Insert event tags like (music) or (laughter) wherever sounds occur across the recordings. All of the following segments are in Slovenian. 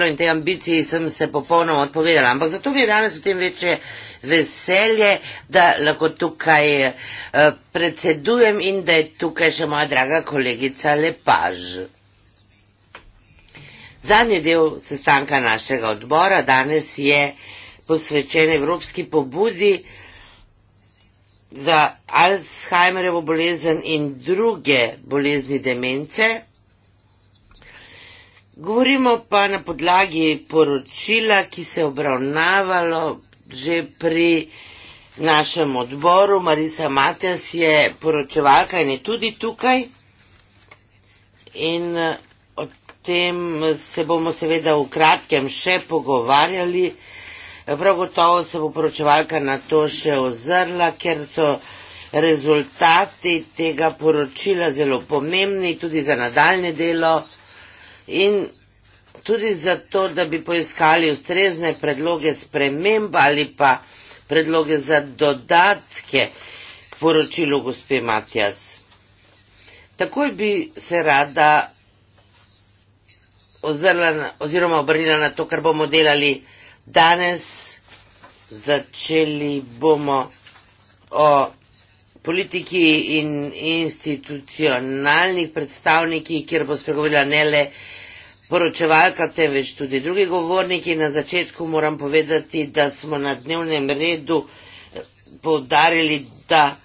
In te ambicije sem se popolnoma odpovedala, ampak zato mi je danes v tem večje veselje, da lahko tukaj eh, predsedujem in da je tukaj še moja draga kolegica Lepaž. Zadnji del sestanka našega odbora danes je posvečen Evropski pobudi za Alzheimerjevo bolezen in druge bolezni demence. Govorimo pa na podlagi poročila, ki se je obravnavalo že pri našem odboru. Marisa Matjas je poročevalka in je tudi tukaj. In o tem se bomo seveda v kratkem še pogovarjali. Prav gotovo se bo poročevalka na to še ozrla, ker so rezultati tega poročila zelo pomembni tudi za nadaljne delo in tudi zato, da bi poiskali ustrezne predloge sprememb ali pa predloge za dodatke k poročilu gospe Matjas. Takoj bi se rada ozrla oziroma obrnila na to, kar bomo delali danes. Začeli bomo o politiki in institucionalnih predstavnikih, kjer bo spregovorila ne le poročevalka, temveč tudi drugi govorniki. Na začetku moram povedati, da smo na dnevnem redu eh, povdarili, da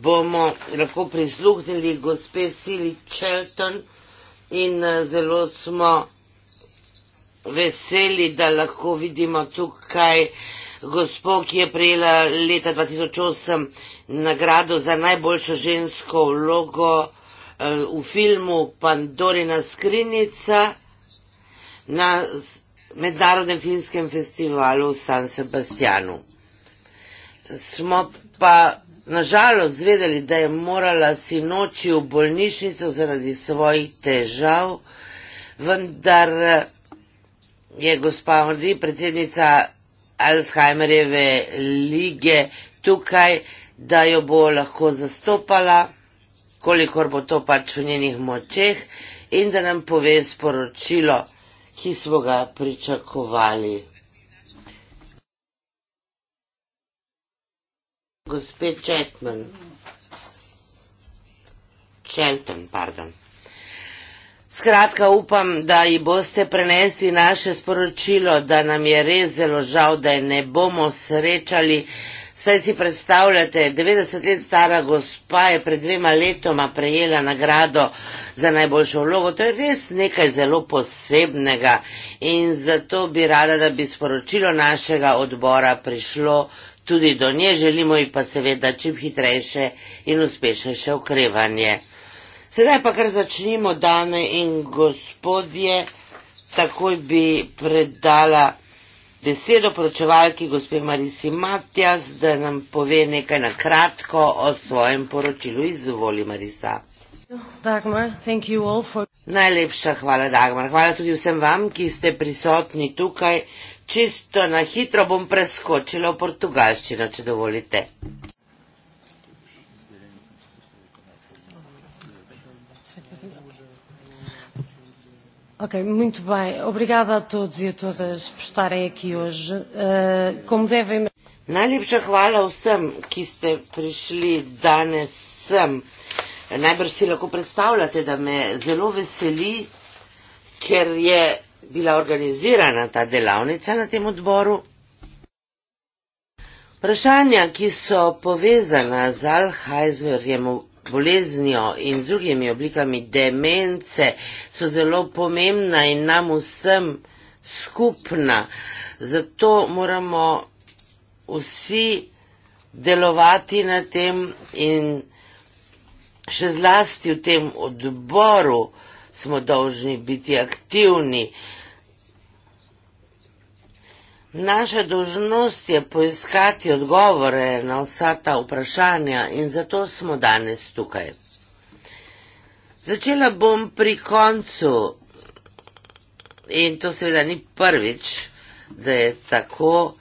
bomo lahko prisluhnili gospe Sili Shelton in eh, zelo smo veseli, da lahko vidimo tukaj gospo, ki je prejela leta 2008 nagrado za najboljšo žensko vlogo eh, v filmu Pandorina skrinica na mednarodnem filmskem festivalu v San Sebastianu. Smo pa nažalost zvedeli, da je morala si noči v bolnišnico zaradi svojih težav, vendar je gospa Mordi, predsednica Alzheimerjeve lige, tukaj, da jo bo lahko zastopala, kolikor bo to pač v njenih močeh in da nam pove sporočilo – ki smo ga pričakovali. Gospe Četman, Čelten, pardon. Skratka, upam, da ji boste prenesli naše sporočilo, da nam je res zelo žal, da je ne bomo srečali, Saj si predstavljate, 90 let stara gospa je pred dvema letoma prejela nagrado za najboljšo vlogo. To je res nekaj zelo posebnega in zato bi rada, da bi sporočilo našega odbora prišlo tudi do nje. Želimo ji pa seveda čim hitrejše in uspešnejše okrevanje. Sedaj pa kar začnimo, dame in gospodje, takoj bi predala besedo poročevalki gospe Marisi Matjas, da nam pove nekaj na kratko o svojem poročilu. Izvoli, Marisa. Dagmar, thank you all for... Najlepša hvala, Dagmar. Hvala tudi vsem vam, ki ste prisotni tukaj. Čisto na hitro bom preskočila v portugalščino, če dovolite. Ok, muito bem. Obrigada a todos e a todas por estarem aqui hoje. Uh, como devem. Najlepša hvala vsem, ki ste prišli danes sem. Najbrž si lahko predstavljate, da me zelo veseli, ker je bila organizirana ta delavnica na tem odboru. Vprašanja, ki so povezana z Alhajzverjem boleznijo in drugimi oblikami demence so zelo pomembna in nam vsem skupna. Zato moramo vsi delovati na tem in še zlasti v tem odboru smo dolžni biti aktivni. Naša dožnost je poiskati odgovore na vsa ta vprašanja in zato smo danes tukaj. Začela bom pri koncu in to seveda ni prvič, da je tako.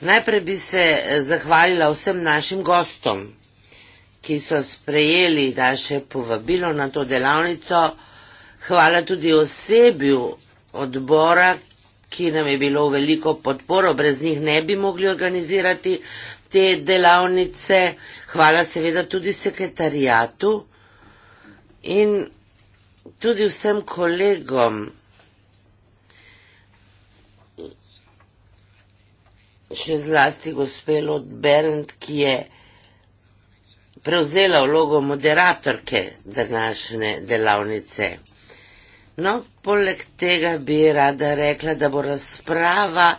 Najprej bi se zahvalila vsem našim gostom, ki so sprejeli naše povabilo na to delavnico. Hvala tudi osebju odbora, ki nam je bilo veliko podporo, brez njih ne bi mogli organizirati te delavnice. Hvala seveda tudi sekretarijatu in tudi vsem kolegom. Še zlasti gospe Lot Berend, ki je prevzela vlogo moderatorke današnje delavnice. No, poleg tega bi rada rekla, da bo razprava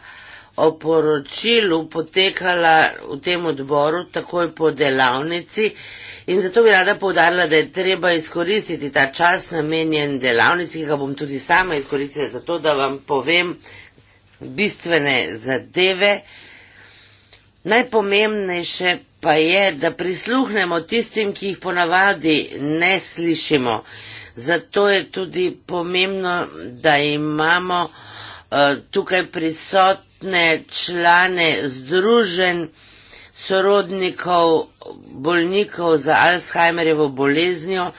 o poročilu potekala v tem odboru takoj po delavnici in zato bi rada povdarila, da je treba izkoristiti ta čas namenjen delavnici, ki ga bom tudi sama izkoristila za to, da vam povem bistvene zadeve. Najpomembnejše pa je, da prisluhnemo tistim, ki jih ponavadi ne slišimo. Zato je tudi pomembno, da imamo eh, tukaj prisotne člane združen sorodnikov bolnikov za Alzheimerjevo boleznjo,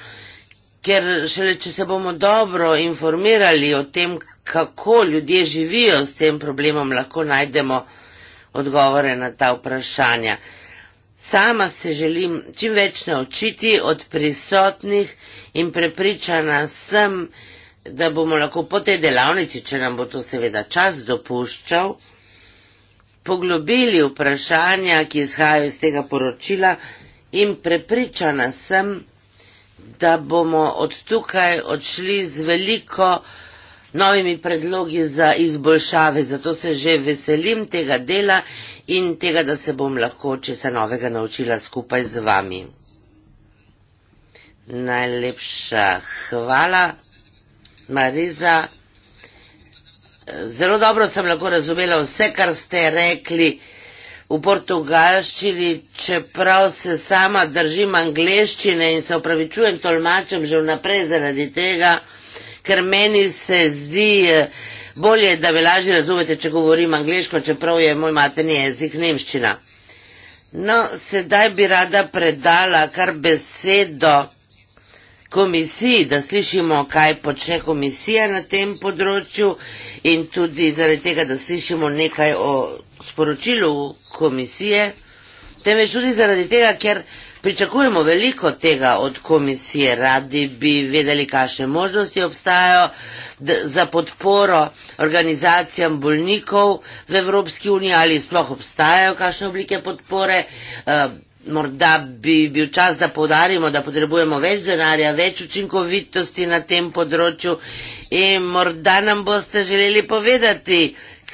ker šele, če se bomo dobro informirali o tem, kako ljudje živijo s tem problemom, lahko najdemo odgovore na ta vprašanja. Sama se želim čim več naučiti od prisotnih, in prepričana sem, da bomo lahko po tej delavnici, če nam bo to seveda čas dopuščal, poglobili vprašanja, ki izhajajo iz tega poročila in prepričana sem, da bomo od tukaj odšli z veliko novimi predlogi za izboljšave. Zato se že veselim tega dela in tega, da se bom lahko česa novega naučila skupaj z vami. Najlepša hvala, Mariza. Zelo dobro sem lahko razumela vse, kar ste rekli v portugalščini, čeprav se sama držim angleščine in se opravičujem tolmačem že vnaprej zaradi tega, ker meni se zdi eh, bolje, da me lažje razumete, če govorim angliško, čeprav je moj materni jezik nemščina. No, sedaj bi rada predala kar besedo komisiji, da slišimo, kaj počne komisija na tem področju in tudi zaradi tega, da slišimo nekaj o sporočilu komisije, temveč tudi zaradi tega, ker pričakujemo veliko tega od komisije, radi bi vedeli, kakšne možnosti obstajajo za podporo organizacijam bolnikov v Evropski uniji ali sploh obstajajo kakšne oblike podpore. Uh, Morda bi bil čas, da povdarimo, da potrebujemo več denarja, več učinkovitosti na tem področju in morda nam boste želeli povedati,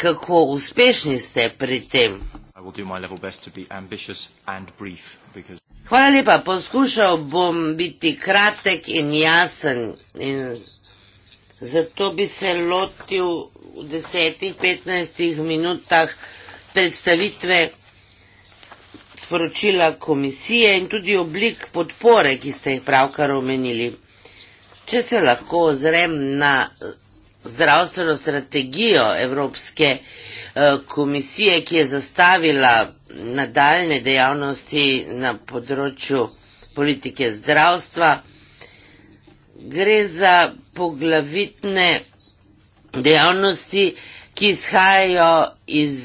kako uspešni ste pri tem. Brief, because... Hvala lepa, poskušal bom biti kratek in jasen in zato bi se lotil v desetih, petnajstih minutah predstavitve sporočila komisije in tudi oblik podpore, ki ste jih pravkar omenili. Če se lahko ozrem na eh, zdravstveno strategijo Evropske eh, komisije, ki je zastavila nadaljne dejavnosti na področju politike zdravstva, gre za poglavitne dejavnosti, ki izhajajo iz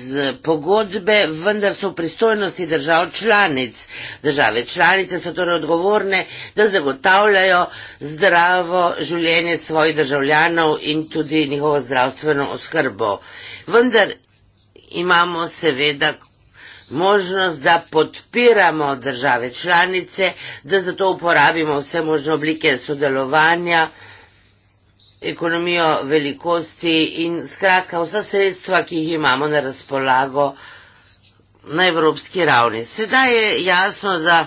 pogodbe, vendar so v pristojnosti držav članic. Države članice so torej odgovorne, da zagotavljajo zdravo življenje svojih državljanov in tudi njihovo zdravstveno oskrbo. Vendar imamo seveda možnost, da podpiramo države članice, da zato uporabimo vse možne oblike sodelovanja, ekonomijo velikosti in skratka vsa sredstva, ki jih imamo na razpolago na evropski ravni. Sedaj je jasno, da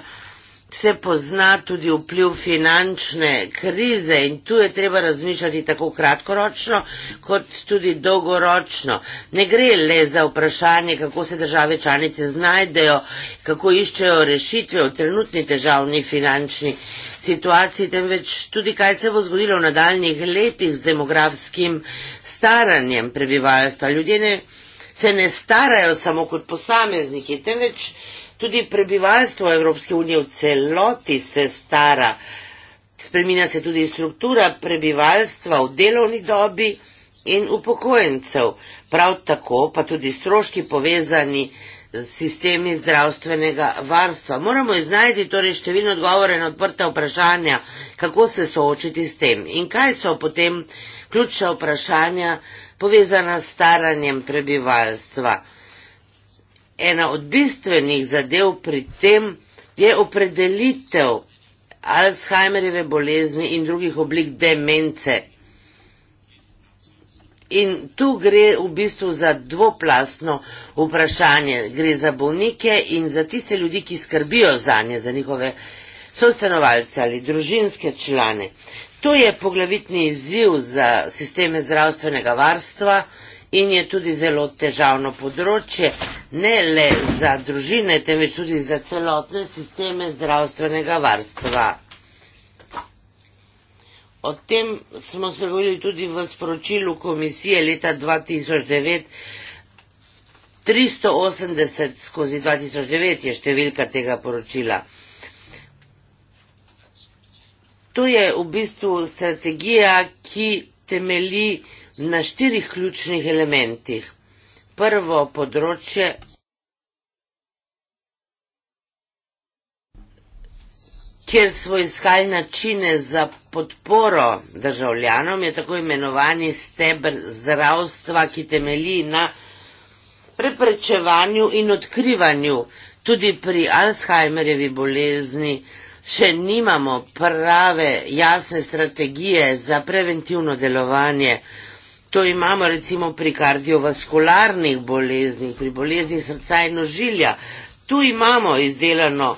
se pozna tudi vpliv finančne krize in tu je treba razmišljati tako kratkoročno kot tudi dolgoročno. Ne gre le za vprašanje, kako se države članice znajdejo, kako iščejo rešitve v trenutni težavni finančni situaciji, temveč tudi kaj se bo zgodilo v nadaljnih letih z demografskim staranjem prebivalstva. Ljudje ne, se ne starajo samo kot posamezniki, temveč Tudi prebivalstvo Evropske unije v celoti se stara, spremina se tudi struktura prebivalstva v delovni dobi in upokojencev, prav tako pa tudi stroški povezani z sistemi zdravstvenega varstva. Moramo iznajti torej številne odgovore na odprta vprašanja, kako se soočiti s tem in kaj so potem ključna vprašanja povezana s staranjem prebivalstva ena od bistvenih zadev pri tem je opredelitev Alzheimerjeve bolezni in drugih oblik demence. In tu gre v bistvu za dvoplastno vprašanje. Gre za bolnike in za tiste ljudi, ki skrbijo za nje, za njihove sostanovalce ali družinske člane. To je poglavitni izziv za sisteme zdravstvenega varstva in je tudi zelo težavno področje, ne le za družine, temveč tudi za celotne sisteme zdravstvenega varstva. O tem smo se govorili tudi v sporočilu komisije leta 2009. 380 skozi 2009 je številka tega poročila. To je v bistvu strategija, ki temelji na štirih ključnih elementih. Prvo področje kjer smo iskali načine za podporo državljanom, je tako imenovani stebr zdravstva, ki temelji na preprečevanju in odkrivanju. Tudi pri Alzheimerjevi bolezni še nimamo prave jasne strategije za preventivno delovanje. To imamo recimo pri kardiovaskularnih boleznih, pri boleznih srca in ožilja. Tu imamo izdelano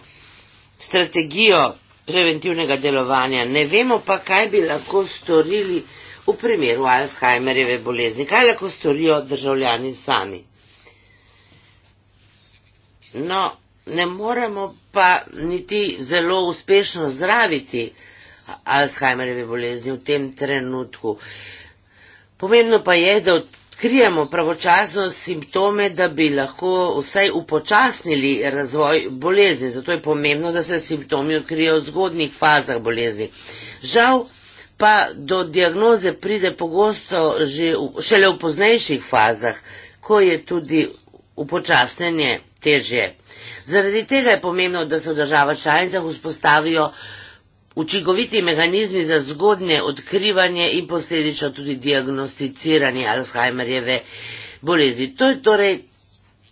strategijo preventivnega delovanja, ne vemo pa, kaj bi lahko storili v primeru Alzheimerjeve bolezni, kaj lahko storijo državljani sami. No, ne moremo pa niti zelo uspešno zdraviti Alzheimerjeve bolezni v tem trenutku. Pomembno pa je, da odkrijemo pravočasno simptome, da bi lahko vsaj upočasnili razvoj bolezni. Zato je pomembno, da se simptomi odkrijejo v zgodnih fazah bolezni. Žal pa do diagnoze pride pogosto že v, šele v poznejših fazah, ko je tudi upočasnenje težje. Zaradi tega je pomembno, da se v državah članicah vzpostavijo Učinkoviti mehanizmi za zgodnje odkrivanje in posledično tudi diagnosticiranje Alzheimerjeve bolezni. To je torej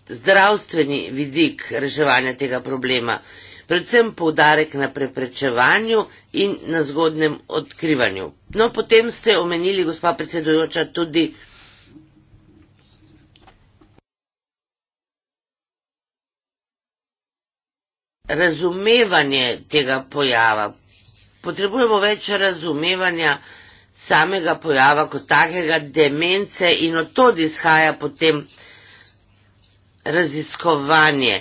zdravstveni vidik reševanja tega problema. Predvsem poudarek na preprečevanju in na zgodnem odkrivanju. No, potem ste omenili, gospa predsedujoča, tudi. Razumevanje tega pojava, potrebujemo več razumevanja samega pojava kot takega demence in od tod izhaja potem raziskovanje.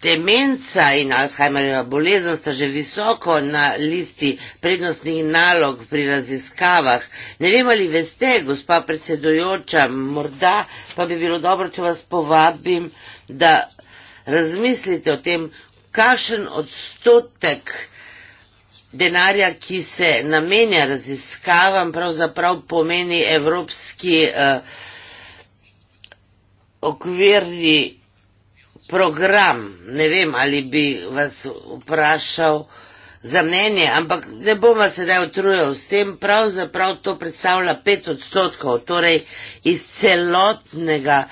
Demenca in Alzheimerjeva bolezen sta že visoko na listi prednostnih nalog pri raziskavah. Ne vem, ali veste, gospa predsedujoča, morda pa bi bilo dobro, če vas povabim, da razmislite o tem, kakšen odstotek denarja, ki se namenja raziskavam, pravzaprav pomeni evropski uh, okvirni program. Ne vem, ali bi vas vprašal za mnenje, ampak ne bom vas sedaj utrujal s tem, pravzaprav to predstavlja pet odstotkov, torej iz celotnega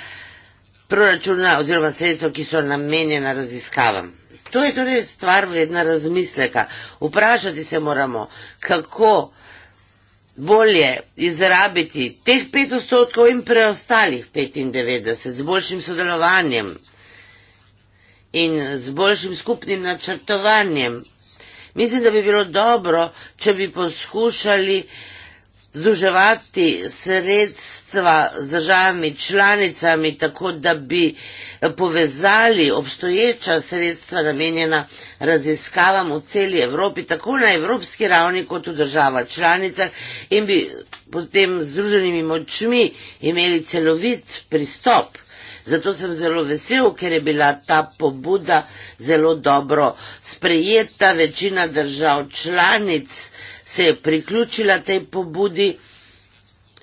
proračuna oziroma sredstva, ki so namenjena raziskavam. To je torej stvar vredna razmisleka. Vprašati se moramo, kako bolje izrabiti teh 5 odstotkov in preostalih 95 z boljšim sodelovanjem in z boljšim skupnim načrtovanjem. Mislim, da bi bilo dobro, če bi poskušali združevati sredstva z državami članicami, tako da bi povezali obstoječa sredstva namenjena raziskavam v celi Evropi, tako na evropski ravni kot v država članicah in bi potem z združenimi močmi imeli celovit pristop. Zato sem zelo vesel, ker je bila ta pobuda zelo dobro sprejeta, večina držav članic se je priključila tej pobudi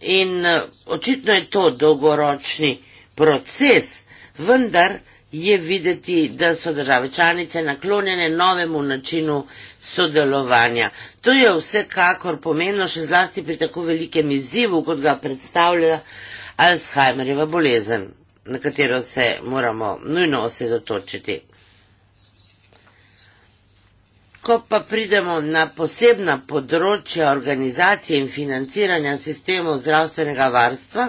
in eh, očitno je to dolgoročni proces, vendar je videti, da so države članice naklonjene novemu načinu sodelovanja. To je vsekakor pomembno še zlasti pri tako velikem izzivu, kot ga predstavlja Alzheimerjeva bolezen, na katero se moramo nujno osredotočiti. Ko pa pridemo na posebna področja organizacije in financiranja sistemov zdravstvenega varstva,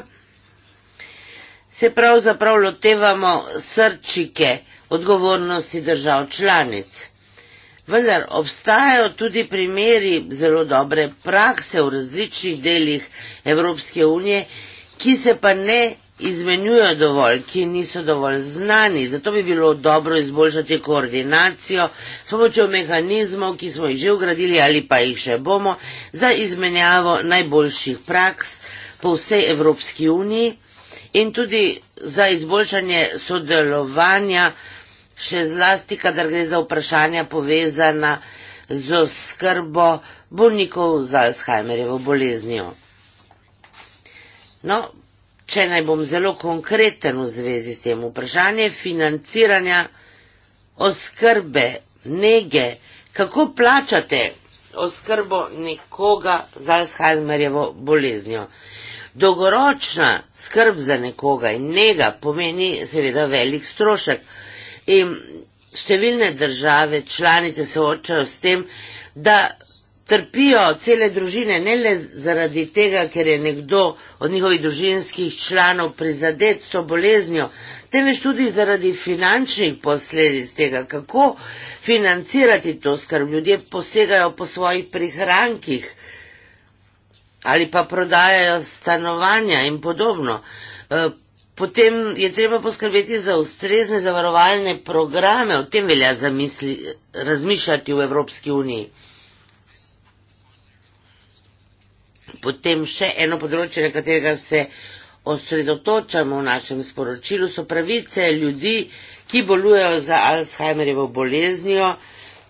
se pravzaprav lotevamo srčike odgovornosti držav članic. Vendar obstajajo tudi primeri zelo dobre prakse v različnih delih Evropske unije, ki se pa ne izmenjujejo dovolj, ki niso dovolj znani. Zato bi bilo dobro izboljšati koordinacijo s pomočjo mehanizmov, ki smo jih že ugradili ali pa jih še bomo, za izmenjavo najboljših praks po vsej Evropski uniji in tudi za izboljšanje sodelovanja, še zlasti, kadar gre za vprašanja povezana z oskrbo bolnikov z Alzheimerjevo boleznijo. No, Če naj bom zelo konkreten v zvezi s tem, vprašanje financiranja oskrbe, nege, kako plačate oskrbo nekoga z Alzheimerjevo boleznjo. Dolgoročna skrb za nekoga in njega pomeni seveda velik strošek. In številne države članice soočajo s tem, da trpijo cele družine, ne le zaradi tega, ker je nekdo od njihovih družinskih članov prizadet s to boleznjo, temveč tudi zaradi finančnih posledic tega, kako financirati to skrb. Ljudje posegajo po svojih prihrankih ali pa prodajajo stanovanja in podobno. E, potem je treba poskrbeti za ustrezne zavarovalne programe, o tem velja zamisli, razmišljati v Evropski uniji. Potem še eno področje, na katerega se osredotočamo v našem sporočilu, so pravice ljudi, ki bolujejo za Alzheimerjevo boleznjo.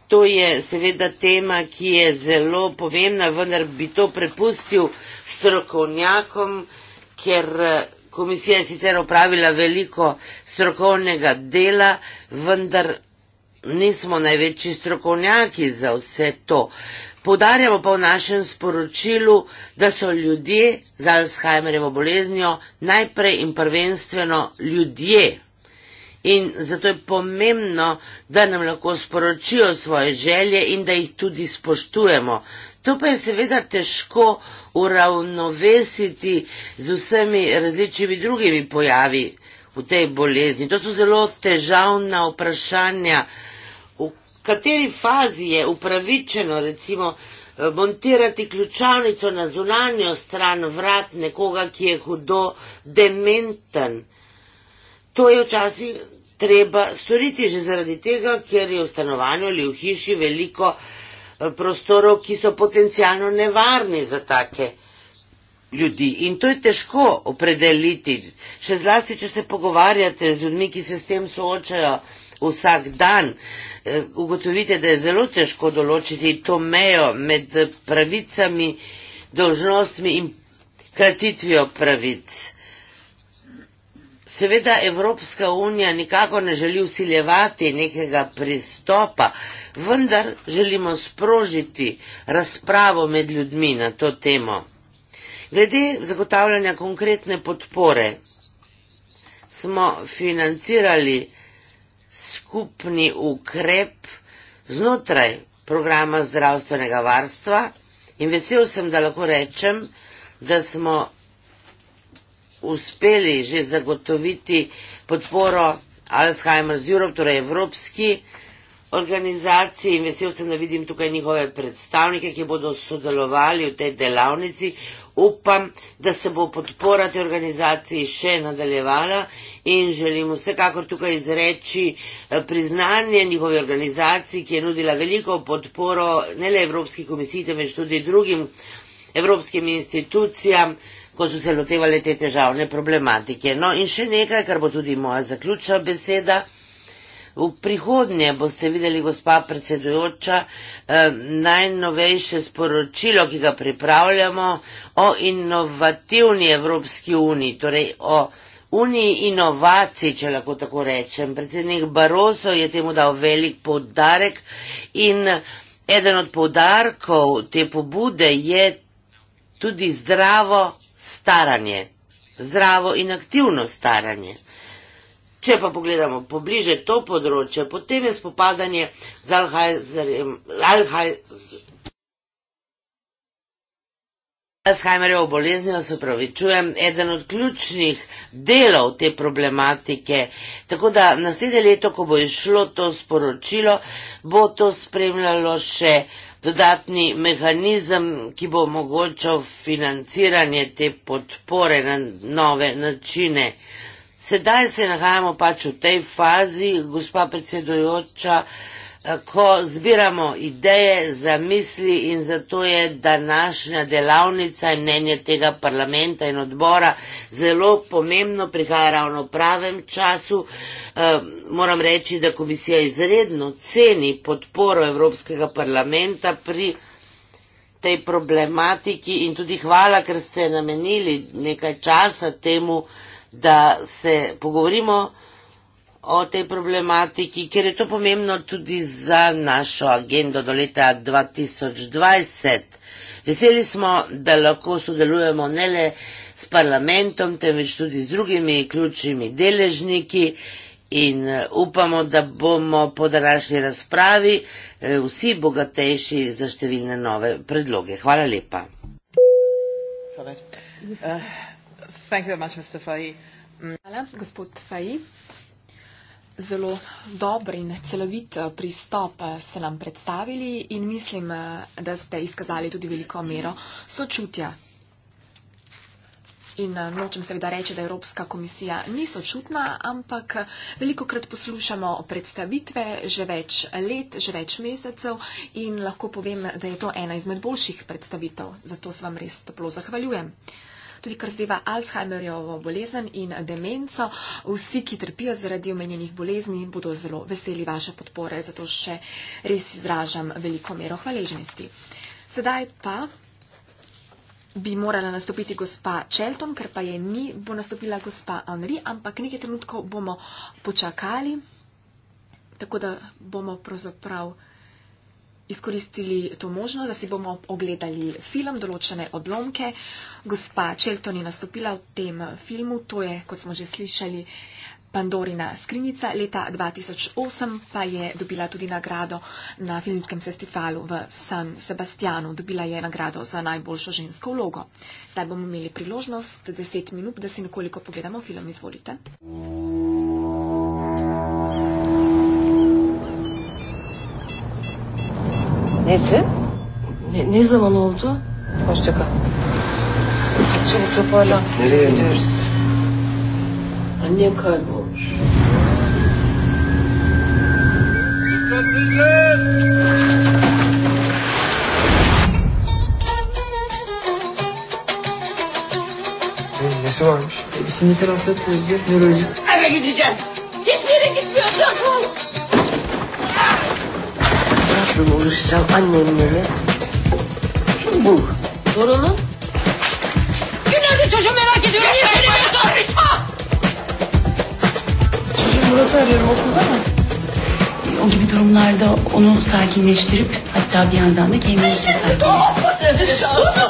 To je seveda tema, ki je zelo pomembna, vendar bi to prepustil strokovnjakom, ker eh, komisija je sicer opravila veliko strokovnega dela, vendar nismo največji strokovnjaki za vse to. Podarjamo pa v našem sporočilu, da so ljudje z Alzheimerjevo boleznjo najprej in prvenstveno ljudje. In zato je pomembno, da nam lahko sporočijo svoje želje in da jih tudi spoštujemo. To pa je seveda težko uravnovesiti z vsemi različnimi drugimi pojavi v tej bolezni. To so zelo težavna vprašanja kateri fazi je upravičeno recimo eh, montirati ključavnico na zunanjo stran vrat nekoga, ki je hudo dementen. To je včasih treba storiti že zaradi tega, ker je v stanovanju ali v hiši veliko eh, prostorov, ki so potencijalno nevarni za take ljudi. In to je težko opredeliti, še zlasti, če se pogovarjate z ljudmi, ki se s tem soočajo vsak dan, e, ugotovite, da je zelo težko določiti to mejo med pravicami, dožnostmi in kratitvijo pravic. Seveda Evropska unija nikako ne želi usiljevati nekega pristopa, vendar želimo sprožiti razpravo med ljudmi na to temo. Glede zagotavljanja konkretne podpore smo financirali skupni ukrep znotraj programa zdravstvenega varstva in vesel sem, da lahko rečem, da smo uspeli že zagotoviti podporo Alzheimer's Europe, torej Evropski organizaciji in vesel sem, da vidim tukaj njihove predstavnike, ki bodo sodelovali v tej delavnici. Upam, da se bo podpora te organizaciji še nadaljevala in želim vsekakor tukaj izreči eh, priznanje njihovi organizaciji, ki je nudila veliko podporo ne le Evropski komisiji, temveč tudi drugim evropskim institucijam, ko so se lotevali te težavne problematike. No in še nekaj, kar bo tudi moja zaključna beseda. V prihodnje boste videli, gospa predsedujoča, eh, najnovejše sporočilo, ki ga pripravljamo o inovativni Evropski uniji, torej o uniji inovacij, če lahko tako rečem. Predsednik Baroso je temu dal velik poudarek in eden od poudarkov te pobude je tudi zdravo staranje, zdravo in aktivno staranje. Če pa pogledamo pobliže to področje, potem je spopadanje z Alzheimerjem. Alzheimerjevo boleznijo se pravičujem, eden od ključnih delov te problematike. Tako da naslednje leto, ko bo išlo to sporočilo, bo to spremljalo še dodatni mehanizem, ki bo omogočal financiranje te podpore na nove načine. Sedaj se nahajamo pač v tej fazi, gospa predsedojoča, eh, ko zbiramo ideje, zamisli in zato je današnja delavnica in mnenje tega parlamenta in odbora zelo pomembno, prihaja ravno v pravem času. Eh, moram reči, da komisija izredno ceni podporo Evropskega parlamenta pri tej problematiki in tudi hvala, ker ste namenili nekaj časa temu, da se pogovorimo o tej problematiki, ker je to pomembno tudi za našo agendo do leta 2020. Veseli smo, da lahko sodelujemo ne le s parlamentom, temveč tudi z drugimi ključnimi deležniki in eh, upamo, da bomo po današnji razpravi eh, vsi bogatejši za številne nove predloge. Hvala lepa. Hvala. Uh. Mm. Hvala, gospod Faji. Zelo dober in celovit eh, pristop eh, ste nam predstavili in mislim, eh, da ste izkazali tudi veliko mero sočutja. In nočem seveda reči, da Evropska komisija ni sočutna, ampak veliko krat poslušamo predstavitve že več let, že več mesecev in lahko povem, da je to ena izmed boljših predstavitev. Zato se vam res toplo zahvaljujem tudi kar zdeva Alzheimerjevo bolezen in demenco. Vsi, ki trpijo zaradi omenjenih bolezni, bodo zelo veseli vaše podpore, zato še res izražam veliko mero hvaležnosti. Sedaj pa bi morala nastopiti gospa Čelton, ker pa je ni, bo nastopila gospa Henri, ampak nekaj trenutkov bomo počakali, tako da bomo pravzaprav izkoristili to možnost, da si bomo ogledali film, določene odlomke. Gospa Čelton je nastopila v tem filmu, to je, kot smo že slišali, Pandorina skrinica. Leta 2008 pa je dobila tudi nagrado na filmskem festivalu v San Sebastianu. Dobila je nagrado za najboljšo žensko vlogo. Zdaj bomo imeli priložnost 10 minut, da si nekoliko pogledamo film. Izvolite. Uh. Nesin? Ne, ne zaman oldu? Hoşça kal. Hadi çabuk toparlan. Nereye gidiyoruz? Annem kaybolmuş. Dikkatlisiz! Nesi varmış? Sinirsel hastalık olabilir, nörolojik. Eve gideceğim. Hiçbir yere gitmiyorsun yardım uğraşacağım annemlere. Bu. Torunun? Günlerdir çocuğum merak ediyorum. Niye söylemiyorsun? Karışma! Çocuğum burası arıyorum okulda mı? E, o gibi durumlarda onu sakinleştirip hatta bir yandan da kendini şey sakinleştirip. Tutun!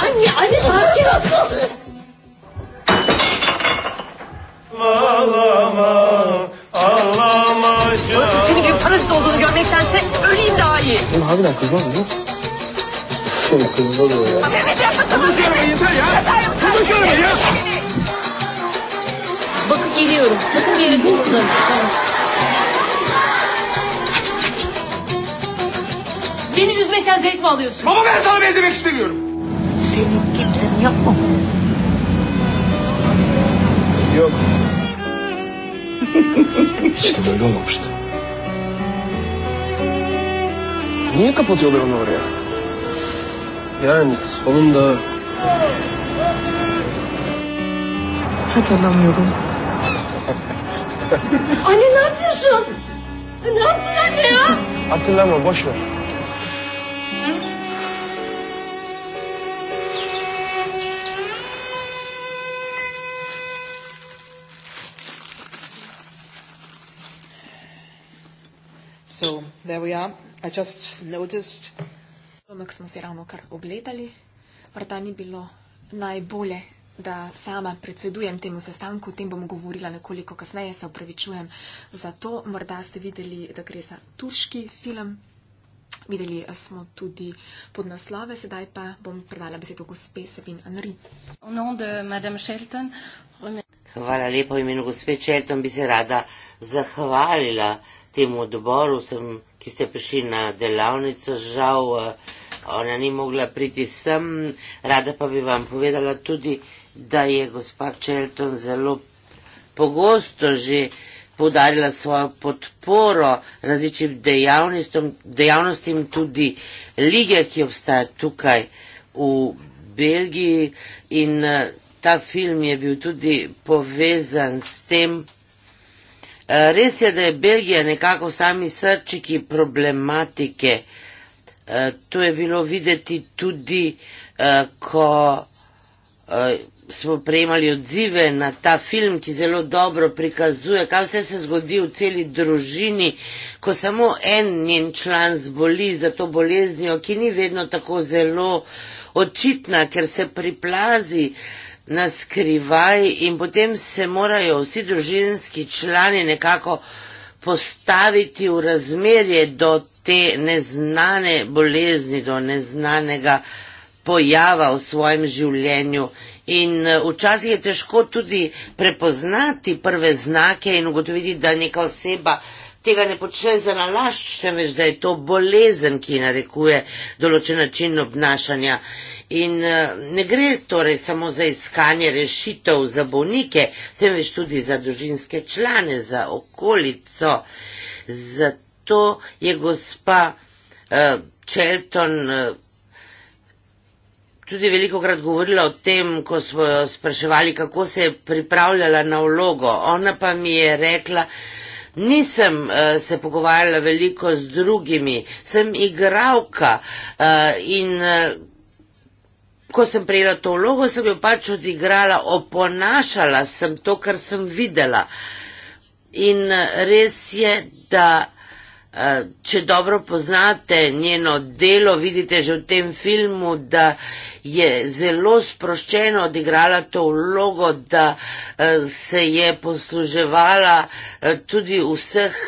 Anne, anne sakin ol. Mala mala. Ya. Senin gibi parasız olduğunu görmektense öleyim daha iyi. Oğlum harbiden kız mı kızım? Senin (laughs) kız mı oluyor ya? Konuşuyorum yeter ya! Konuşuyorum ya! Bakıp geliyorum. Sakın bir yere değil kullanın. Tamam. Beni üzmekten zevk mi alıyorsun? Baba ben sana benzemek istemiyorum. Senin kimsenin yok mu? Yok. Što je bilo uopšte? Nije kaput je obrano vrijeme. Ja je nic, onom da... Hajde nam ljubim. Ali napišem! Napišem, ja! A ti nema, boš me. So, there we are. I just noticed. Filmek smo si ravno kar ogledali. Morda ni bilo najbolje, da sama predsedujem temu sestanku, o tem bom govorila nekoliko kasneje, se upravičujem. Zato morda ste videli, da gre za turški film. Videli smo tudi podnaslove, sedaj pa bom predala besedo gospe Sabin Anri. Hvala lepo imenu gospe Shelton, bi se rada zahvalila temu odboru, sem, ki ste prišli na delavnico, žal eh, ona ni mogla priti sem. Rada pa bi vam povedala tudi, da je gospa Čelton zelo pogosto že podarila svojo podporo različnim dejavnostim, dejavnostim tudi lige, ki obstaja tukaj v Belgiji in eh, ta film je bil tudi povezan s tem Eh, res je, da je Belgija nekako sami srčiki problematike. Eh, to je bilo videti tudi, eh, ko smo prejemali odzive na ta film, ki zelo dobro prikazuje, kaj vse se zgodi v celi družini, ko samo en njen član zboli za to boleznijo, ki ni vedno tako zelo očitna, ker se priplazi na skrivaj in potem se morajo vsi družinski člani nekako postaviti v razmerje do te neznane bolezni, do neznanega pojava v svojem življenju. In e, včasih je težko tudi prepoznati prve znake in ugotoviti, da neka oseba tega ne počne za nalašč, temveč da je to bolezen, ki narekuje določen način obnašanja. In eh, ne gre torej samo za iskanje rešitev za bolnike, temveč tudi za družinske člane, za okolico. Zato je gospa uh, eh, Čelton. Uh, eh, Tudi veliko krat govorila o tem, ko smo jo spraševali, kako se je pripravljala na vlogo. Ona pa mi je rekla, uh, Nisem uh, se pogovarjala veliko z drugimi, sem igralka uh, in uh, ko sem prijela to vlogo, sem jo pač odigrala, oponašala sem to, kar sem videla. In res je, da Eh, če dobro poznate njeno delo, vidite že v tem filmu, da je zelo sproščeno odigrala to vlogo, da eh, se je posluževala eh, tudi vseh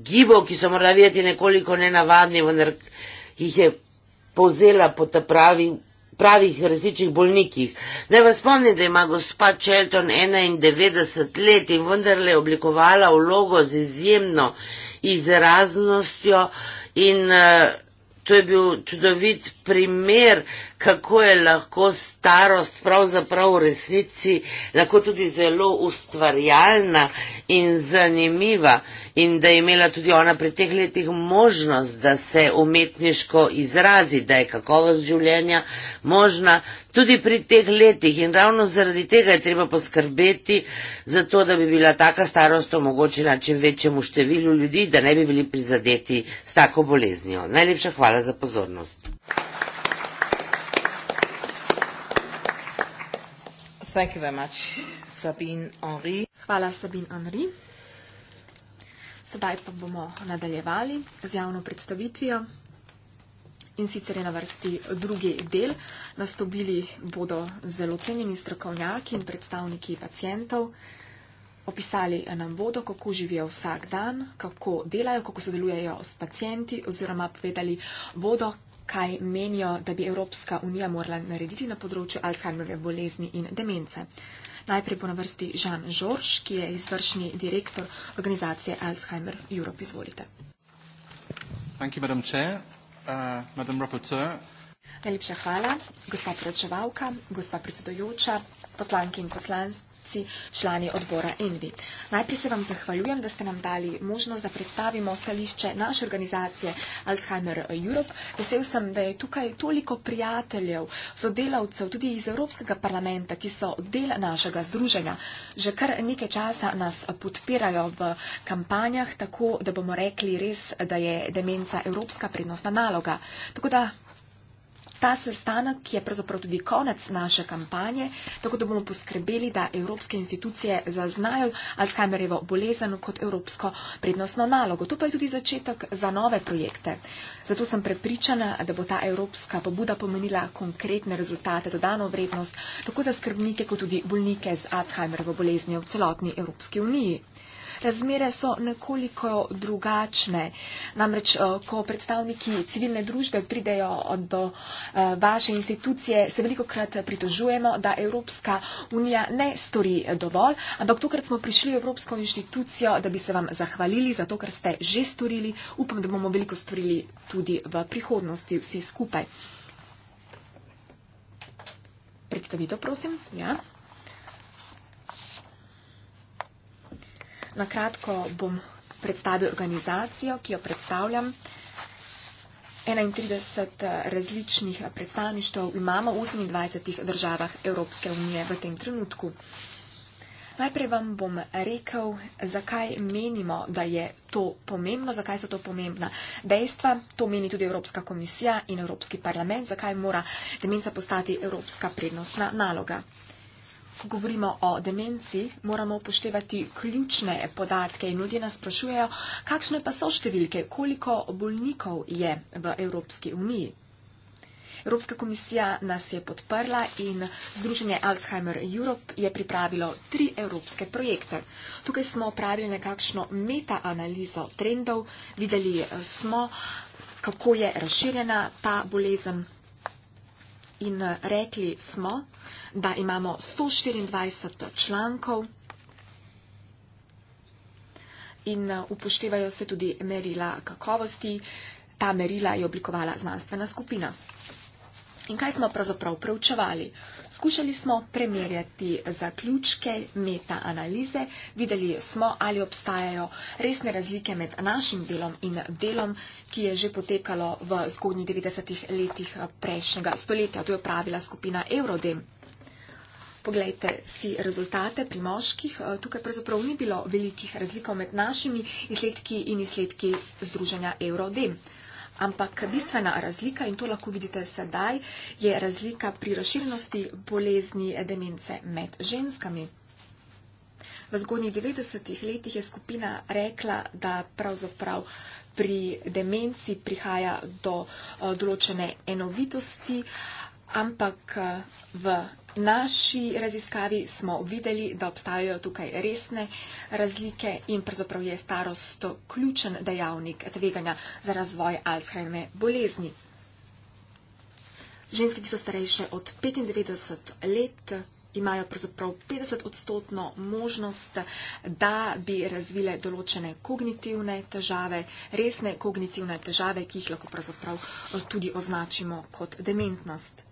gibov, ki so morda videti nekoliko nenavadni, vendar jih je povzela po ta pravi pravih različnih bolnikih. Naj vas spomnim, da ima gospa Shelton 91 let in vendarle oblikovala vlogo z izjemno uh, izraznostjo in uh, to je bil čudovit primer kako je lahko starost pravzaprav v resnici lahko tudi zelo ustvarjalna in zanimiva in da je imela tudi ona pri teh letih možnost, da se umetniško izrazi, da je kakovost življenja možna tudi pri teh letih in ravno zaradi tega je treba poskrbeti za to, da bi bila taka starost omogočena čim večjemu številu ljudi, da ne bi bili prizadeti s tako boleznjo. Najlepša hvala za pozornost. Thank you very much, Sabine Henri. Hvala, Sabine Henri. Sedaj pa bomo nadaljevali z javno predstavitvijo. In sicer je na vrsti drugi del. Nastopili bodo zelo cenjeni strokovnjaki in predstavniki pacijentov. Opisali nam bodo, kako živijo vsak dan, kako delajo, kako sodelujejo s pacijenti oziroma povedali bodo, kaj menijo, da bi Evropska unija morala narediti na področju Alzheimerjeve bolezni in demence. Najprej bo na vrsti Žan Žorž, ki je izvršni direktor organizacije Alzheimer Europe. Izvolite. Uh, Najlepša hvala, gospa predsedovalka, gospa predsedojoča, poslanke in poslanci sodelavci, člani odbora Envi. Najprej se vam zahvaljujem, da ste nam dali možnost, da predstavimo stališče naše organizacije Alzheimer Europe. Vesel sem, da je tukaj toliko prijateljev, sodelavcev, tudi iz Evropskega parlamenta, ki so del našega združenja. Že kar nekaj časa nas podpirajo v kampanjah, tako da bomo rekli res, da je demenca evropska prednostna naloga. Tako da ta sestanek, ki je pravzaprav tudi konec naše kampanje, tako da bomo poskrbeli, da evropske institucije zaznajo Alzheimerjevo bolezen kot evropsko prednostno nalogo. To pa je tudi začetek za nove projekte. Zato sem prepričana, da bo ta evropska pobuda pomenila konkretne rezultate, dodano vrednost tako za skrbnike, kot tudi bolnike z Alzheimerjevo boleznijo v celotni Evropski uniji razmere so nekoliko drugačne. Namreč, eh, ko predstavniki civilne družbe pridejo eh, do eh, vaše institucije, se veliko krat pritožujemo, da Evropska unija ne stori dovolj, ampak tokrat smo prišli v Evropsko inštitucijo, da bi se vam zahvalili za to, kar ste že storili. Upam, da bomo veliko storili tudi v prihodnosti vsi skupaj. Predstavitev, prosim. Ja. Na kratko bom predstavil organizacijo, ki jo predstavljam. 31 eh, različnih eh, predstavništv imamo v 28 državah Evropske unije v tem trenutku. Najprej vam bom rekel, zakaj menimo, da je to pomembno, zakaj so to pomembna dejstva. To meni tudi Evropska komisija in Evropski parlament, zakaj mora demenca postati evropska prednostna naloga govorimo o demenci, moramo upoštevati ključne podatke in ljudje nas sprašujejo, kakšne pa so številke, koliko bolnikov je v Evropski uniji. Evropska komisija nas je podprla in Združenje Alzheimer Europe je pripravilo tri evropske projekte. Tukaj smo pravili nekakšno metaanalizo trendov, videli smo, kako je razširjena ta bolezen in eh, rekli smo, da imamo 124 člankov in eh, upoštevajo se tudi merila kakovosti. Ta merila je oblikovala znanstvena skupina. In kaj smo pravzaprav preučevali? Skušali smo primerjati zaključke metaanalize, videli smo, ali obstajajo resne razlike med našim delom in delom, ki je že potekalo v zgodnjih 90-ih letih prejšnjega stoletja. To je pravila skupina Eurodem. Poglejte si rezultate pri moških. Tukaj pravzaprav ni bilo velikih razlikov med našimi izsledki in izsledki združenja Eurodem. Ampak bistvena razlika, in to lahko vidite sedaj, je razlika pri razširjenosti bolezni demence med ženskami. V zgodnjih 90-ih letih je skupina rekla, da pravzaprav pri demenci prihaja do eh, določene enovitosti, ampak eh, v naši raziskavi smo videli, da obstajajo tukaj resne razlike in pravzaprav je starost ključen dejavnik tveganja za razvoj Alzheimerjeve bolezni. Ženske, ki so starejše od 95 let, imajo pravzaprav 50 odstotno možnost, da bi razvile določene kognitivne težave, resne kognitivne težave, ki jih lahko pravzaprav tudi označimo kot dementnost.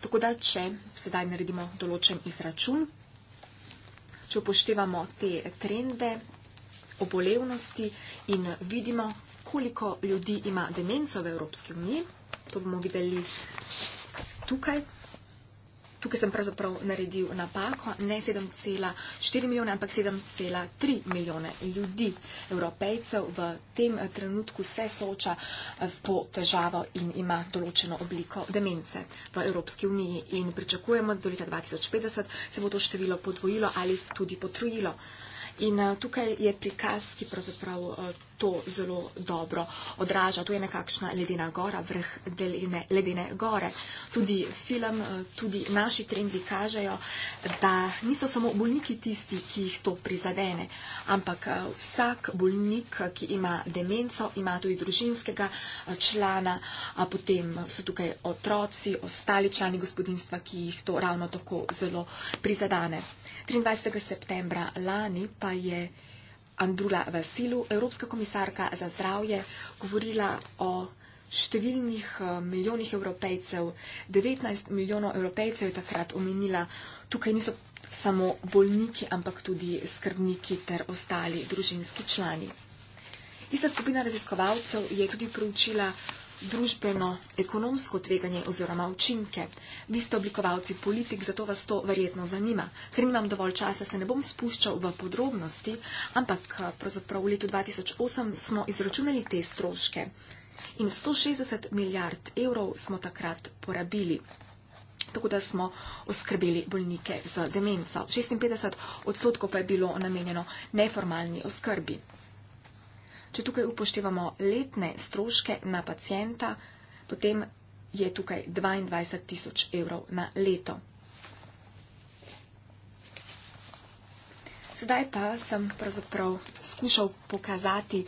Tako da, če sedaj naredimo določen izračun, če upoštevamo te trende obolevnosti in vidimo, koliko ljudi ima demenco v Evropski uniji, to bomo videli tukaj. Tukaj sem pravzaprav naredil napako, ne 7,4 milijone, ampak 7,3 milijone ljudi, evropejcev v tem eh, trenutku se sooča eh, s to težavo in ima določeno obliko demence v Evropski uniji. In pričakujemo, da do leta 2050 se bo to število podvojilo ali tudi potrojilo. In eh, tukaj je prikaz, ki pravzaprav to zelo dobro odraža. To je nekakšna ledena gora, vrh deline, ledene gore. Tudi film, eh, tudi naši trendi kažejo, da niso samo bolniki tisti, ki jih to prizadene, ampak eh, vsak bolnik, ki ima demenco, ima tudi družinskega eh, člana, potem so tukaj otroci, ostali člani gospodinstva, ki jih to ravno tako zelo prizadene. 23. septembra lani pa je Andrula Vasilu, evropska komisarka za zdravje, govorila o številnih eh, milijonih evropejcev. 19 milijonov evropejcev je takrat omenila, tukaj niso samo bolniki, ampak tudi skrbniki ter ostali družinski člani. Ista skupina raziskovalcev je tudi proučila družbeno-ekonomsko tveganje oziroma učinke. Vi ste oblikovalci politik, zato vas to verjetno zanima. Ker nimam dovolj časa, se ne bom spuščal v podrobnosti, ampak eh, pravzaprav v letu 2008 smo izračunali te stroške in 160 milijard evrov smo takrat porabili. Tako da smo oskrbeli bolnike za demenco. 56 odstotkov pa je bilo namenjeno neformalni oskrbi. Če tukaj upoštevamo letne stroške na pacijenta, potem je tukaj 22 tisoč evrov na leto. Sedaj pa sem pravzaprav skušal pokazati,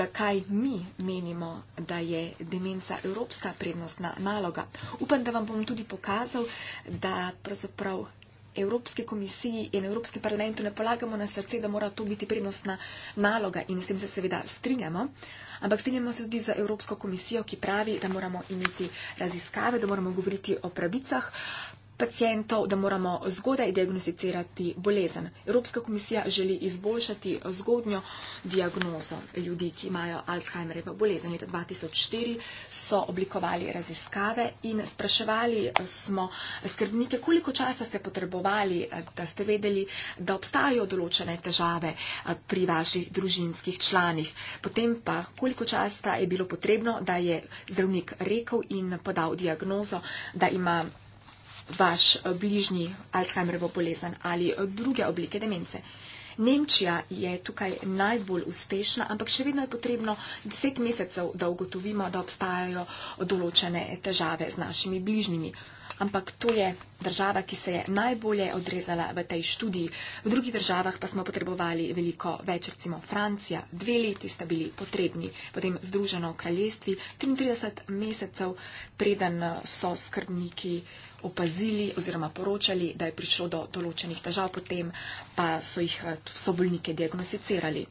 zakaj mi menimo, da je demenca evropska prednostna naloga. Upam, da vam bom tudi pokazal, da pravzaprav Evropske komisiji in Evropskem parlamentu ne polagamo na srce, da mora to biti prednostna naloga in s tem se seveda strinjamo, ampak strinjamo se tudi za Evropsko komisijo, ki pravi, da moramo imeti raziskave, da moramo govoriti o pravicah pacijentov, da moramo zgodaj diagnosticirati bolezen. Evropska komisija želi izboljšati zgodnjo diagnozo ljudi, ki imajo Alzheimerjevo bolezen. Leta 2004 so oblikovali raziskave in spraševali smo skrbnike, koliko časa ste potrebovali, da ste vedeli, da obstajajo določene težave eh, pri vaših družinskih članih. Potem pa, koliko časa je bilo potrebno, da je zdravnik rekel in podal diagnozo, da ima vaš eh, bližnji Alzheimerovo bolezen ali eh, druge oblike demence. Nemčija je tukaj najbolj uspešna, ampak še vedno je potrebno deset mesecev, da ugotovimo, da obstajajo določene težave z našimi bližnjimi. Ampak to je država, ki se je najbolje odrezala v tej študiji. V drugih državah pa smo potrebovali veliko več, recimo Francija, dve leti sta bili potrebni, potem Združeno kraljestvi, 33 mesecev, preden eh, so skrbniki uh, opazili oziroma poročali, da je prišlo do določenih težav, potem pa so jih so bolnike diagnosticirali.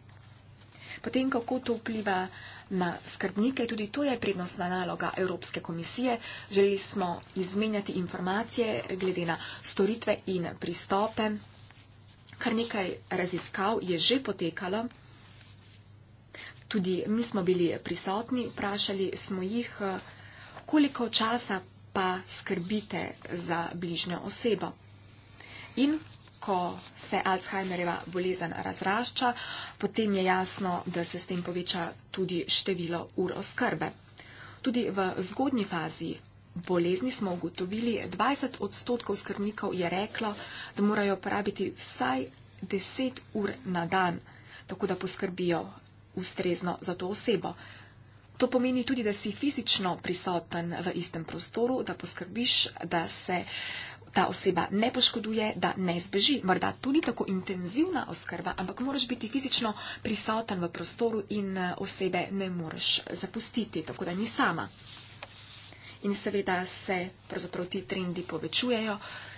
Potem, kako to vpliva na skrbnike, tudi to je prednostna naloga Evropske komisije. Želeli smo izmenjati informacije glede na storitve in pristope. Kar nekaj raziskav je že potekalo. Tudi mi smo bili prisotni, vprašali smo jih, koliko časa pa skrbite za bližnjo osebo. In ko se Alzheimerjeva bolezen razrašča, potem je jasno, da se s tem poveča tudi število ur oskrbe. Tudi v zgodnji fazi bolezni smo ugotovili, 20 odstotkov skrbnikov je reklo, da morajo porabiti vsaj 10 ur na dan, tako da poskrbijo ustrezno za to osebo. To pomeni tudi, da si fizično prisoten v istem prostoru, da poskrbiš, da se ta oseba ne poškoduje, da ne zbeži. Morda to ni tako intenzivna oskrba, ampak moraš biti fizično prisoten v prostoru in eh, osebe ne moreš zapustiti, tako da ni sama. In seveda se pravzaprav ti trendi povečujejo.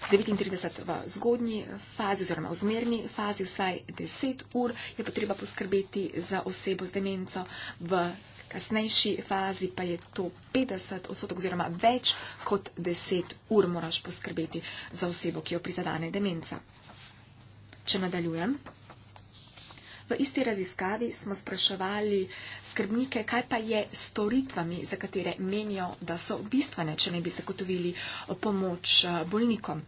39 v zgodnji fazi oziroma v zmerni fazi vsaj 10 ur je potreba poskrbeti za osebo z demenco v kasnejši fazi pa je to 50 odstotkov oziroma več kot 10 ur moraš poskrbeti za osebo, ki jo prizadane demenca. Če nadaljujem. V isti raziskavi smo spraševali skrbnike, kaj pa je storitvami, za katere menijo, da so bistvene, če ne bi zagotovili eh, pomoč eh, bolnikom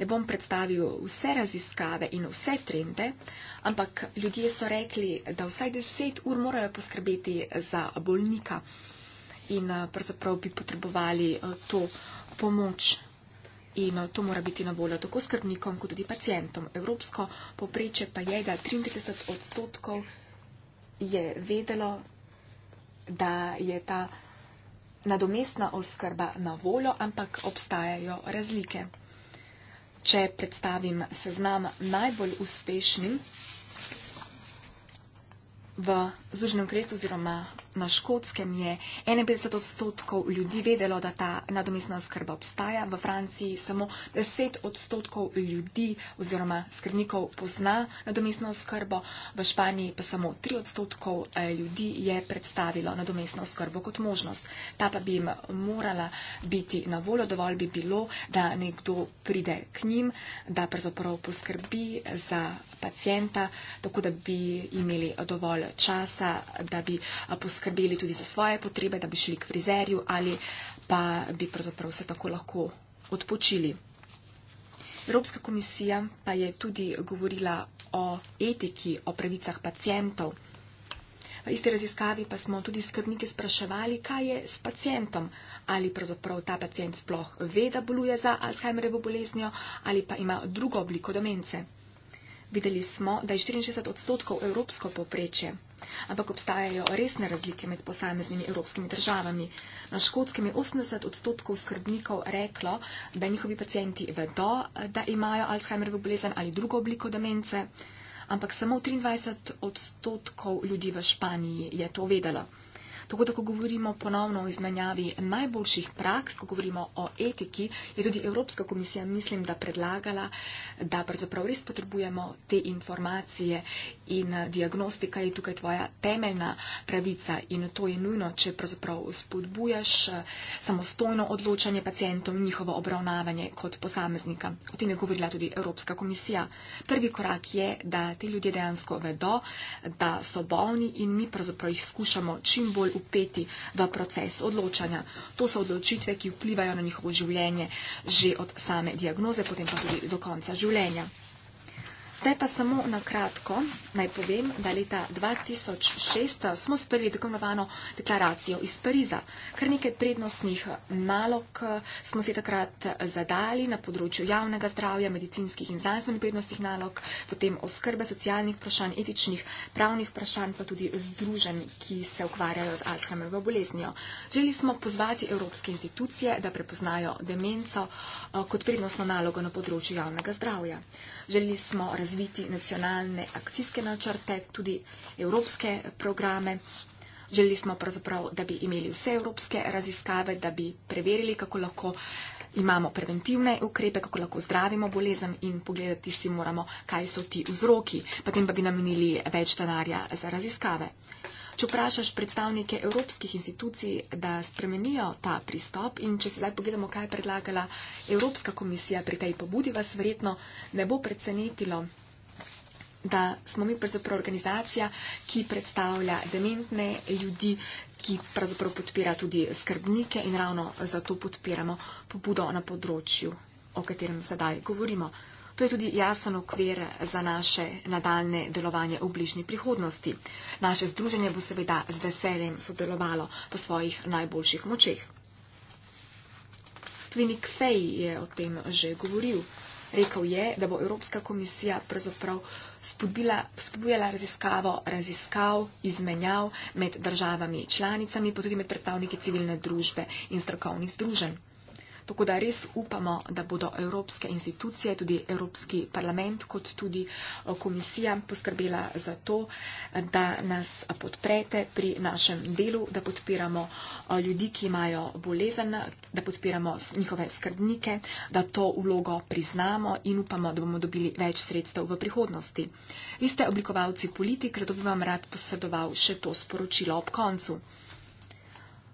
ne bom predstavil vse raziskave in vse trende, ampak ljudje so rekli, da vsaj deset ur morajo poskrbeti za bolnika in eh, pravzaprav bi potrebovali eh, to pomoč. In eh, to mora biti na voljo tako skrbnikom, kot tudi pacijentom. Evropsko popreče pa je, da 33 odstotkov je vedelo, da je ta nadomestna oskrba na voljo, ampak obstajajo razlike. Če predstavim seznam najbolj uspešnim v Združenem kresu oziroma na škotskem je 51 odstotkov ljudi vedelo, da ta nadomestna skrba obstaja, v Franciji samo 10 odstotkov ljudi oziroma skrbnikov pozna nadomestno skrbo, v Španiji pa samo 3 odstotkov eh, ljudi je predstavilo nadomestno skrbo kot možnost. Ta pa bi jim morala biti na voljo, dovolj bi bilo, da nekdo pride k njim, da pravzaprav poskrbi za pacijenta, tako da bi imeli dovolj časa, da bi poskrbi eh, poskrbeli tudi za svoje potrebe, da bi šli k frizerju ali pa bi pravzaprav se tako lahko odpočili. Evropska komisija pa je tudi govorila o etiki, o pravicah pacijentov. V isti raziskavi pa smo tudi skrbnike spraševali, kaj je s pacijentom, ali pravzaprav ta pacijent sploh ve, da boluje za Alzheimerjevo boleznjo ali pa ima drugo obliko demence. Videli smo, da je 64 odstotkov evropsko poprečje. Ampak obstajajo resne razlike med posameznimi evropskimi državami. Na škotskem je 80 odstotkov skrbnikov reklo, da njihovi pacijenti vedo, da imajo Alzheimerjevo bolezen ali drugo obliko demence, ampak samo 23 odstotkov ljudi v Španiji je to vedelo. Tako da, ko govorimo ponovno o izmenjavi najboljših praks, ko govorimo o etiki, je tudi Evropska komisija, mislim, da predlagala, da pravzaprav res potrebujemo te informacije in eh, diagnostika je tukaj tvoja temeljna pravica in to je nujno, če pravzaprav spodbujaš eh, samostojno odločanje pacijentov in njihovo obravnavanje kot posameznika. O tem je govorila tudi Evropska komisija. Prvi korak je, da te ljudje dejansko vedo, da so bolni in mi pravzaprav jih skušamo čim bolj vpeti v proces odločanja. To so odločitve, ki vplivajo na njihovo življenje že od same diagnoze, potem pa tudi do konca življenja. Zdaj pa samo na kratko naj povem, da leta 2006 smo sprejeli tako imenovano deklaracijo iz Pariza. Kar nekaj prednostnih nalog eh, smo se takrat eh, zadali na področju javnega zdravja, medicinskih in znanstvenih prednostnih nalog, potem oskrbe socialnih vprašanj, etičnih, pravnih vprašanj, pa tudi združen, ki se ukvarjajo z Alzheimerovo boleznijo. Želi smo pozvati evropske institucije, da prepoznajo demenco eh, kot prednostno nalogo na področju javnega zdravja. Želeli smo razviti nacionalne akcijske načrte, tudi evropske programe. Želeli smo pravzaprav, da bi imeli vse evropske raziskave, da bi preverili, kako lahko imamo preventivne ukrepe, kako lahko zdravimo bolezen in pogledati si moramo, kaj so ti vzroki. Potem pa bi namenili več denarja za raziskave. Če vprašaš predstavnike evropskih institucij, da spremenijo ta pristop in če sedaj pogledamo, kaj je predlagala Evropska komisija pri tej pobudi, vas verjetno ne bo predsenetilo, da smo mi pravzaprav organizacija, ki predstavlja dementne ljudi, ki pravzaprav podpira tudi skrbnike in ravno zato podpiramo pobudo na področju, o katerem sedaj govorimo. To je tudi jasen okvir za naše nadaljne delovanje v bližnji prihodnosti. Naše združenje bo seveda z veseljem sodelovalo po svojih najboljših močeh. Tudi Nik Fej je o tem že govoril. Rekel je, da bo Evropska komisija pravzaprav spodbujala raziskavo raziskav, izmenjav med državami članicami, pa tudi med predstavniki civilne družbe in strokovnih združenj. Tako da res upamo, da bodo evropske institucije, tudi Evropski parlament, kot tudi eh, komisija poskrbela za to, da nas podprete pri našem delu, da podpiramo eh, ljudi, ki imajo bolezen, da podpiramo njihove skrbnike, da to vlogo priznamo in upamo, da bomo dobili več sredstev v prihodnosti. Vi ste oblikovalci politik, zato bi vam rad posredoval še to sporočilo ob koncu.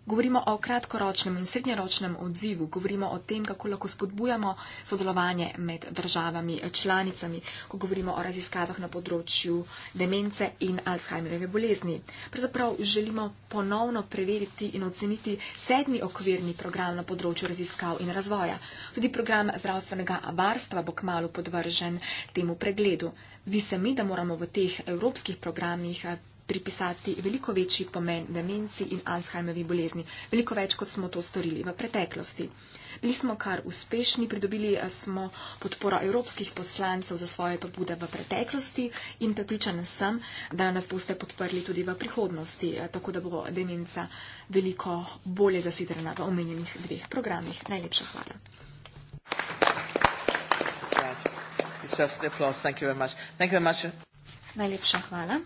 Govorimo o kratkoročnem in srednjeročnem odzivu, govorimo o tem, kako lahko spodbujamo sodelovanje med državami članicami, ko govorimo o raziskavah na področju demence in Alzheimerjeve bolezni. Pravzaprav želimo ponovno preveriti in oceniti sedmi okvirni program na področju raziskav in razvoja. Tudi program zdravstvenega varstva bo kmalo podvržen temu pregledu. Zdi se mi, da moramo v teh evropskih programih pripisati veliko večji pomen demenci in Alzheimerjevi bolezni, veliko več, kot smo to storili v preteklosti. Bili smo kar uspešni, pridobili eh, smo podporo evropskih poslancev za svoje pobude v preteklosti in prepričana sem, da nas boste podprli tudi v prihodnosti, eh, tako da bo demenca veliko bolje zasidrena v omenjenih dveh programih. Najlepša hvala. Najlepša hvala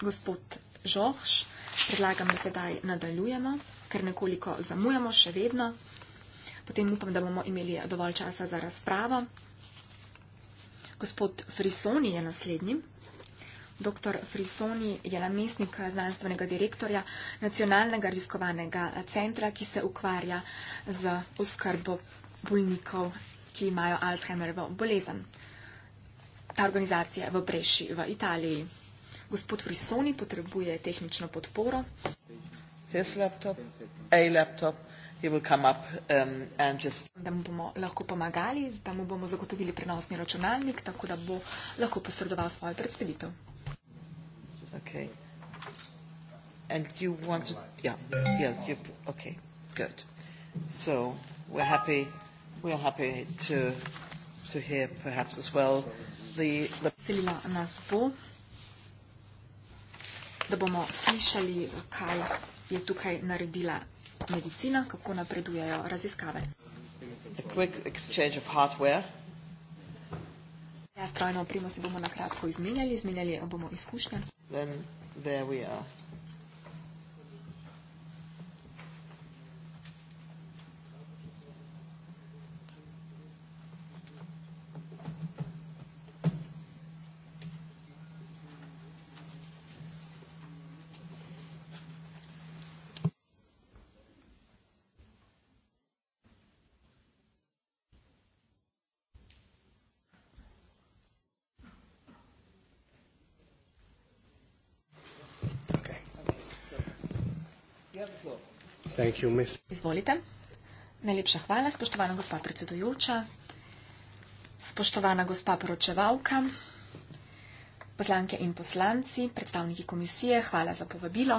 gospod Žohš, predlagam, da sedaj nadaljujemo, ker nekoliko zamujamo še vedno. Potem upam, da bomo imeli dovolj časa za razpravo. Gospod Frisoni je naslednji. Dr. Frisoni je namestnik znanstvenega direktorja Nacionalnega raziskovanega centra, ki se ukvarja z oskrbo bolnikov, ki imajo Alzheimerjevo bolezen. Ta organizacija je v Breši v Italiji. Gospod Frisoni potrebuje tehnično podporo. His laptop, a laptop, he will come up um, and just... Da mu bomo lahko pomagali, da mu bomo zagotovili prenosni računalnik, tako da bo lahko posredoval svojo predstavitev. Okay. And you want to... Yeah, yes, you... Okay, good. So, we're happy, we're happy to, to hear perhaps as well the... the... Selila nas bo da bomo slišali, kaj je tukaj naredila medicina, kako napredujejo raziskave. Ja, strojno opremo si bomo na kratko izmenjali, izmenjali bomo izkušnje. Izvolite. Najlepša hvala, spoštovana gospa predsedujoča, spoštovana gospa poročevalka, poslanke in poslanci, predstavniki komisije, hvala za povabilo.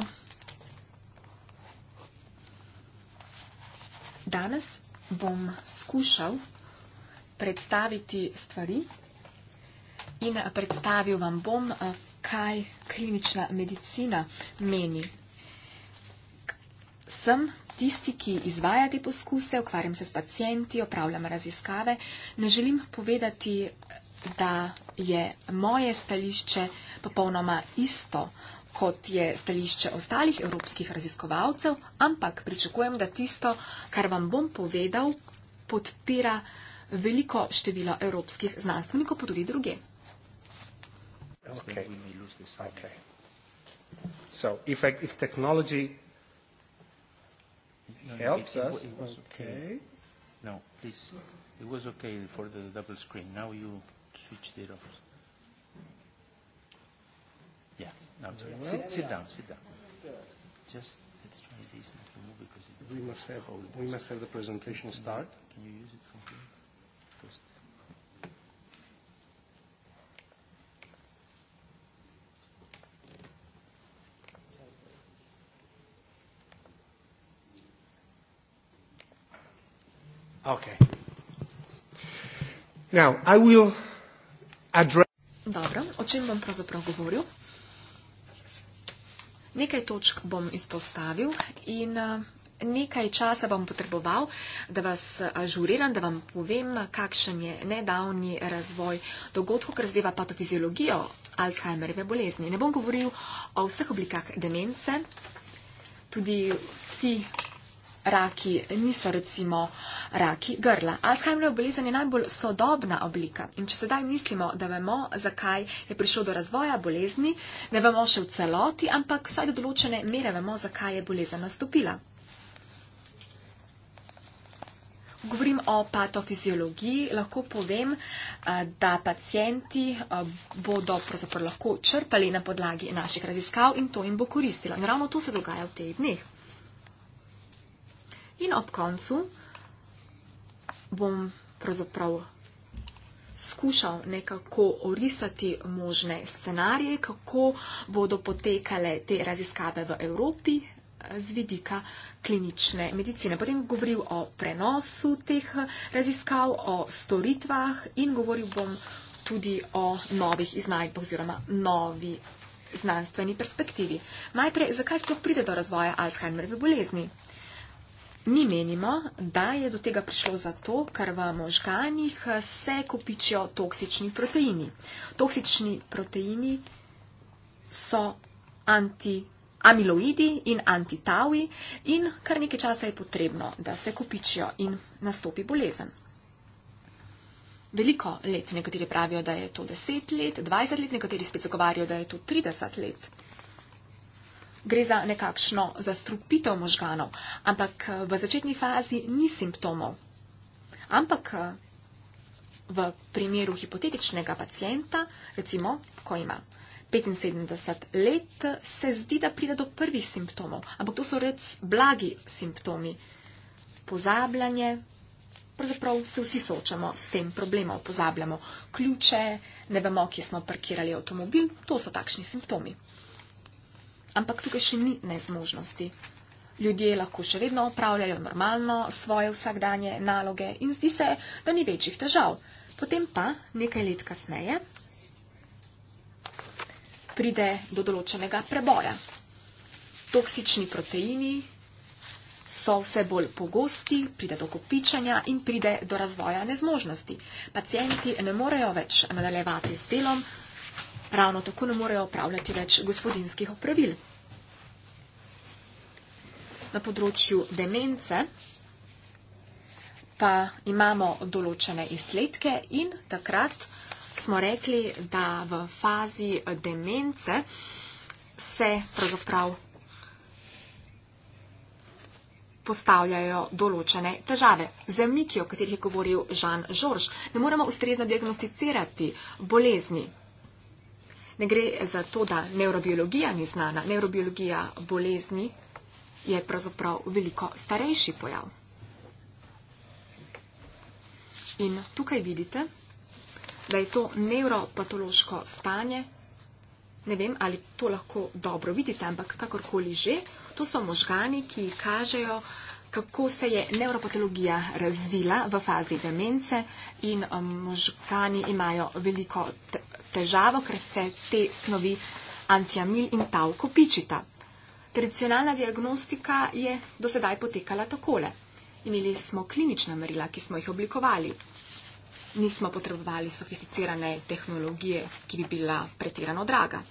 Danes bom skušal predstaviti stvari in predstavil vam bom, eh, kaj klinična medicina meni sem tisti, ki izvaja te poskuse, ukvarjam se s pacijenti, opravljam raziskave. Ne želim povedati, da je moje stališče popolnoma isto kot je stališče ostalih evropskih raziskovalcev, ampak pričakujem, da tisto, kar vam bom povedal, podpira veliko število evropskih znanstvenikov, pa tudi druge. Okay. Okay. So, if, if technology No, helps us. Okay. No, please. It was okay for the double screen. Now you switched it off. Yeah. Now it's well, sit, sit down. Sit down. Just let's try this. Because it we must have. We must have the presentation start. Can you use it? Okay. Now, I will address... Dobro, o čem bom pravzaprav govoril? Nekaj točk bom izpostavil in eh, nekaj časa bom potreboval, da vas ažuriram, eh, da vam povem, kakšen je nedavni razvoj dogodkov, ker zdaj pa patofiziologijo Alzheimerjeve bolezni. Ne bom govoril o vseh oblikah demence, tudi vsi raki niso recimo raki grla. Alzheimerjev bolezen je najbolj sodobna oblika in če sedaj mislimo, da vemo, zakaj je prišlo do razvoja bolezni, ne vemo še v celoti, ampak vsaj do določene mere vemo, zakaj je bolezen nastopila. Govorim o patofiziologiji, lahko povem, eh, da pacijenti eh, bodo pravzaprav lahko črpali na podlagi naših raziskav in to jim bo koristilo. In ravno to se dogaja v teh dneh. In ob koncu bom pravzaprav skušal nekako orisati možne scenarije, kako bodo potekale te raziskave v Evropi eh, z vidika klinične medicine. Potem govoril o prenosu teh raziskav, o storitvah in govoril bom tudi o novih iznajdbah oziroma novi znanstveni perspektivi. Najprej, zakaj sploh pride do razvoja Alzheimerjeve bolezni? Mi menimo, da je do tega prišlo zato, ker v možganjih eh, se kopičijo toksični proteini. Toksični proteini so anti. Amiloidi in antitaui, in kar nekaj časa je potrebno, da se kopičijo in nastopi bolezen. Veliko let, nekateri pravijo, da je to 10 let, 20 let, nekateri spet zagovarjajo, da je to 30 let gre za nekakšno zastrupitev možganov, ampak eh, v začetni fazi ni simptomov. Ampak eh, v primeru hipotetičnega pacijenta, recimo, ko ima 75 let, se zdi, da pride do prvih simptomov, ampak to so rec blagi simptomi. Pozabljanje, pravzaprav se vsi soočamo s tem problemom, pozabljamo ključe, ne vemo, kje smo parkirali avtomobil, to so takšni simptomi ampak tukaj še ni nezmožnosti. Ljudje lahko še vedno opravljajo normalno svoje vsakdanje naloge in zdi se, da ni večjih težav. Potem pa nekaj let kasneje pride do določenega preboja. Toksični proteini so vse bolj pogosti, pride do kopičanja in pride do razvoja nezmožnosti. Pacijenti ne morejo več nadaljevati s delom, ravno tako ne morejo opravljati več gospodinskih opravil. Na področju demence pa imamo določene izsledke in takrat smo rekli, da v fazi demence se pravzaprav postavljajo določene težave. Zemniki, o katerih je govoril Jean Georges, ne moremo ustrezno diagnosticirati bolezni. Ne gre za to, da neurobiologija ni znana. Neurobiologija bolezni je pravzaprav veliko starejši pojav. In tukaj vidite, da je to neuropatološko stanje. Ne vem, ali to lahko dobro vidite, ampak kakorkoli že, to so možgani, ki kažejo, kako se je neuropatologija razvila v fazi demence in um, možgani imajo veliko težavo, ker se te snovi antiamil in tau kopičita. Tradicionalna diagnostika je do sedaj potekala takole. Imeli smo klinična merila, ki smo jih oblikovali. Nismo potrebovali sofisticirane tehnologije, ki bi bila pretirano draga.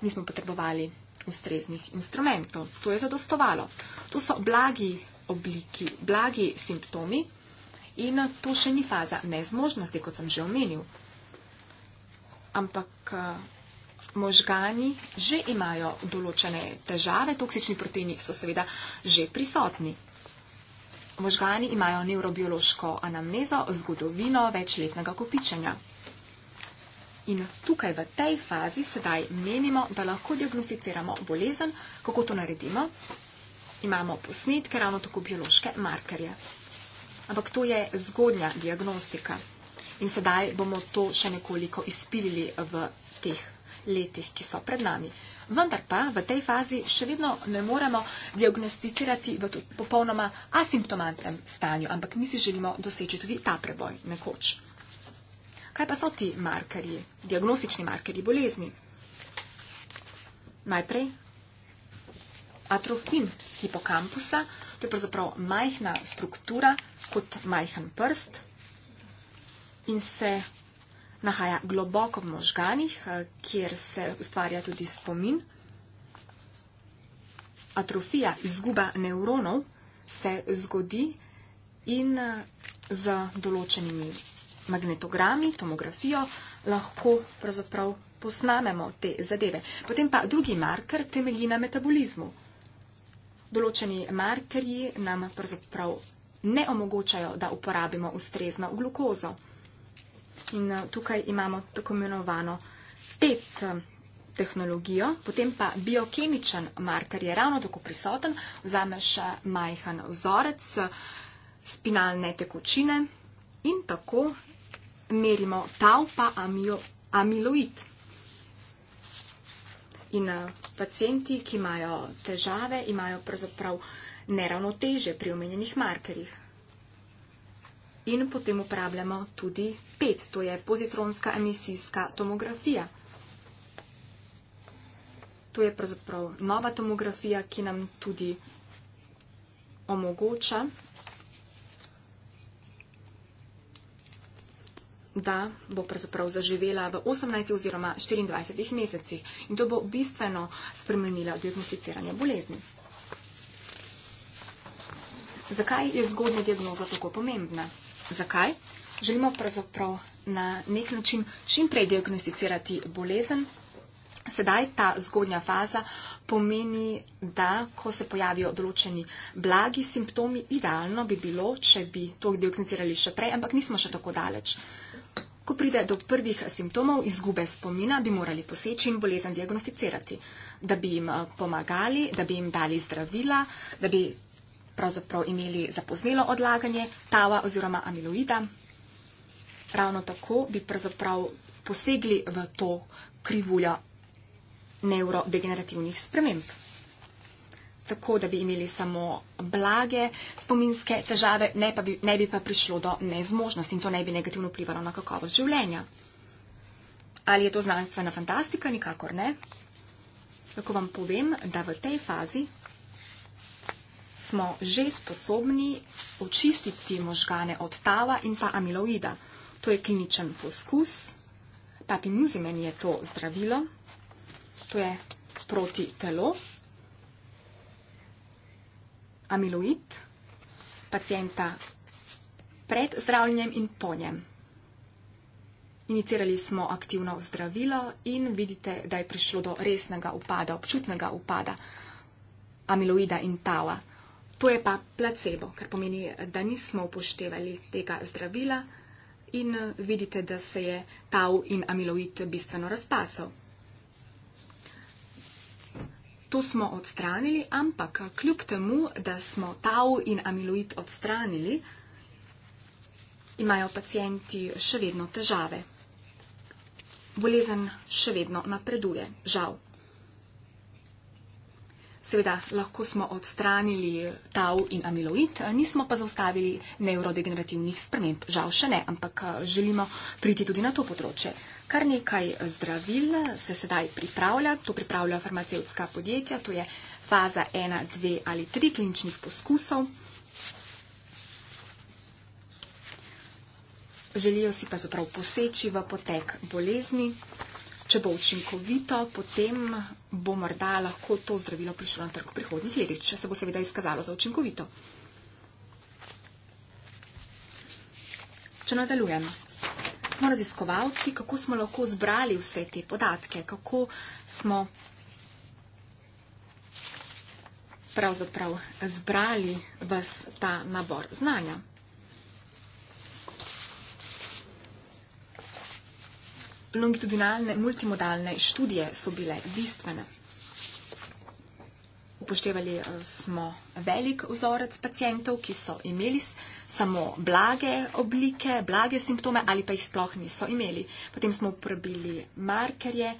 Nismo potrebovali ustreznih instrumentov. To je zadostovalo. To so blagi obliki, blagi simptomi in to še ni faza nezmožnosti, kot sem že omenil ampak eh, možgani že imajo določene težave, toksični proteini so seveda že prisotni. Možgani imajo nevrobiološko anamnezo, zgodovino večletnega kopičenja. In tukaj v tej fazi sedaj menimo, da lahko diagnosticiramo bolezen. Kako to naredimo? Imamo posnetke, ravno tako biološke markerje. Ampak to je zgodnja diagnostika. In sedaj bomo to še nekoliko izpilili v teh letih, ki so pred nami. Vendar pa v tej fazi še vedno ne moremo diagnosticirati v popolnoma asimptomantnem stanju, ampak mi si želimo doseči tudi ta preboj nekoč. Kaj pa so ti markerji, diagnostični markerji bolezni? Najprej atrofin hipokampusa, to je pravzaprav majhna struktura kot majhen prst in se nahaja globoko v možganih, eh, kjer se ustvarja tudi spomin. Atrofija, izguba neuronov se zgodi in eh, z določenimi magnetogrami, tomografijo lahko pravzaprav posnamemo te zadeve. Potem pa drugi marker temelji na metabolizmu. Določeni markerji nam pravzaprav ne omogočajo, da uporabimo ustrezno glukozo. In eh, tukaj imamo tako imenovano PET eh, tehnologijo, potem pa biokemičen marker je ravno tako prisoten, vzameš eh, majhen vzorec spinalne tekočine in tako merimo tau pa amio, amiloid. In pacijenti, ki imajo težave, imajo pravzaprav neravnoteže pri omenjenih markerjih in potem uporabljamo tudi PET, to je pozitronska emisijska tomografija. To je pravzaprav nova tomografija, ki nam tudi omogoča, da bo pravzaprav zaživela v 18 oziroma 24 mesecih in to bo bistveno spremenila diagnosticiranje bolezni. Zakaj je zgodnja diagnoza tako pomembna? Zakaj? Želimo pravzaprav na nek način čim prej diagnosticirati bolezen. Sedaj ta zgodnja faza pomeni, da ko se pojavijo določeni blagi simptomi, idealno bi bilo, če bi to diagnosticirali še prej, ampak nismo še tako daleč. Ko pride do prvih simptomov izgube spomina, bi morali poseči in bolezen diagnosticirati, da bi jim eh, pomagali, da bi jim dali zdravila, da bi pravzaprav imeli zapoznelo odlaganje tava oziroma amiloida. Ravno tako bi pravzaprav posegli v to krivuljo neurodegenerativnih sprememb. Tako, da bi imeli samo blage spominske težave, ne, pa bi, ne bi pa prišlo do nezmožnosti in to ne bi negativno vplivalo na kakovost življenja. Ali je to znanstvena fantastika? Nikakor ne. Lahko vam povem, da v tej fazi smo že sposobni očistiti možgane od tava in pa amiloida. To je kliničen poskus, papimuzimen je to zdravilo, to je proti telo. Amiloid pacijenta pred zdravljenjem in po njem. Inicirali smo aktivno zdravilo in vidite, da je prišlo do resnega upada, občutnega upada amiloida in tava. To je pa placebo, kar pomeni, da nismo upoštevali tega zdravila in eh, vidite, da se je tau in amiloid bistveno razpasal. To smo odstranili, ampak eh, kljub temu, da smo tau in amiloid odstranili, imajo pacijenti še vedno težave. Bolezen še vedno napreduje, žal. Seveda, lahko smo odstranili tau in amiloid, nismo pa zaustavili nevrodegenerativnih sprememb. Žal še ne, ampak želimo priti tudi na to področje. Kar nekaj zdravil se sedaj pripravlja, to pripravljajo farmacevtska podjetja, to je faza 1, 2 ali 3 kliničnih poskusov. Želijo si pa zapravo poseči v potek bolezni. Če bo učinkovito, potem bo morda lahko to zdravilo prišlo na trg v prihodnjih letih, če se bo seveda izkazalo za učinkovito. Če nadaljujem, smo raziskovalci, kako smo lahko zbrali vse te podatke, kako smo pravzaprav zbrali vse ta nabor znanja. longitudinalne multimodalne študije so bile bistvene. Upoštevali eh, smo velik vzorec pacijentov, ki so imeli samo blage oblike, blage simptome ali pa jih sploh niso imeli. Potem smo uporabili markerje,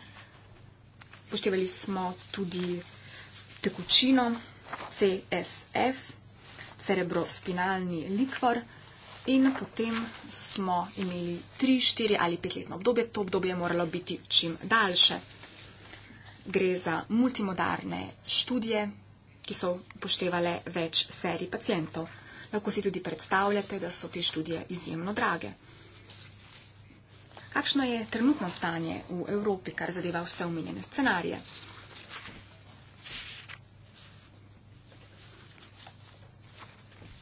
upoštevali smo tudi tekočino CSF, cerebrospinalni likvor, In potem smo imeli tri, štiri ali petletno obdobje. To obdobje je moralo biti čim daljše. Gre za multimodarne študije, ki so upoštevale več serij pacijentov. Lahko si tudi predstavljate, da so te študije izjemno drage. Kakšno je trenutno stanje v Evropi, kar zadeva vse omenjene scenarije?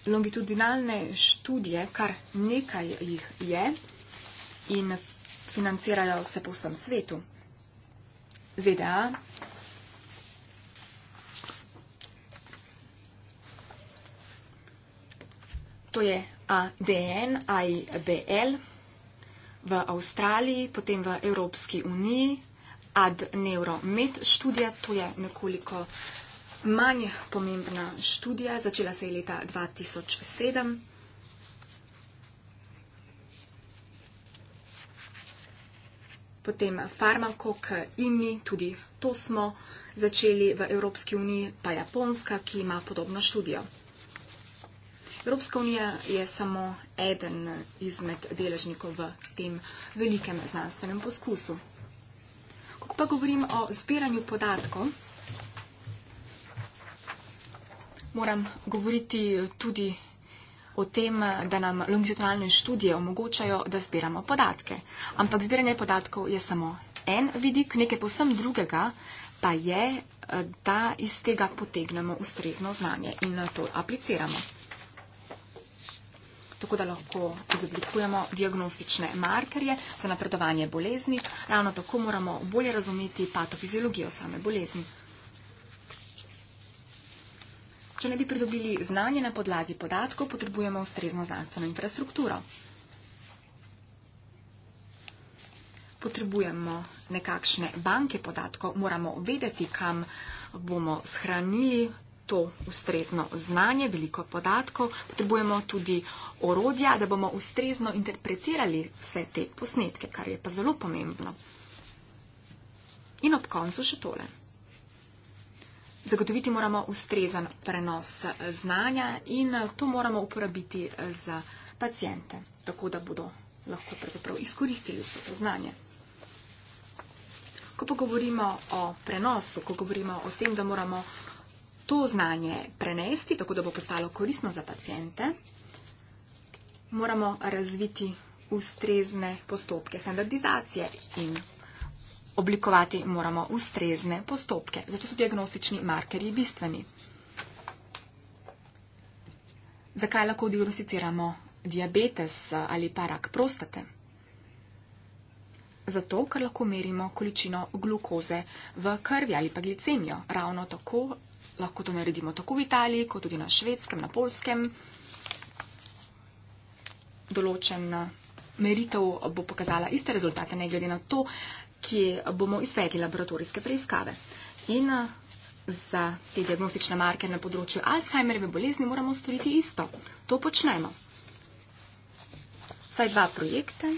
longitudinalne študije, kar nekaj jih je in financirajo se po vsem svetu. ZDA To je ADN, AIBL v Avstraliji, potem v Evropski uniji, AdNeuroMed študija, to je nekoliko manj pomembna študija, začela se je leta 2007. Potem farmakok in mi, tudi to smo začeli v Evropski uniji, pa Japonska, ki ima podobno študijo. Evropska unija je samo eden izmed deležnikov v tem velikem znanstvenem poskusu. Ko pa govorim o zbiranju podatkov, moram govoriti tudi o tem, da nam longitudinalne študije omogočajo, da zbiramo podatke. Ampak zbiranje podatkov je samo en vidik, nekaj povsem drugega pa je, da iz tega potegnemo ustrezno znanje in to apliciramo. Tako da lahko izoblikujemo diagnostične markerje za napredovanje bolezni, ravno tako moramo bolje razumeti patofiziologijo same bolezni. Če ne bi pridobili znanje na podlagi podatkov, potrebujemo ustrezno znanstveno infrastrukturo. Potrebujemo nekakšne banke podatkov, moramo vedeti, kam bomo shranili to ustrezno znanje, veliko podatkov. Potrebujemo tudi orodja, da bomo ustrezno interpretirali vse te posnetke, kar je pa zelo pomembno. In ob koncu še tole. Zagotoviti moramo ustrezan prenos znanja in to moramo uporabiti za pacijente, tako da bodo lahko izkoristili vse to znanje. Ko pa govorimo o prenosu, ko govorimo o tem, da moramo to znanje prenesti, tako da bo postalo koristno za pacijente, moramo razviti ustrezne postopke standardizacije in oblikovati moramo ustrezne postopke. Zato so diagnostični markerji bistveni. Zakaj lahko diagnosticiramo diabetes ali pa rak prostate? Zato, ker lahko merimo količino glukoze v krvi ali pa glicemijo. Ravno tako lahko to naredimo tako v Italiji, kot tudi na švedskem, na polskem. Določen meritev bo pokazala iste rezultate, ne glede na to, ki bomo izvedli laboratorijske preiskave. In eh, za te diagnostične marke na področju Alzheimerjeve bolezni moramo storiti isto. To počnemo. Vsaj dva projekte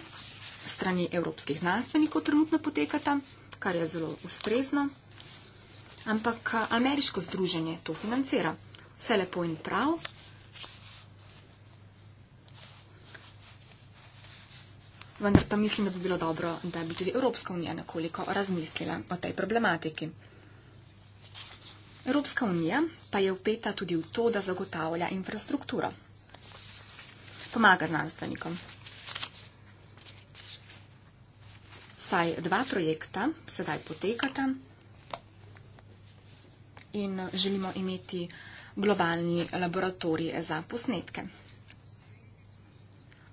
strani evropskih znanstvenikov trenutno potekata, kar je zelo ustrezno, ampak eh, ameriško združenje to financira. Vse lepo in prav, vendar pa mislim, da bi bilo dobro, da bi tudi Evropska unija nekoliko razmislila o tej problematiki. Evropska unija pa je upeta tudi v to, da zagotavlja infrastrukturo. Pomaga znanstvenikom. Vsaj dva projekta sedaj potekata in želimo imeti globalni laboratorij za posnetke.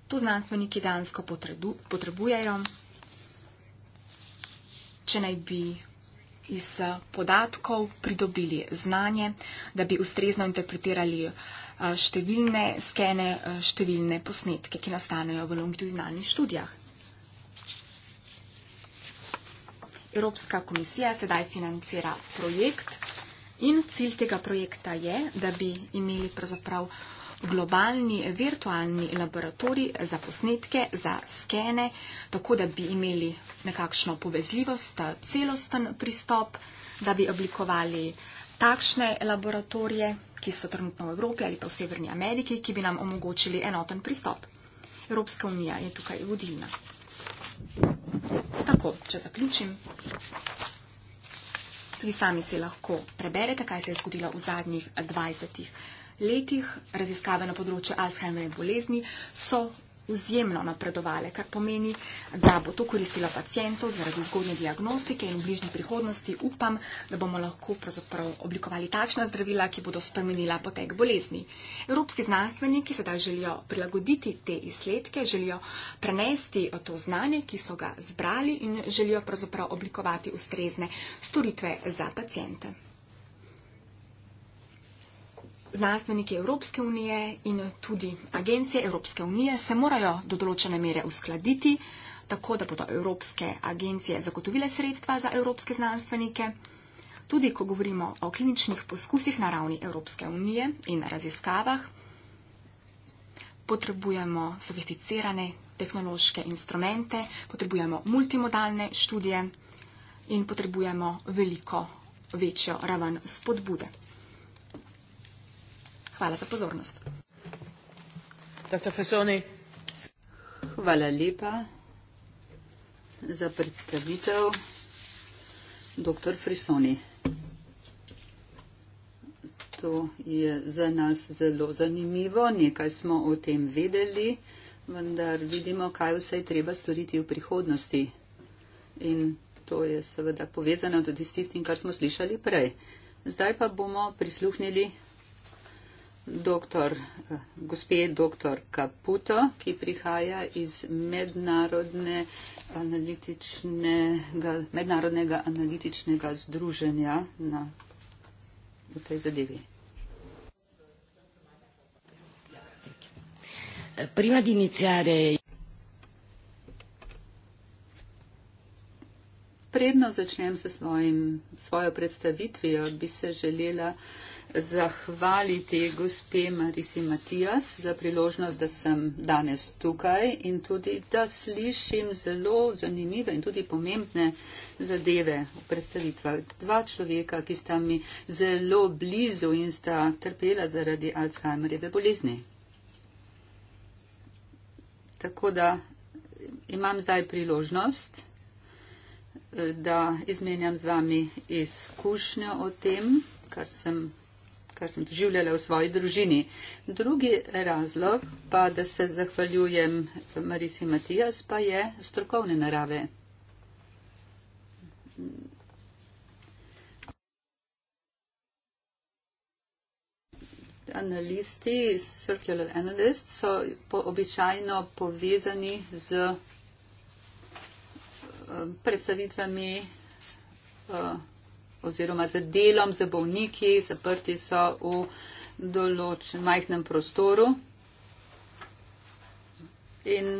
To znanstveniki dejansko potrebujejo. Če naj bi iz eh, podatkov pridobili znanje, da bi ustrezno interpretirali eh, številne skene, eh, številne posnetke, ki nastanejo v longitudinalnih študijah. Evropska komisija sedaj financira projekt in cilj tega projekta je, da bi imeli pravzaprav globalni virtualni laboratorij za posnetke, za skene, tako da bi imeli nekakšno povezljivost, celosten pristop, da bi oblikovali takšne laboratorije, ki so trenutno v Evropi ali pa v Severni Ameriki, ki bi nam omogočili enoten pristop. Evropska unija je tukaj vodilna. Tako, če zaključim. Tudi sami se lahko preberete, kaj se je zgodilo v zadnjih 20 letih letih raziskave na področju Alzheimerjeve bolezni so izjemno napredovale, kar pomeni, da bo to koristilo pacijentov zaradi zgodne diagnostike in v bližnji prihodnosti upam, da bomo lahko pravzaprav oblikovali takšna zdravila, ki bodo spremenila potek bolezni. Evropski znanstveniki sedaj želijo prilagoditi te izsledke, želijo prenesti to znanje, ki so ga zbrali in želijo pravzaprav oblikovati ustrezne storitve za pacijente znanstveniki Evropske unije in tudi agencije Evropske unije se morajo do določene mere uskladiti, tako da bodo evropske agencije zagotovile sredstva za evropske znanstvenike. Tudi, ko govorimo o kliničnih poskusih na ravni Evropske unije in raziskavah, potrebujemo sofisticirane tehnološke instrumente, potrebujemo multimodalne študije in potrebujemo veliko večjo raven spodbude. Hvala za pozornost. Hvala lepa za predstavitev, dr. Frisoni. To je za nas zelo zanimivo, nekaj smo o tem vedeli, vendar vidimo, kaj vse je treba storiti v prihodnosti. In to je seveda povezano tudi s tistim, kar smo slišali prej. Zdaj pa bomo prisluhnili doktor, eh, gospe dr. Kaputo, ki prihaja iz mednarodne analitičnega, mednarodnega analitičnega združenja na, v tej zadevi. Prima di iniziare. Predno začnem s svojo predstavitvijo, bi se želela uh, zahvaliti gospe Marisi Matijas za priložnost, da sem danes tukaj in tudi, da slišim zelo zanimive in tudi pomembne zadeve v predstavitvah. Dva človeka, ki sta mi zelo blizu in sta trpela zaradi Alzheimerjeve bolezni. Tako da imam zdaj priložnost, eh, da izmenjam z vami izkušnjo o tem, kar sem kar sem doživljala v svoji družini. Drugi razlog pa, da se zahvaljujem Marisi Matijas, pa je strokovne narave. Analisti, circular analysts, so po običajno povezani z eh, predstavitvami uh, oziroma z delom, z bovniki, zaprti so v določen majhnem prostoru. In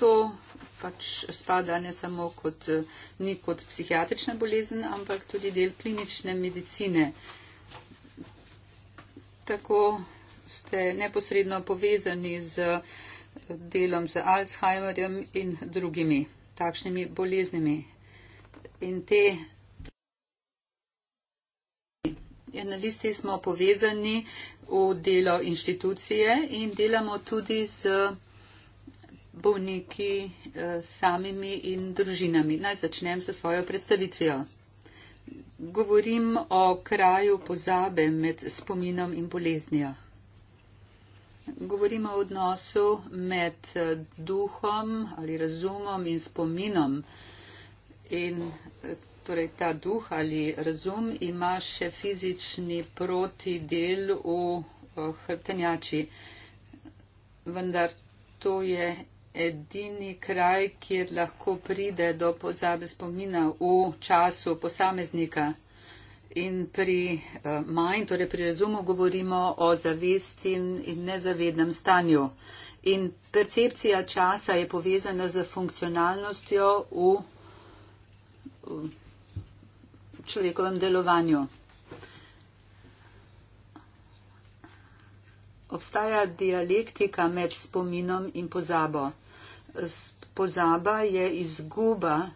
to pač spada ne samo kot, ni kot psihiatrična bolezen, ampak tudi del klinične medicine. Tako ste neposredno povezani z delom z Alzheimerjem in drugimi takšnimi boleznimi in te analisti smo povezani v delo inštitucije in delamo tudi z bolniki eh, samimi in družinami. Naj začnem s svojo predstavitvijo. Govorim o kraju pozabe med spominom in boleznijo. Govorimo o odnosu med eh, duhom ali razumom in spominom in eh, torej ta duh ali razum ima še fizični protidel v eh, hrtenjači. Vendar to je edini kraj, kjer lahko pride do pozabe spomina v času posameznika. In pri uh, manj, torej pri razumu, govorimo o zavesti in, in nezavednem stanju. In percepcija časa je povezana z funkcionalnostjo v v človekovem delovanju. Obstaja dialektika med spominom in pozabo. Pozaba je izguba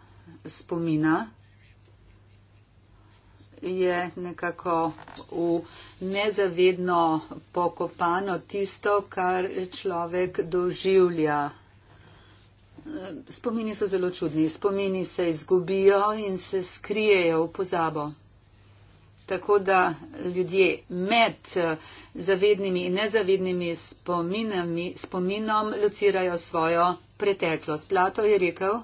spomina, je nekako v nezavedno pokopano tisto, kar človek doživlja spomini so zelo čudni. Spomini se izgubijo in se skrijejo v pozabo. Tako da ljudje med eh, zavednimi in nezavednimi spominami, spominom lucirajo svojo preteklost. Plato je rekel,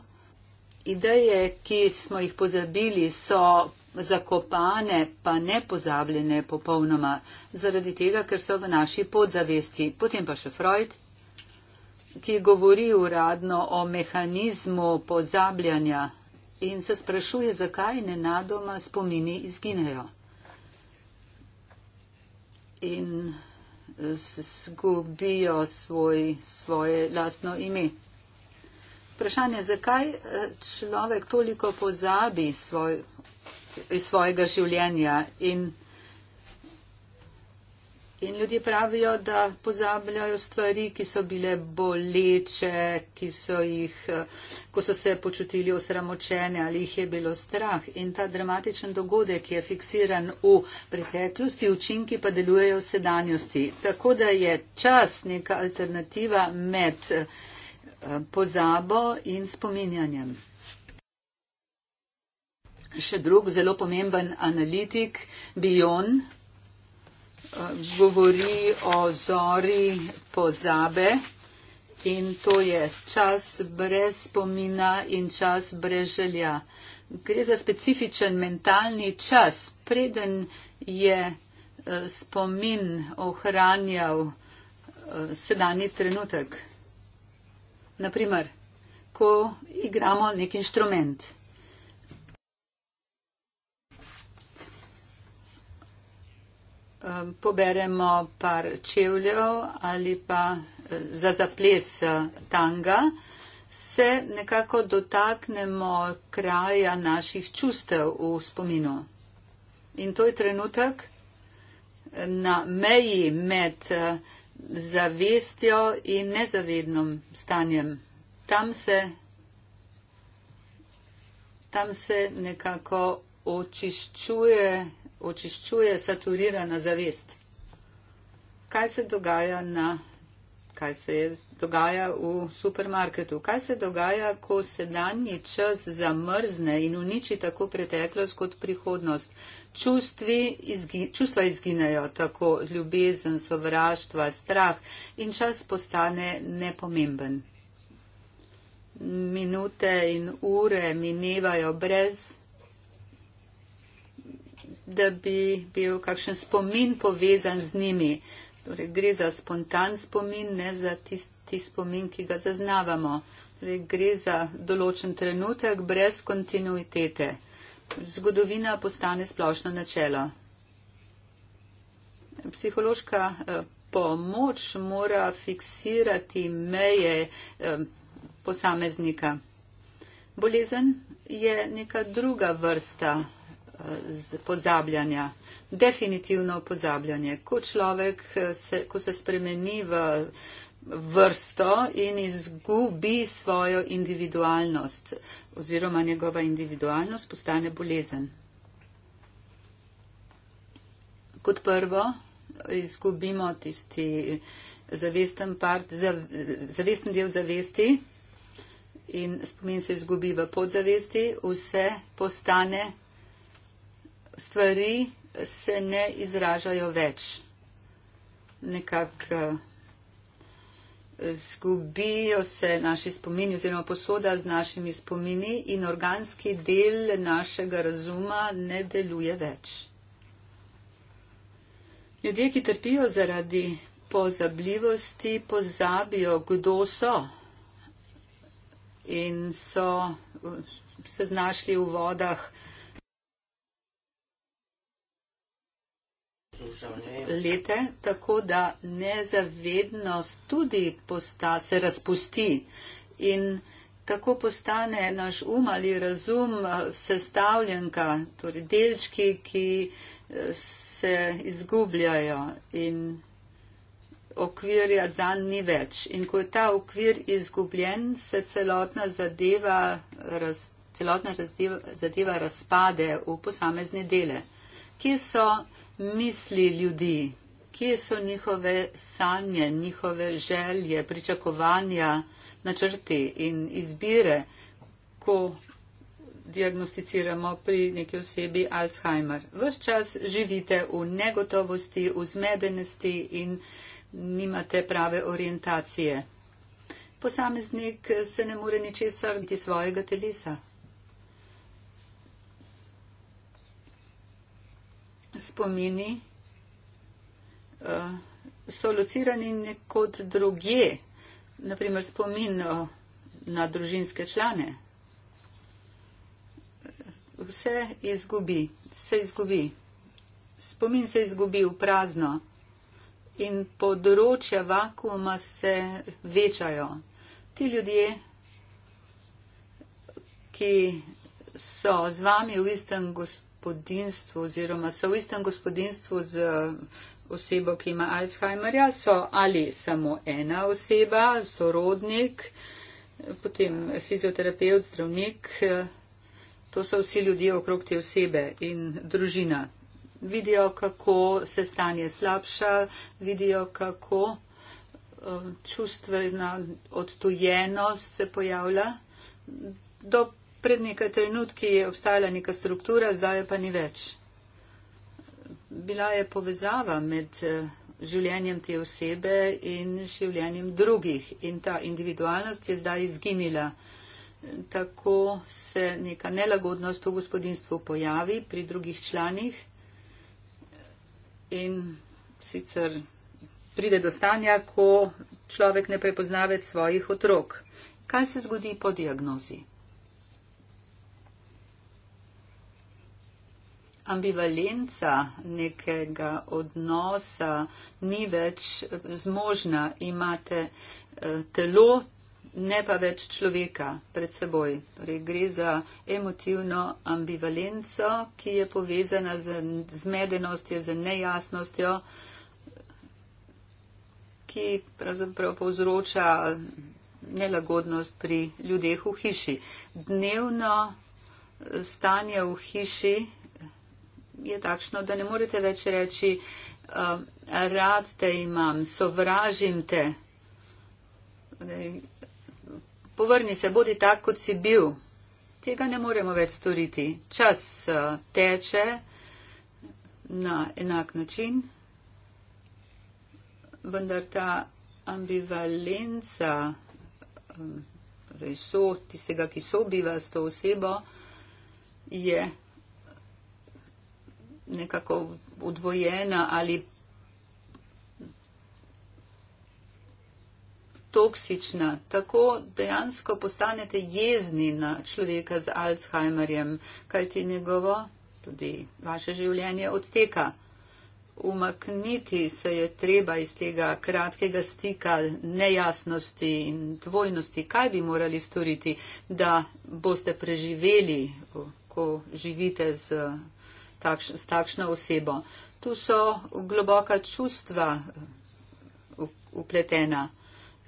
ideje, ki smo jih pozabili, so zakopane, pa ne pozabljene popolnoma, zaradi tega, ker so v naši podzavesti. Potem pa še Freud, ki govori uradno o mehanizmu pozabljanja in se sprašuje, zakaj nenadoma spomini izginejo. In eh, zgubijo svoj, svoje lastno ime. Vprašanje, zakaj eh, človek toliko pozabi svoj, svojega življenja in In ljudje pravijo, da pozabljajo stvari, ki so bile boleče, ki so jih, eh, ko so se počutili osramočene ali jih je bilo strah. In ta dramatičen dogodek je fiksiran v preteklosti, učinki pa delujejo v sedanjosti. Tako da je čas neka alternativa med eh, pozabo in spominjanjem. Še drug zelo pomemben analitik, Bion, govori o zori pozabe in to je čas brez spomina in čas brez želja. Gre za specifičen mentalni čas, preden je eh, spomin ohranjal eh, sedanji trenutek. Naprimer, ko igramo nek inštrument. poberemo par čevljev ali pa eh, za zaples eh, tanga, se nekako dotaknemo kraja naših čustev v spominu. In to je trenutek eh, na meji med zavestjo in nezavednim stanjem. Tam se, tam se nekako očiščuje očiščuje saturirana zavest. Kaj se dogaja na kaj se dogaja v supermarketu, kaj se dogaja, ko se danji čas zamrzne in uniči tako preteklost kot prihodnost. Izgi, čustva izginejo, tako ljubezen, sovraštva, strah in čas postane nepomemben. Minute in ure minevajo brez da bi bil kakšen spomin povezan z njimi. Torej, gre za spontan spomin, ne za tisti spomin, ki ga zaznavamo. Torej, gre za določen trenutek brez kontinuitete. Zgodovina postane splošno načelo. Psihološka eh, pomoč mora fiksirati meje eh, posameznika. Bolezen je neka druga vrsta z pozabljanja. Definitivno pozabljanje. Ko človek, eh, se, ko se spremeni v vrsto in izgubi svojo individualnost oziroma njegova individualnost postane bolezen. Kot prvo izgubimo tisti zavesten, part, zavesten del zavesti in spomin se izgubi v podzavesti, vse postane stvari se ne izražajo več. Nekako eh, zgubijo se naši spomini oziroma posoda z našimi spomini in organski del našega razuma ne deluje več. Ljudje, ki trpijo zaradi pozabljivosti, pozabijo, kdo so in so eh, se znašli v vodah, lete, tako da nezavednost tudi posta, se razpusti in tako postane naš um ali razum eh, sestavljenka, torej delčki, ki eh, se izgubljajo in okvirja za ni več. In ko je ta okvir izgubljen, se celotna zadeva, raz, celotna razdeva, zadeva razpade v posamezne dele, ki so misli ljudi, kje so njihove sanje, njihove želje, pričakovanja, načrti in izbire, ko diagnosticiramo pri neki osebi Alzheimer. Ves čas živite v negotovosti, v zmedenosti in nimate prave orientacije. Posameznik se ne more ničesar niti svojega telesa. spomini uh, so locirani nekod druge, naprimer spomin eh, na družinske člane. Vse izgubi, se izgubi. Spomin se izgubi v prazno in področja vakuuma se večajo. Ti ljudje, ki so z vami v istem gospodarstvu, gospodinstvu oziroma so v istem gospodinstvu z osebo, ki ima Alzheimerja, so ali samo ena oseba, sorodnik, potem fizioterapeut, zdravnik, to so vsi ljudje okrog te osebe in družina. Vidijo, kako se stanje slabša, vidijo, kako eh, čustvena odtujenost se pojavlja. Do pred nekaj trenutki je obstajala neka struktura, zdaj pa ni več. Bila je povezava med eh, življenjem te osebe in življenjem drugih in ta individualnost je zdaj izginila. Tako se neka nelagodnost v gospodinstvu pojavi pri drugih članih in sicer pride do stanja, ko človek ne prepoznave svojih otrok. Kaj se zgodi po diagnozi? ambivalenca nekega odnosa ni več zmožna, imate eh, telo, ne pa več človeka pred seboj. Torej, gre za emotivno ambivalenco, ki je povezana z zmedenostjo, z nejasnostjo, ki pravzaprav povzroča nelagodnost pri ljudeh v hiši. Dnevno stanje v hiši je takšno, da ne morete več reči, ehm, rad te imam, sovražim te. Povrni se, bodi tak, kot si bil. Tega ne moremo več storiti. Čas eh, teče na enak način, vendar ta ambivalenca ehm, reso tistega, ki sobiva s to osebo, je nekako udvojena ali toksična, tako dejansko postanete jezni na človeka z Alzheimerjem, kajti njegovo, tudi vaše življenje odteka. Umakniti se je treba iz tega kratkega stika nejasnosti in dvojnosti, kaj bi morali storiti, da boste preživeli, ko živite z takš, s takšno osebo. Tu so globoka čustva upletena.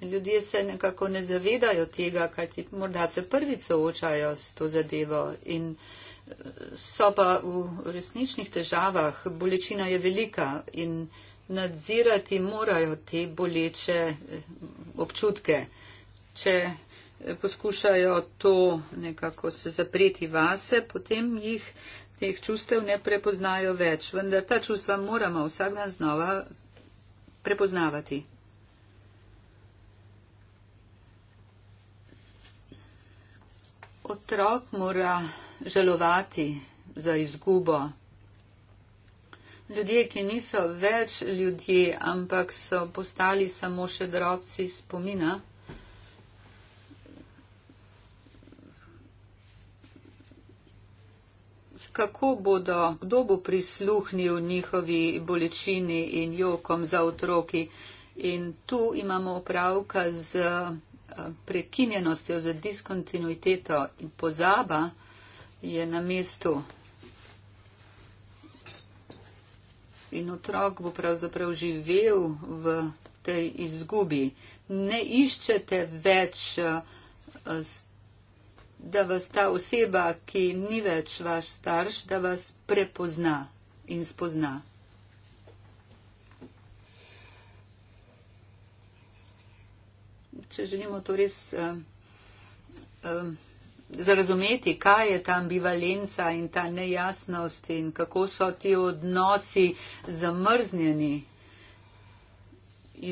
Ljudje se nekako ne zavedajo tega, kajti morda se prvič soočajo s to zadevo in eh, so pa v resničnih težavah. Bolečina je velika in nadzirati morajo te boleče eh, občutke. Če eh, poskušajo to nekako se zapreti vase, potem jih teh čustev ne prepoznajo več, vendar ta čustva moramo vsak dan znova prepoznavati. Otrok mora žalovati za izgubo. Ljudje, ki niso več ljudje, ampak so postali samo še drobci spomina. kako bodo, kdo bo prisluhnil njihovi bolečini in jokom za otroki. In tu imamo opravka z eh, prekinjenostjo, z diskontinuiteto in pozaba je na mestu. In otrok bo pravzaprav živel v tej izgubi. Ne iščete več eh, da vas ta oseba, ki ni več vaš starš, da vas prepozna in spozna. Če želimo to res uh, uh, zarazumeti, kaj je ta ambivalenca in ta nejasnost in kako so ti odnosi zamrznjeni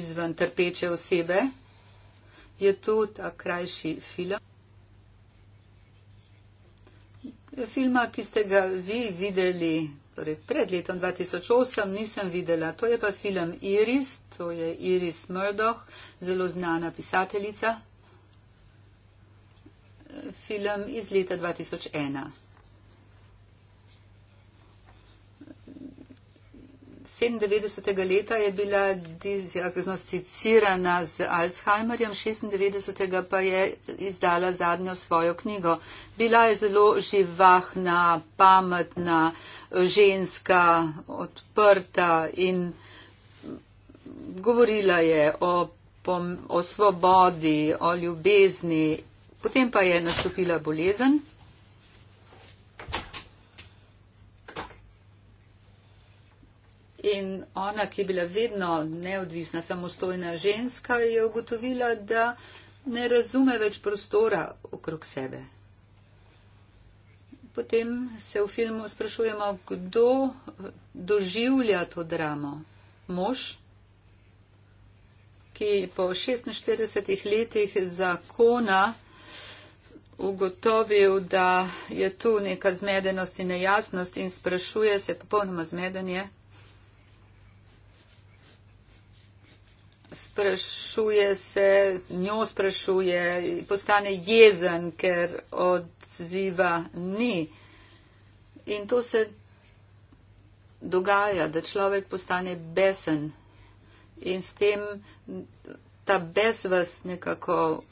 izven trpeče osebe, je tu ta krajši film filma, ki ste ga vi videli torej pred letom 2008, nisem videla. To je pa film Iris, to je Iris Murdoch, zelo znana pisateljica. Film iz leta 2001. 97. leta je bila diagnosticirana z Alzheimerjem, 96. pa je izdala zadnjo svojo knjigo. Bila je zelo živahna, pametna, ženska, odprta in govorila je o, o svobodi, o ljubezni. Potem pa je nastopila bolezen. In ona, ki je bila vedno neodvisna, samostojna ženska, je ugotovila, da ne razume več prostora okrog sebe. Potem se v filmu sprašujemo, kdo doživlja to dramo. Mož, ki po 46 letih zakona ugotovil, da je tu neka zmedenost in nejasnost in sprašuje se, popolnoma zmeden je, sprašuje se, njo sprašuje, postane jezen, ker odziva ni. In to se dogaja, da človek postane besen in s tem ta bes vas nekako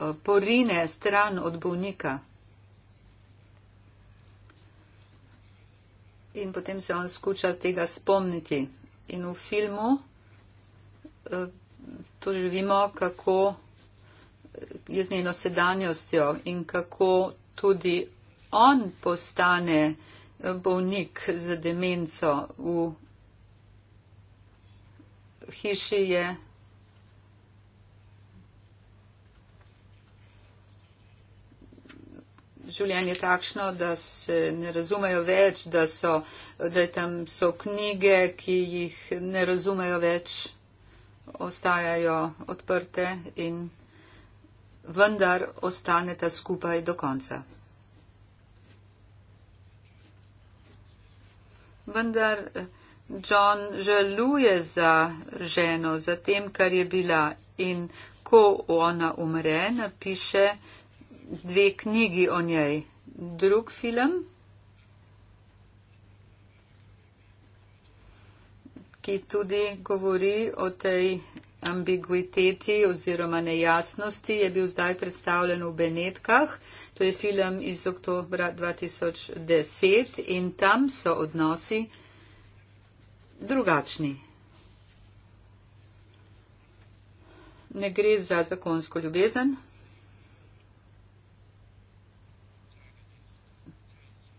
eh, porine stran od bolnika. In potem se on skuša tega spomniti. In v filmu to živimo, kako je z njeno sedanjostjo in kako tudi on postane eh, bolnik z demenco v hiši je. Življenje je takšno, da se ne razumejo več, da so, da tam so knjige, ki jih ne razumejo več ostajajo odprte in vendar ostaneta skupaj do konca. Vendar John žaluje za ženo, za tem, kar je bila in ko ona umre, napiše dve knjigi o njej. Drug film. ki tudi govori o tej ambiguiteti oziroma nejasnosti, je bil zdaj predstavljen v Benetkah. To je film iz oktobra 2010 in tam so odnosi drugačni. Ne gre za zakonsko ljubezen.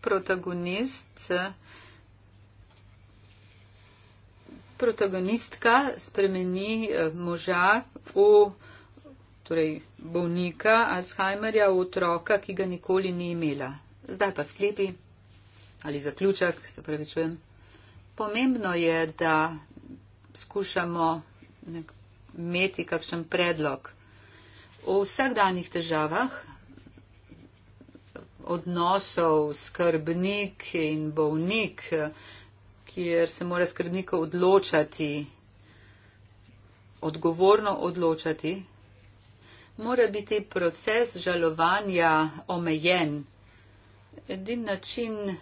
Protagonist protagonistka spremeni eh, moža v torej bolnika Alzheimerja v otroka, ki ga nikoli ni imela. Zdaj pa sklepi ali zaključek, se pravi čujem. Pomembno je, da skušamo imeti kakšen predlog v vsakdanjih težavah odnosov skrbnik in bolnik, kjer se mora skrbnika odločati, odgovorno odločati, mora biti proces žalovanja omejen. Edin način uh,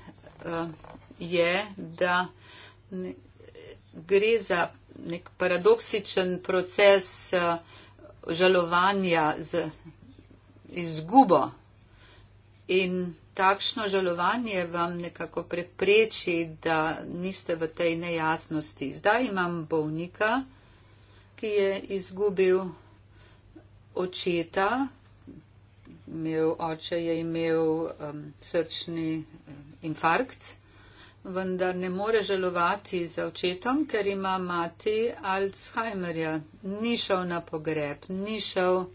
je, da ne, gre za nek paradoksičen proces uh, žalovanja z izgubo in takšno žalovanje vam nekako prepreči, da niste v tej nejasnosti. Zdaj imam bolnika, ki je izgubil očeta, imel oče je imel um, srčni um, infarkt, vendar ne more žalovati za očetom, ker ima mati Alzheimerja. Ni šel na pogreb, ni šel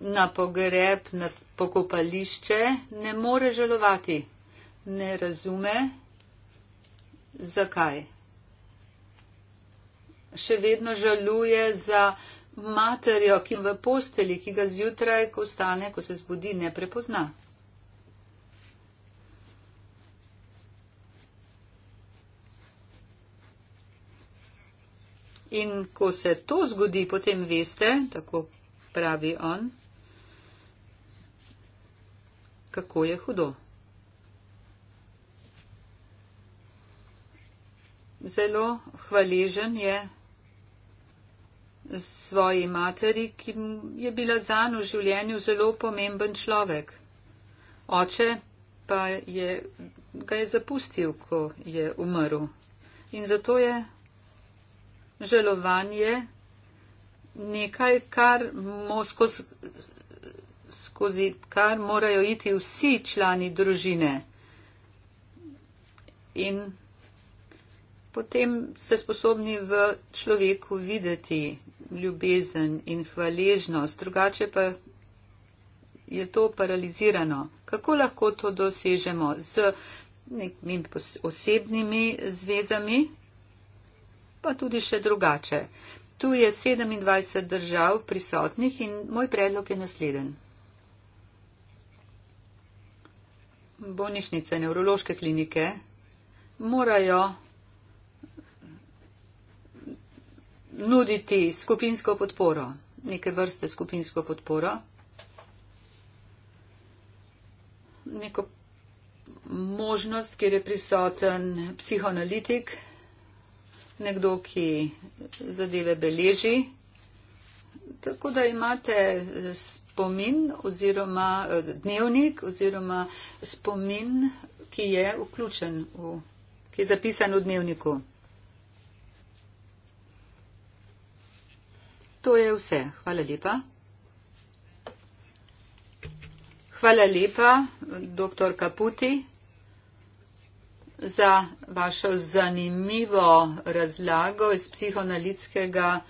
na pogreb, na pokopališče, ne more žalovati. Ne razume, zakaj. Še vedno žaluje za materjo, ki je v posteli, ki ga zjutraj, ko stane, ko se zbudi, ne prepozna. In ko se to zgodi, potem veste, tako pravi on, kako je hudo. Zelo hvaležen je svoji materi, ki je bila zan v življenju zelo pomemben človek. Oče pa je, ga je zapustil, ko je umrl. In zato je žalovanje nekaj, kar mozko skozi kar morajo iti vsi člani družine. In potem ste sposobni v človeku videti ljubezen in hvaležnost, drugače pa je to paralizirano. Kako lahko to dosežemo z nekimi osebnimi zvezami, pa tudi še drugače? Tu je 27 držav prisotnih in moj predlog je naslednji. bolnišnice, nevrološke klinike morajo nuditi skupinsko podporo, neke vrste skupinsko podporo, neko možnost, kjer je prisoten psihoanalitik, nekdo, ki zadeve beleži tako da imate eh, spomin oziroma eh, dnevnik oziroma spomin, ki je vključen, v, ki je zapisan v dnevniku. To je vse. Hvala lepa. Hvala lepa, dr. Kaputi, za vašo zanimivo razlago iz psihoanalitskega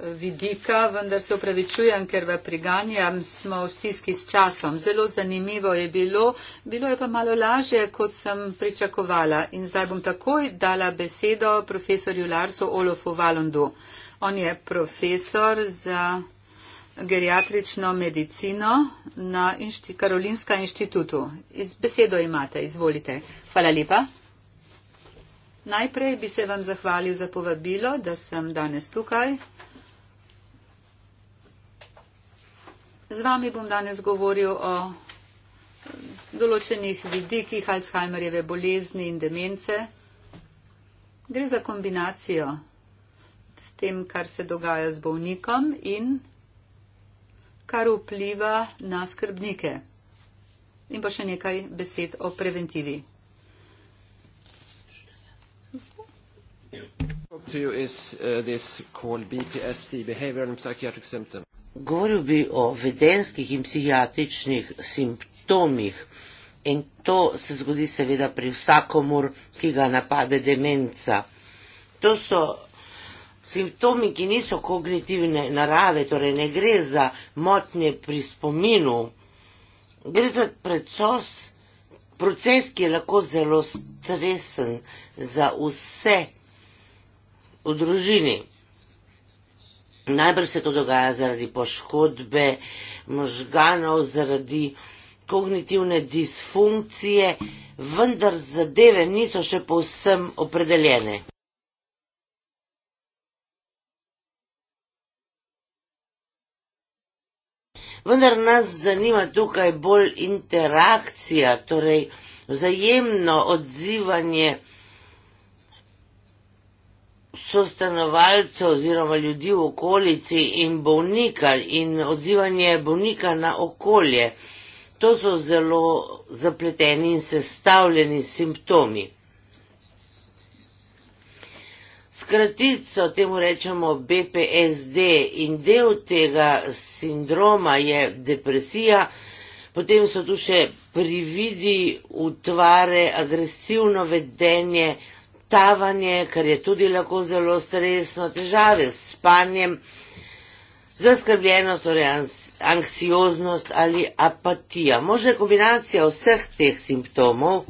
vidika, vendar se upravičujem, ker v priganjem smo v stiski s časom. Zelo zanimivo je bilo, bilo je pa malo lažje, kot sem pričakovala. In zdaj bom takoj dala besedo profesorju Larsu Olofu Valundu. On je profesor za geriatrično medicino na inšti, Karolinska inštitutu. Iz besedo imate, izvolite. Hvala lepa. Najprej bi se vam zahvalil za povabilo, da sem danes tukaj. Z vami bom danes govoril o določenih vidikih Alzheimerjeve bolezni in demence. Gre za kombinacijo s tem, kar se dogaja z bolnikom in kar vpliva na skrbnike. In pa še nekaj besed o preventivi. To je uh, BPSD, behavioral in psihiatric symptom. Govoril bi o vedenskih in psihijatričnih simptomih. In to se zgodi seveda pri vsakomur, ki ga napade demenca. To so simptomi, ki niso kognitivne narave, torej ne gre za motnje pri spominu. Gre za predsos, proces, ki je lahko zelo stresen za vse v družini. Najbrž se to dogaja zaradi poškodbe možganov, zaradi kognitivne disfunkcije, vendar zadeve niso še povsem opredeljene. Vendar nas zanima tukaj bolj interakcija, torej vzajemno odzivanje so stanovalce oziroma ljudi v okolici in bolnika in odzivanje bolnika na okolje. To so zelo zapleteni in sestavljeni simptomi. Skratico temu rečemo BPSD in del tega sindroma je depresija, potem so tu še prividi, utvare, agresivno vedenje, tavanje, kar je tudi lahko zelo stresno, težave s spanjem, zaskrbljenost, torej anksioznost ali apatija. Možda je kombinacija vseh teh simptomov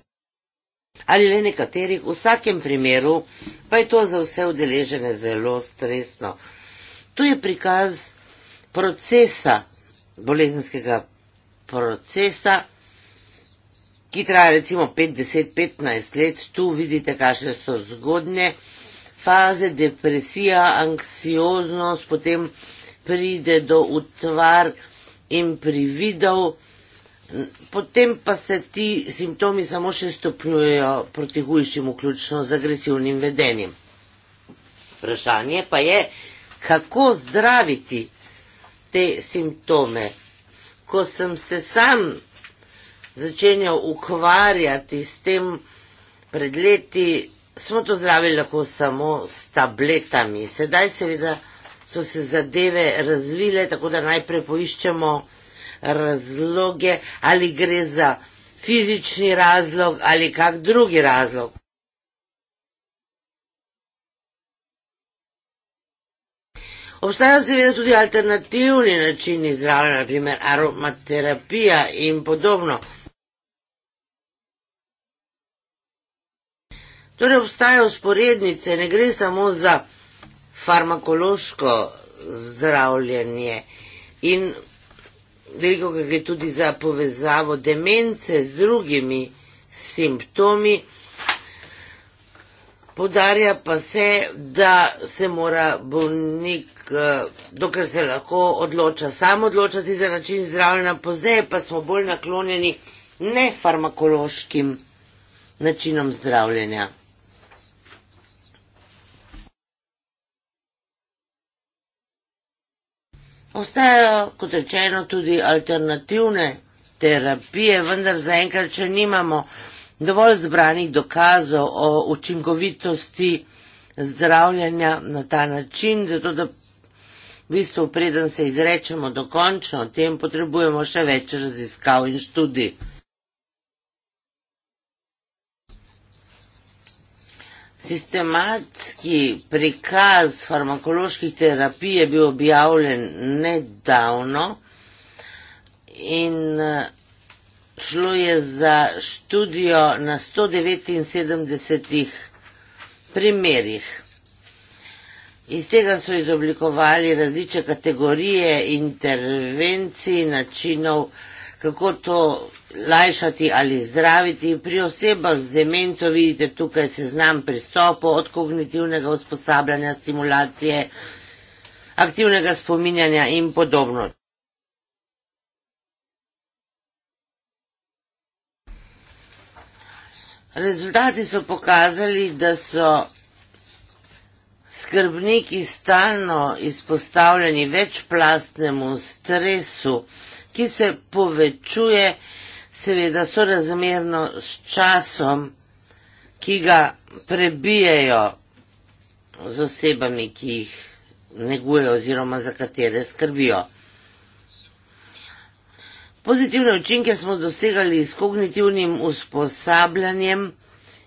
ali le nekaterih, v vsakem primeru pa je to za vse udeležene zelo stresno. Tu je prikaz procesa, bolezenskega procesa, ki traja recimo 5-10-15 let, tu vidite, kakšne so zgodne faze, depresija, anksioznost, potem pride do utvar in prividov, potem pa se ti simptomi samo še stopnjujejo proti hujšim, vključno z agresivnim vedenjem. Vprašanje pa je, kako zdraviti te simptome. Ko sem se sam začenjal ukvarjati s tem pred leti, smo to zdravili lahko samo s tabletami. Sedaj seveda so se zadeve razvile, tako da najprej poiščemo razloge, ali gre za fizični razlog ali kak drugi razlog. Obstajajo seveda tudi alternativni načini zdravljenja, naprimer aromaterapija in podobno. Torej obstajajo sporednice, ne gre samo za farmakološko zdravljenje in veliko gre tudi za povezavo demence z drugimi simptomi. Podarja pa se, da se mora bolnik, eh, dokler se lahko odloča, samo odločati za način zdravljenja, pozneje pa smo bolj naklonjeni nefarmakološkim načinom zdravljenja. Obstajajo, kot rečeno, tudi alternativne terapije, vendar zaenkrat, če nimamo dovolj zbranih dokazov o učinkovitosti zdravljanja na ta način, zato da v bistvu preden se izrečemo dokončno, o tem potrebujemo še več raziskav in študij. Sistematski prikaz farmakoloških terapij je bil objavljen nedavno in eh, šlo je za študijo na 179 primerjih. Iz tega so izoblikovali različne kategorije intervencij, načinov, kako to lajšati ali zdraviti. Pri osebah z demenco vidite tukaj seznam pristopov od kognitivnega usposabljanja, stimulacije, aktivnega spominjanja in podobno. Rezultati so pokazali, da so skrbniki stalno izpostavljeni večplastnemu stresu, ki se povečuje in seveda sorazmerno s časom, ki ga prebijajo z osebami, ki jih negujejo oziroma za katere skrbijo. Pozitivne učinke smo dosegali s kognitivnim usposabljanjem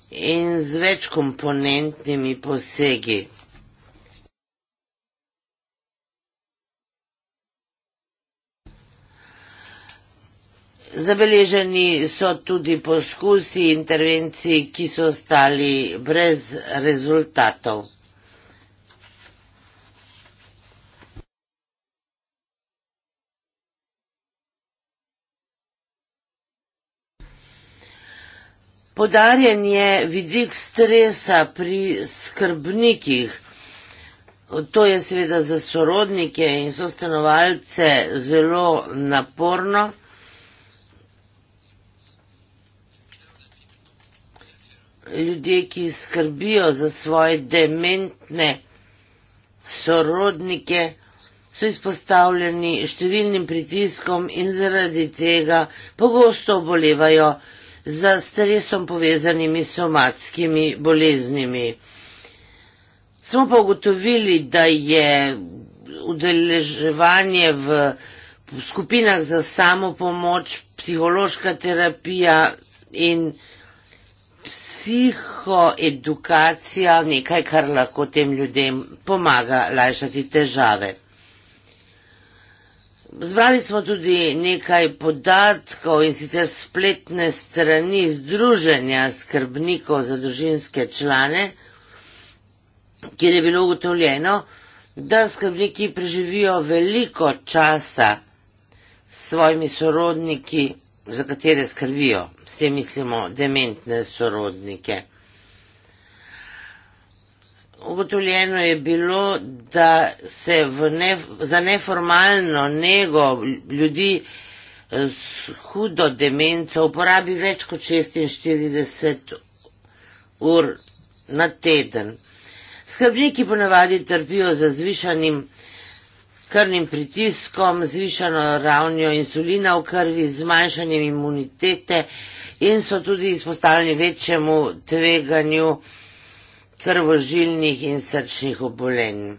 in z večkomponentnimi posegi. Zabeleženi so tudi poskusi intervencij, ki so stali brez rezultatov. Podarjen je vidik stresa pri skrbnikih. To je seveda za sorodnike in sostanovalce zelo naporno. ljudje, ki skrbijo za svoje dementne sorodnike, so izpostavljeni številnim pritiskom in zaradi tega pogosto obolevajo za stresom povezanimi somatskimi boleznimi. Smo pa ugotovili, da je udeleževanje v skupinah za samo pomoč, psihološka terapija in psihoedukacija nekaj, kar lahko tem ljudem pomaga lajšati težave. Zbrali smo tudi nekaj podatkov in sicer spletne strani Združenja skrbnikov za družinske člane, kjer je bilo ugotovljeno, da skrbniki preživijo veliko časa s svojimi sorodniki za katere skrbijo, s tem mislimo dementne sorodnike. Ugotovljeno je bilo, da se ne, za neformalno nego ljudi eh, s hudo demenco uporabi več kot 46 ur na teden. Skrbniki ponavadi trpijo za zvišanim krvnim pritiskom, zvišano ravnjo insulina v krvi, zmanjšanjem imunitete in so tudi izpostavljeni večjemu tveganju krvožilnih in srčnih obolenj.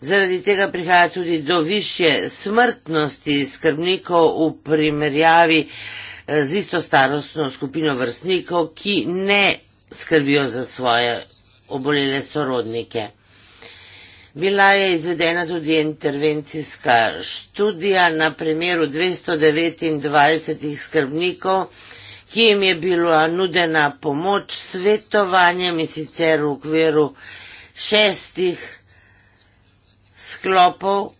Zaradi tega prihaja tudi do više smrtnosti skrbnikov v primerjavi eh, z isto starostno skupino vrstnikov, ki ne skrbijo za svoje obolele sorodnike. Bila je izvedena tudi intervencijska študija na primeru 229 skrbnikov, ki jim je bila nudena pomoč s svetovanjem in sicer v okviru šestih sklopov.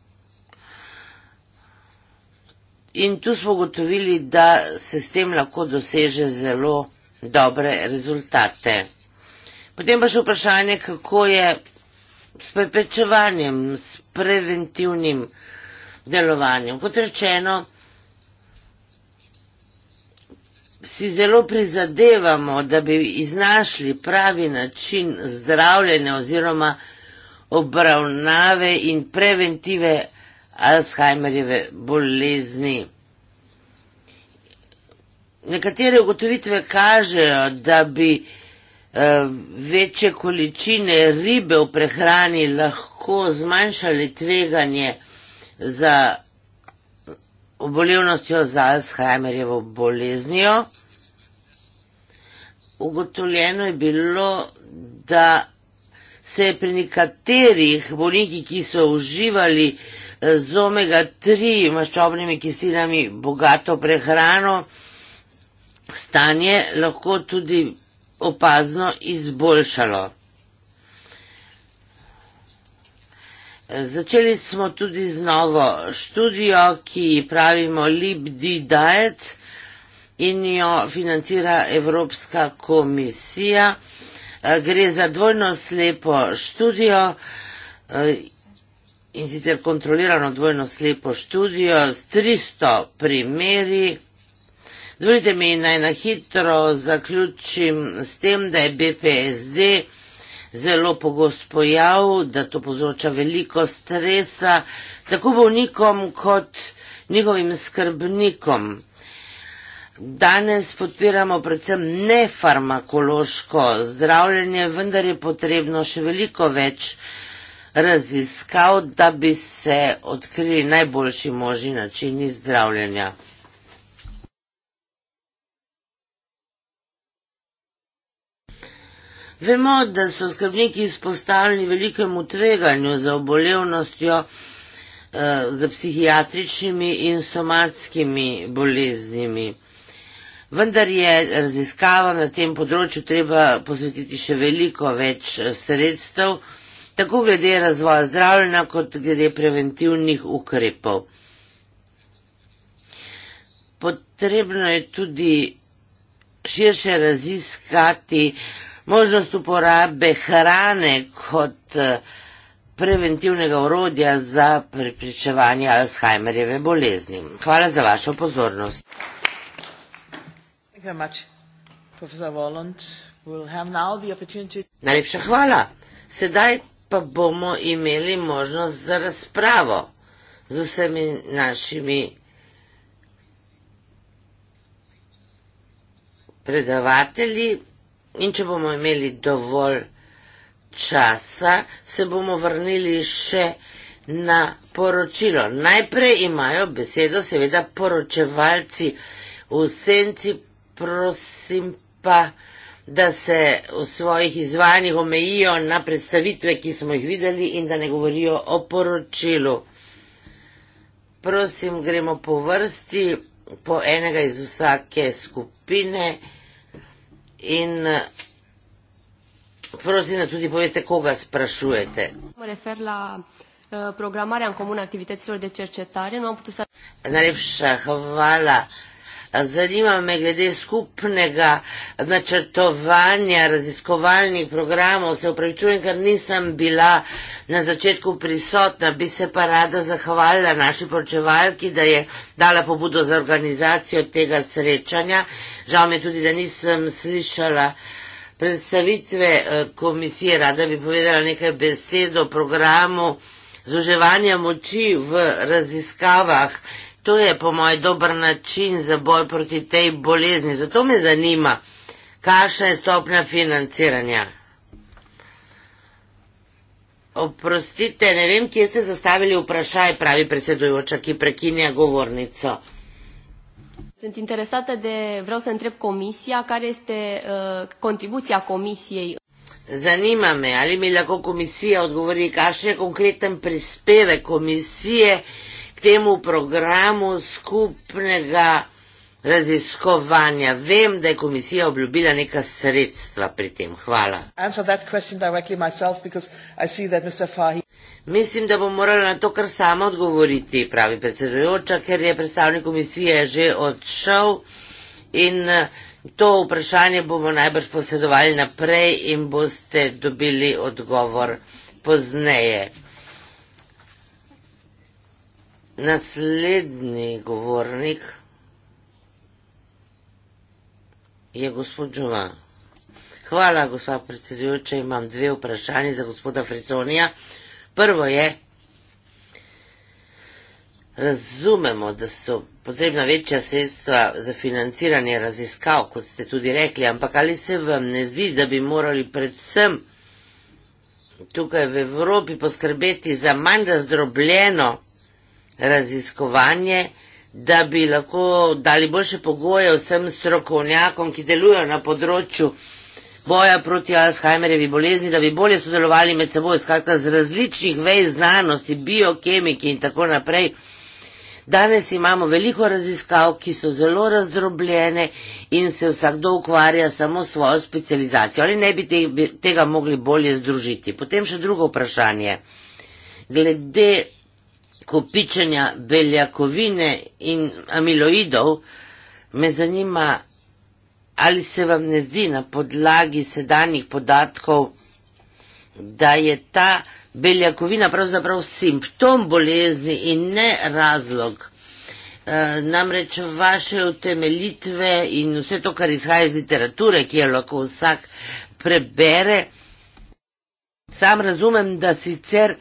In tu smo gotovili, da se s tem lahko doseže zelo dobre rezultate. Potem pa še vprašanje, kako je s prepečevanjem, s preventivnim delovanjem. Kot rečeno, si zelo prizadevamo, da bi iznašli pravi način zdravljenja oziroma obravnave in preventive Alzheimerjeve bolezni. Nekatere ugotovitve kažejo, da bi večje količine ribe v prehrani lahko zmanjšali tveganje za obolevnostjo za Alzheimerjevo boleznijo. Ugotovljeno je bilo, da se je pri nekaterih bolniki, ki so uživali eh, z omega-3 maščobnimi kislinami bogato prehrano, stanje lahko tudi opazno izboljšalo. Začeli smo tudi z novo študijo, ki pravimo LibDiet in jo financira Evropska komisija. Gre za dvojno slepo študijo eh, in sicer kontrolirano dvojno slepo študijo s 300 primeri. Dovolite mi naj na hitro zaključim s tem, da je BPSD zelo pogost pojav, da to povzroča veliko stresa, tako bolnikom kot njihovim skrbnikom. Danes podpiramo predvsem nefarmakološko zdravljenje, vendar je potrebno še veliko več raziskav, da bi se odkrili najboljši možni načini zdravljenja. Vemo, da so skrbniki izpostavljeni velikemu tveganju za obolevnostjo, eh, za psihiatričnimi in somatskimi boleznimi. Vendar je raziskava na tem področju treba posvetiti še veliko več eh, sredstev, tako glede razvoja zdravljena, kot glede preventivnih ukrepov. Potrebno je tudi širše raziskati možnost uporabe hrane kot eh, preventivnega orodja za pripričevanje Alzheimerjeve bolezni. Hvala za vašo pozornost. Najlepša hvala. Sedaj pa bomo imeli možnost za razpravo z vsemi našimi predavatelji. In če bomo imeli dovolj časa, se bomo vrnili še na poročilo. Najprej imajo besedo seveda poročevalci v senci, prosim pa, da se v svojih izvanjih omejijo na predstavitve, ki smo jih videli in da ne govorijo o poročilu. Prosim, gremo po vrsti, po enega iz vsake skupine. In eh, prosim, da tudi poveste, koga sprašujete. Refer la eh, programarea în comun activităților de cercetare. Nu am putut să... Najlepša hvala. Zanima me glede skupnega načrtovanja raziskovalnih programov. Se upravičujem, ker nisem bila na začetku prisotna, bi se pa rada zahvalila naši poročevalki, da je dala pobudo za organizacijo tega srečanja. Žal mi je tudi, da nisem slišala predstavitve eh, komisije, rada bi povedala nekaj besed o programu zuževanja moči v raziskavah To je po mojem dober način za boj proti tej bolezni. Zato me zanima, kakšna je stopnja financiranja. Oprostite, ne vem, kje ste zastavili vprašaj, pravi predsedujoča, ki prekinja govornico. Sem interesata, da vreau să întreb comisia, care este uh, contribuția comisiei. Zanima me, ali mi lahko komisija odgovori, kakšen je konkreten prispevek komisije, uh, temu programu skupnega raziskovanja. Vem, da je komisija obljubila neka sredstva pri tem. Hvala. Myself, Fahy... Mislim, da bom morala na to kar sama odgovoriti, pravi predsedujoča, ker je predstavnik komisije že odšel in eh, to vprašanje bomo najbrž posedovali naprej in boste dobili odgovor pozneje. Naslednji govornik je gospod Žuvan. Hvala, gospa predsedujoča, imam dve vprašanje za gospoda Friconija. Prvo je, razumemo, da so potrebna večja sredstva za financiranje raziskav, kot ste tudi rekli, ampak ali se vam ne zdi, da bi morali predvsem tukaj v Evropi poskrbeti za manj razdrobljeno raziskovanje, da bi lahko dali boljše pogoje vsem strokovnjakom, ki delujejo na področju boja proti Alzheimerjevi bolezni, da bi bolje sodelovali med seboj, skratka z različnih vej znanosti, biokemiki in tako naprej. Danes imamo veliko raziskav, ki so zelo razdrobljene in se vsakdo ukvarja samo s svojo specializacijo. Ali ne bi tega mogli bolje združiti? Potem še drugo vprašanje. Glede kopičenja beljakovine in amiloidov, me zanima, ali se vam ne zdi na podlagi sedanjih podatkov, da je ta beljakovina pravzaprav simptom bolezni in ne razlog. Eh, namreč vaše utemelitve in vse to, kar izhaja iz literature, ki jo lahko vsak prebere, sam razumem, da sicer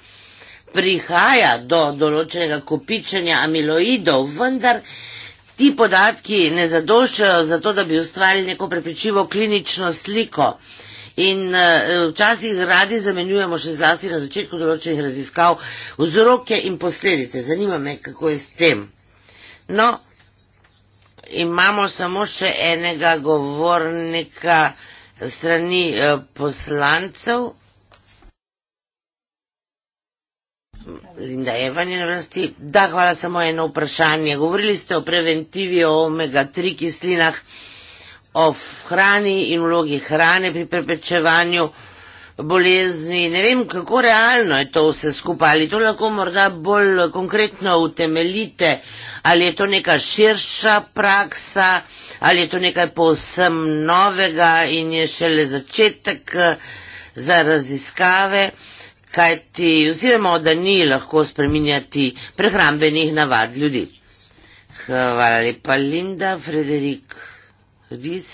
prihaja do določenega kopičenja amiloidov, vendar ti podatki ne zadoščajo za to, da bi ustvarili neko prepričljivo klinično sliko. In eh, včasih radi zamenjujemo še zlasti na začetku določenih raziskav vzroke in posledice. Zanima me, kako je s tem. No, imamo samo še enega govornika strani eh, poslancev. Linda Evan je na vrsti. Da, hvala samo eno vprašanje. Govorili ste o preventivi, o omega-3 kislinah, o hrani in vlogi hrane pri preprečevanju bolezni. Ne vem, kako realno je to vse skupaj, ali to lahko morda bolj konkretno utemeljite, ali je to neka širša praksa, ali je to nekaj povsem novega in je šele začetek eh, za raziskave kajti vzivamo, da ni lahko spreminjati prehrambenih navad ljudi. Hvala lepa, Linda, Frederik, Riz.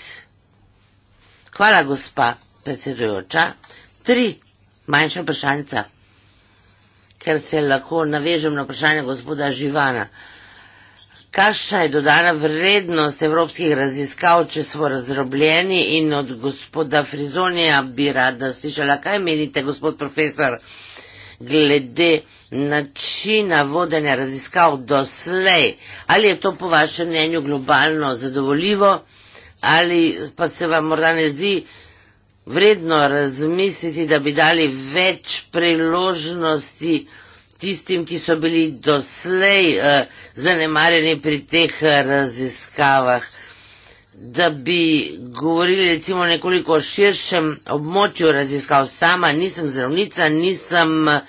Hvala, gospa predsedujoča. Tri manjša vprašanjca, ker se lahko navežem na vprašanje gospoda Živana. Kakšna je dodana vrednost evropskih raziskav, če smo razdrobljeni in od gospoda Frizonija bi rada slišala, kaj menite, gospod profesor, glede načina vodenja raziskav doslej? Ali je to po vašem mnenju globalno zadovoljivo ali pa se vam morda ne zdi vredno razmisliti, da bi dali več priložnosti? tistim, ki so bili doslej uh, zanemarjeni pri teh eh, raziskavah, da bi govorili recimo o nekoliko širšem območju raziskav. Sama nisem zdravnica, nisem eh,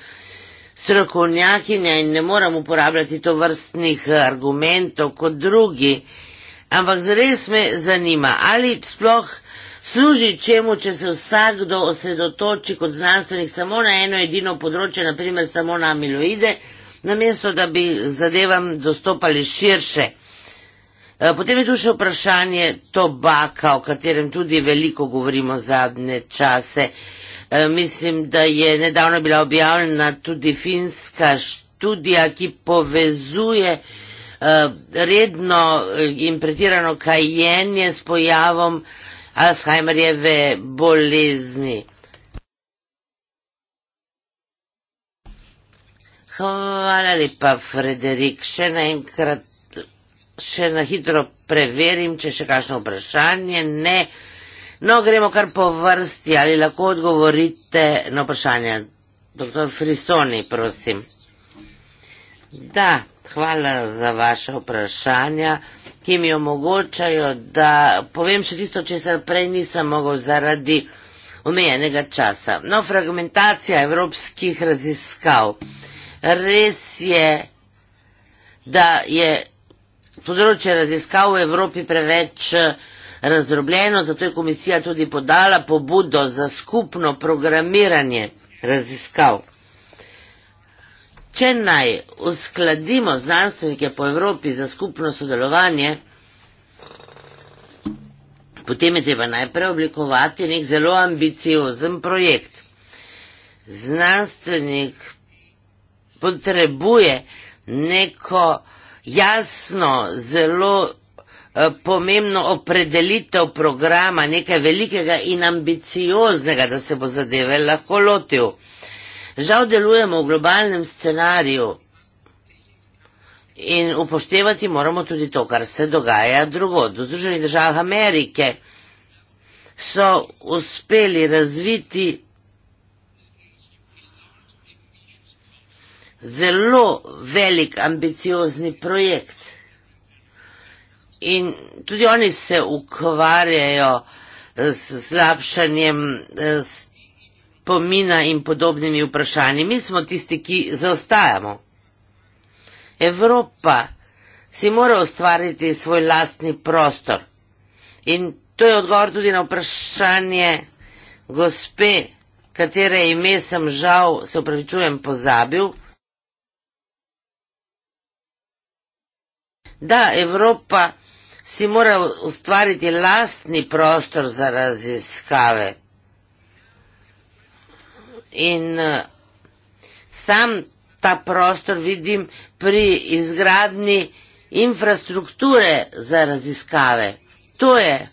strokovnjakinja in ne moram uporabljati to vrstnih argumentov kot drugi. Ampak zares me zanima, ali sploh služi čemu, če se vsakdo osredotoči kot znanstvenik samo na eno edino področje, naprimer samo na amiloide, namesto da bi zadevam dostopali širše. Eh, potem je tu še vprašanje tobaka, o katerem tudi veliko govorimo zadnje čase. Eh, mislim, da je nedavno bila objavljena tudi finska študija, ki povezuje eh, redno in pretirano kajenje s pojavom Alzheimerjeve bolezni. Hvala lepa, Frederik. Še enkrat, še na hitro preverim, če še kakšno vprašanje. Ne. No, gremo kar po vrsti, ali lahko odgovorite na vprašanje. Doktor Frisoni, prosim. Da, hvala za vaše vprašanje ki mi omogočajo, da povem še tisto, če se prej nisem mogel zaradi omejenega časa. No, fragmentacija evropskih raziskav. Res je, da je področje raziskav v Evropi preveč eh, razdrobljeno, zato je komisija tudi podala pobudo za skupno programiranje raziskav. Če naj uskladimo znanstvenike po Evropi za skupno sodelovanje, potem je treba najprej oblikovati nek zelo ambiciozen projekt. Znanstvenik potrebuje neko jasno, zelo eh, pomembno opredelitev programa, nekaj velikega in ambicioznega, da se bo zadeve lahko lotil. Žal delujemo v globalnem scenariju in upoštevati moramo tudi to, kar se dogaja drugod. V Združenih državah Amerike so uspeli razviti zelo velik ambiciozni projekt. In tudi oni se ukvarjajo s slabšanjem pomina in podobnimi vprašanji. Mi smo tisti, ki zaostajamo. Evropa si mora ustvariti svoj lastni prostor. In to je odgovor tudi na vprašanje gospe, katere ime sem žal, se upravičujem, pozabil. Da, Evropa si mora ustvariti lastni prostor za raziskave in eh, sam ta prostor vidim pri izgradni infrastrukture za raziskave. To je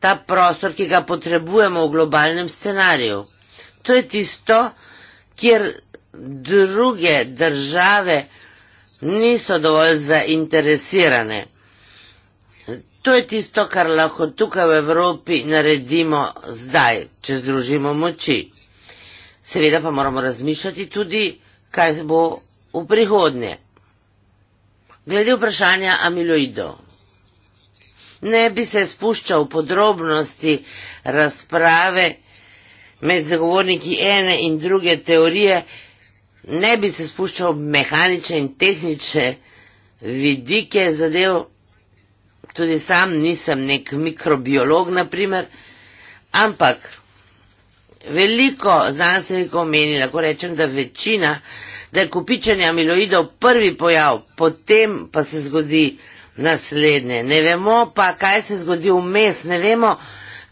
ta prostor, ki ga potrebujemo v globalnem scenariju. To je tisto, kjer druge države niso dovolj zainteresirane. To je tisto, kar lahko tukaj v Evropi naredimo zdaj, če združimo moči. Seveda pa moramo razmišljati tudi, kaj bo v prihodnje. Glede vprašanja amiloidov. Ne bi se spuščal v podrobnosti razprave med zagovorniki ene in druge teorije, ne bi se spuščal v mehanične in tehnične vidike zadev, tudi sam nisem nek mikrobiolog, naprimer, ampak veliko znanstvenikov meni, lahko rečem, da večina, da je kupičenje amiloidov prvi pojav, potem pa se zgodi naslednje. Ne vemo pa, kaj se zgodi vmes, ne vemo,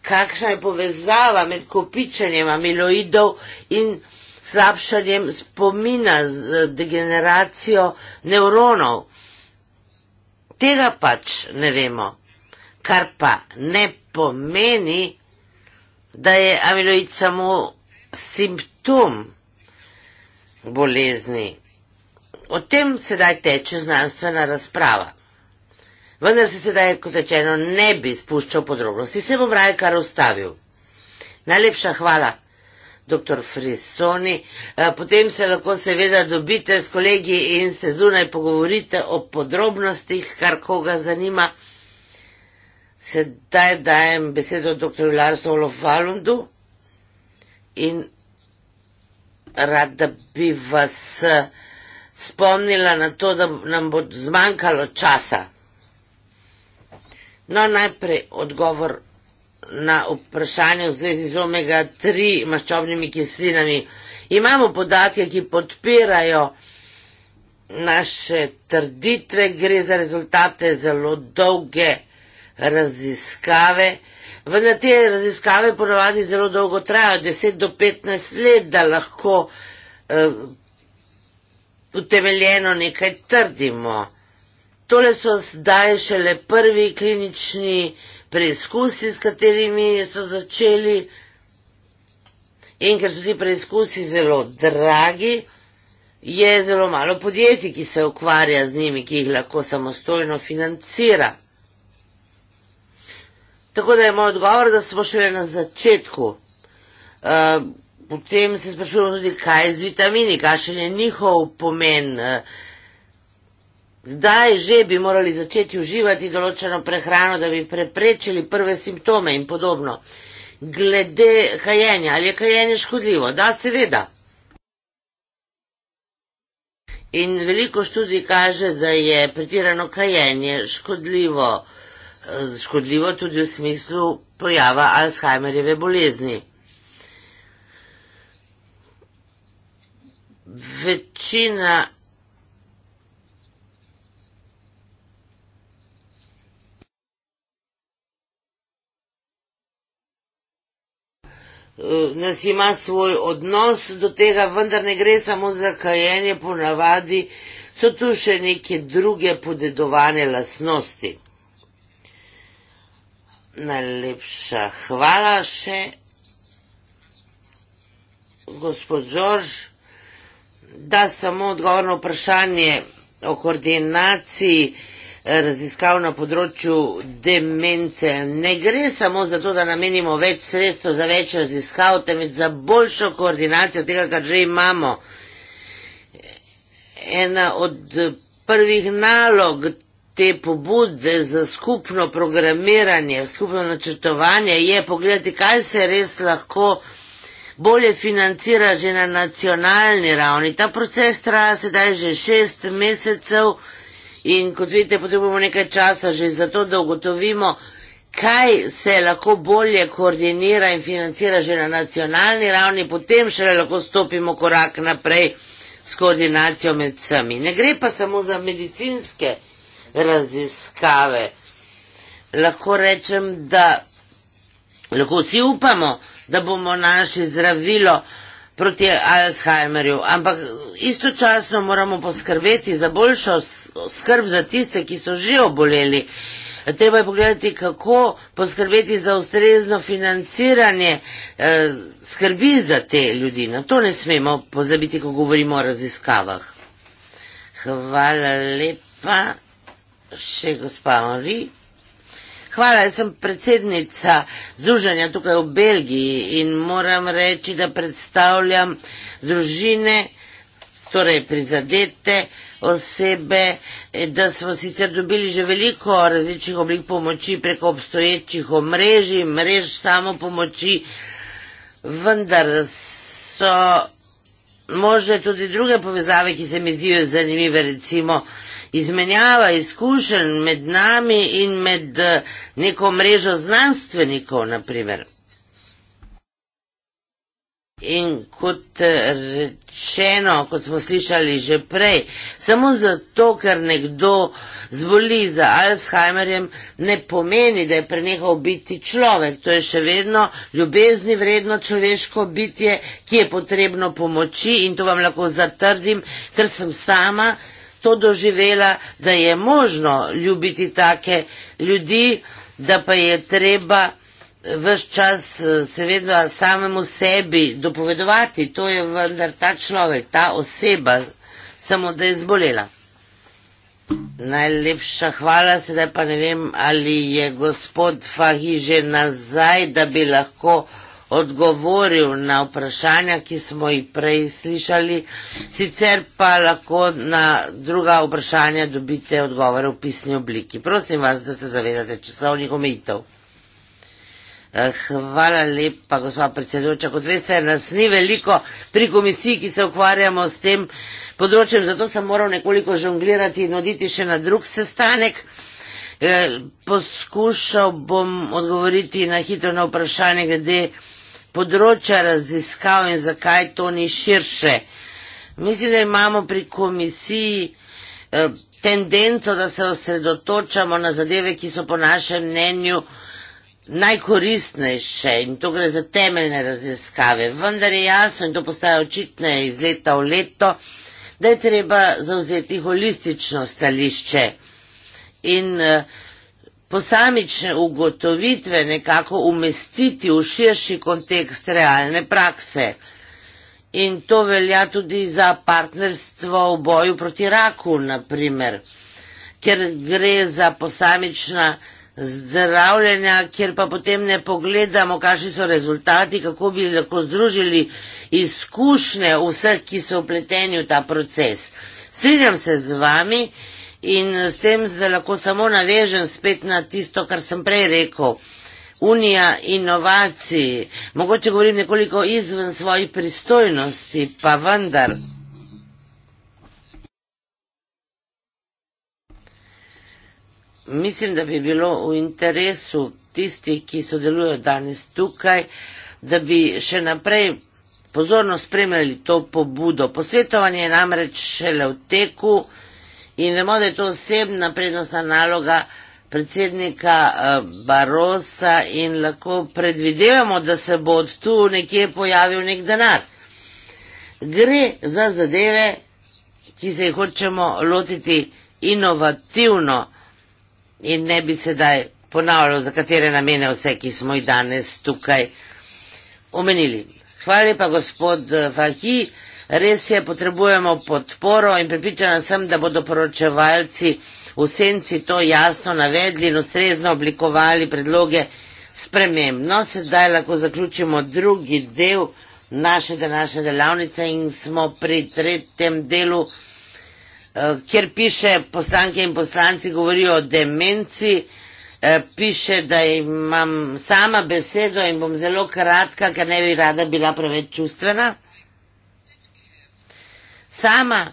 kakšna je povezava med kupičenjem amiloidov in slabšanjem spomina z degeneracijo neuronov. Tega pač ne vemo, kar pa ne pomeni, da je amiloid samo simptom bolezni. O tem sedaj teče znanstvena razprava. Vendar se sedaj, kot rečeno, ne bi spuščal podrobnosti, se bom raje kar ustavil. Najlepša hvala, dr. Frisoni. Eh, potem se lahko seveda dobite s kolegi in se zunaj pogovorite o podrobnostih, kar koga zanima. Sedaj dajem besedo dr. Larsu Olofalundu in rada bi vas eh, spomnila na to, da nam bo zmanjkalo časa. No, najprej odgovor na vprašanje v zvezi z omega-3 maščobnimi kislinami. Imamo podatke, ki podpirajo naše trditve, gre za rezultate zelo dolge časa raziskave. Vendar te raziskave ponavadi zelo dolgo trajajo, 10 do 15 let, da lahko uh, utemeljeno nekaj trdimo. Tole so zdaj šele prvi klinični preizkusi, s katerimi so začeli. In ker so ti preizkusi zelo dragi, je zelo malo podjetij, ki se ukvarja z njimi, ki jih lahko samostojno financira. Tako da je moj odgovor, da smo šele na začetku. Eh, potem se sprašujemo tudi, kaj je z vitamini, kakšen je njihov pomen. Eh. Kdaj že bi morali začeti uživati določeno prehrano, da bi preprečili prve simptome in podobno. Glede kajenja, ali je kajenje škodljivo? Da, seveda. In veliko študij kaže, da je pretirano kajenje škodljivo. Eh, škodljivo tudi v smislu pojava Alzheimerjeve bolezni. Večina eh, nas ima svoj odnos do tega, vendar ne gre samo za kajenje po navadi, so tu še neke druge podedovane lasnosti. Najlepša hvala še, gospod Žorž, da samo odgovor na vprašanje o koordinaciji eh, raziskav na področju demence. Ne gre samo za to, da namenimo več sredstev za več raziskav, temveč za boljšo koordinacijo tega, kar že imamo. Ena od prvih nalog te pobude za skupno programiranje, skupno načrtovanje je pogledati, kaj se res lahko bolje financira že na nacionalni ravni. Ta proces traja sedaj že šest mesecev in kot vidite potrebujemo nekaj časa že za to, da ugotovimo, kaj se lahko bolje koordinira in financira že na nacionalni ravni, potem šele lahko stopimo korak naprej s koordinacijo med vsemi. Ne gre pa samo za medicinske informacije, raziskave. Lahko rečem, da lahko vsi upamo, da bomo našli zdravilo proti Alzheimerju, ampak istočasno moramo poskrbeti za boljšo skrb za tiste, ki so že oboleli. Treba je pogledati, kako poskrbeti za ustrezno financiranje eh, skrbi za te ljudi. Na to ne smemo pozabiti, ko govorimo o raziskavah. Hvala lepa še gospa Henri. Hvala, jaz sem predsednica Združenja tukaj v Belgiji in moram reči, da predstavljam družine, torej prizadete osebe, da smo sicer dobili že veliko različnih oblik pomoči preko obstoječih omrežij, mrež samo pomoči, vendar so možne tudi druge povezave, ki se mi zdijo zanimive, recimo izmenjava izkušenj med nami in med eh, neko mrežo znanstvenikov, naprimer. In kot eh, rečeno, kot smo slišali že prej, samo zato, ker nekdo zboli za Alzheimerjem, ne pomeni, da je prenehal biti človek. To je še vedno ljubezni vredno človeško bitje, ki je potrebno pomoči in to vam lahko zatrdim, ker sem sama to doživela, da je možno ljubiti take ljudi, da pa je treba vse čas seveda samemu sebi dopovedovati, to je vendar ta človek, ta oseba, samo da je zbolela. Najlepša hvala, sedaj pa ne vem, ali je gospod Fahi že nazaj, da bi lahko odgovoril na vprašanja, ki smo jih prej slišali, sicer pa lahko na druga vprašanja dobite odgovore v pisni obliki. Prosim vas, da se zavedate časovnih omejitev. Eh, hvala lepa, gospod predsedujoča. Kot veste, nas ni veliko pri komisiji, ki se ukvarjamo s tem področjem, zato sem moral nekoliko žonglirati in oditi še na drug sestanek. Eh, poskušal bom odgovoriti na hitro na vprašanje glede področja raziskav in zakaj to ni širše. Mislim, da imamo pri komisiji eh, tendenco, da se osredotočamo na zadeve, ki so po našem mnenju najkoristnejše in to gre za temeljne raziskave. Vendar je jasno in to postaje očitno iz leta v leto, da je treba zauzeti holistično stališče. In eh, posamične ugotovitve nekako umestiti v širši kontekst realne prakse. In to velja tudi za partnerstvo v boju proti raku, naprimer, ker gre za posamična zdravljenja, kjer pa potem ne pogledamo, kakšni so rezultati, kako bi lahko združili izkušnje vseh, ki so vpleteni v ta proces. Strinjam se z vami, In s tem zdaj lahko samo navežem spet na tisto, kar sem prej rekel. Unija inovacij, mogoče govorim nekoliko izven svojih pristojnosti, pa vendar. Mislim, da bi bilo v interesu tistih, ki sodelujo danes tukaj, da bi še naprej pozorno spremljali to pobudo. Posvetovanje je namreč šele v teku. In vemo, da je to osebna prednostna naloga predsednika eh, Barosa in lahko predvidevamo, da se bo od tu nekje pojavil nek denar. Gre za zadeve, ki se jih hočemo lotiti inovativno in ne bi sedaj ponavljal, za katere namene vse, ki smo jih danes tukaj omenili. Hvala lepa, gospod eh, Fahij. Res je, potrebujemo podporo in pripričana sem, da bodo poročevalci v senci to jasno navedli in ustrezno oblikovali predloge sprememb. No, sedaj lahko zaključimo drugi del naše današnje delavnice in smo pri tretjem delu, eh, kjer piše poslanke in poslanci govorijo o demenci, eh, piše, da imam sama besedo in bom zelo kratka, ker ne bi rada bila preveč čustvena. Sama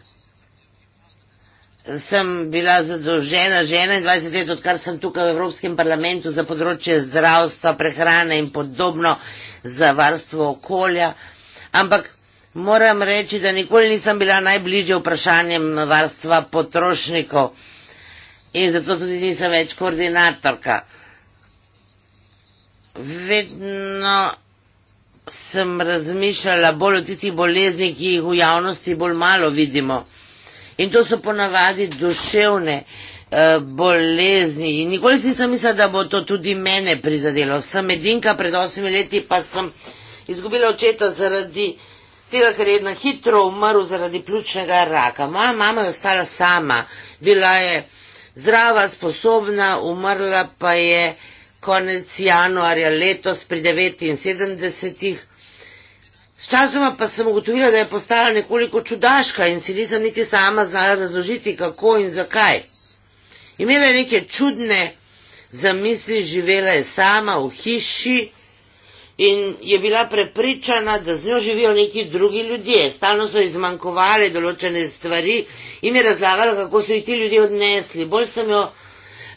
sem bila zadolžena že 21 let, odkar sem tukaj v Evropskem parlamentu za področje zdravstva, prehrane in podobno za varstvo okolja. Ampak moram reči, da nikoli nisem bila najbližje vprašanjem varstva potrošnikov in zato tudi nisem več koordinatorka. Vedno sem razmišljala bolj o tistih boleznih, ki jih v javnosti bolj malo vidimo. In to so ponavadi duševne eh, bolezni. In nikoli si nisem mislila, da bo to tudi mene prizadelo. Sem edinka pred osmi leti, pa sem izgubila očeta zaradi tega, ker je na hitro umrl zaradi pljučnega raka. Moja mama je ostala sama, bila je zdrava, sposobna, umrla pa je uh, konec januarja letos pri 79. Sčasoma pa sem ugotovila, da je postala nekoliko čudaška in si nisem niti sama znala razložiti, kako in zakaj. Imela je neke čudne zamisli, živela je sama v hiši in je bila prepričana, da z njo živijo neki drugi ljudje. Stalno so izmanjkovali določene stvari in je razlagala, kako so jih ti ljudje odnesli. Bolj sem jo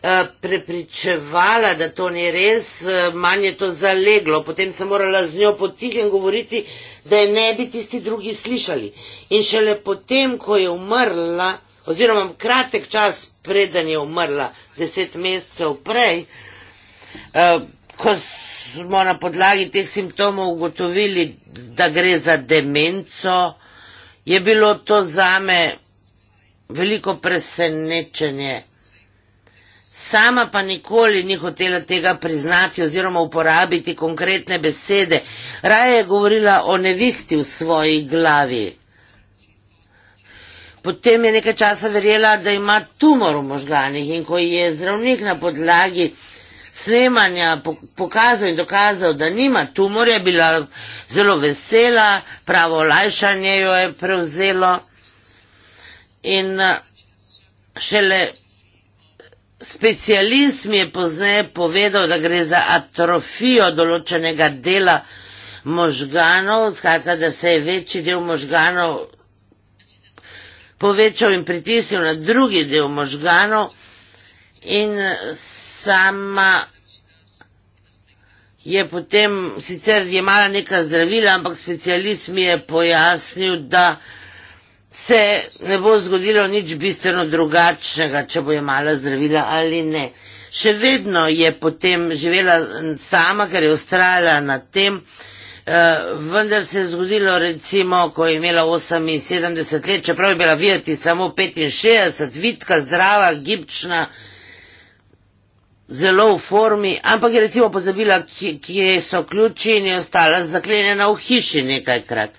Eh, prepričevala, da to ni res, eh, manj je to zaleglo, potem sem morala z njo potihem govoriti, da je ne bi tisti drugi slišali. In šele potem, ko je umrla, oziroma kratek čas preden je umrla, deset mesecev prej, eh, ko smo na podlagi teh simptomov ugotovili, da gre za demenco, je bilo to zame veliko presenečenje sama pa nikoli ni hotela tega priznati oziroma uporabiti konkretne besede. Raje je govorila o nevihti v svoji glavi. Potem je nekaj časa verjela, da ima tumor v možganih in ko je zdravnik na podlagi snemanja pokazal in dokazal, da nima tumorja, je bila zelo vesela, pravo olajšanje jo je prevzelo in eh, šele Specialist mi je pozneje povedal, da gre za atrofijo določenega dela možganov, skratka, da se je večji del možganov povečal in pritisnil na drugi del možganov in sama je potem sicer jemala neka zdravila, ampak specialist mi je pojasnil, da se ne bo zgodilo nič bistveno drugačnega, če bo imala zdravila ali ne. Še vedno je potem živela sama, ker je ustrajala na tem, eh, vendar se je zgodilo recimo, ko je imela 78 let, čeprav je bila videti samo 65, vitka, zdrava, gibčna, zelo v formi, ampak je recimo pozabila, kje so ključi in je ostala zaklenjena v hiši nekajkrat.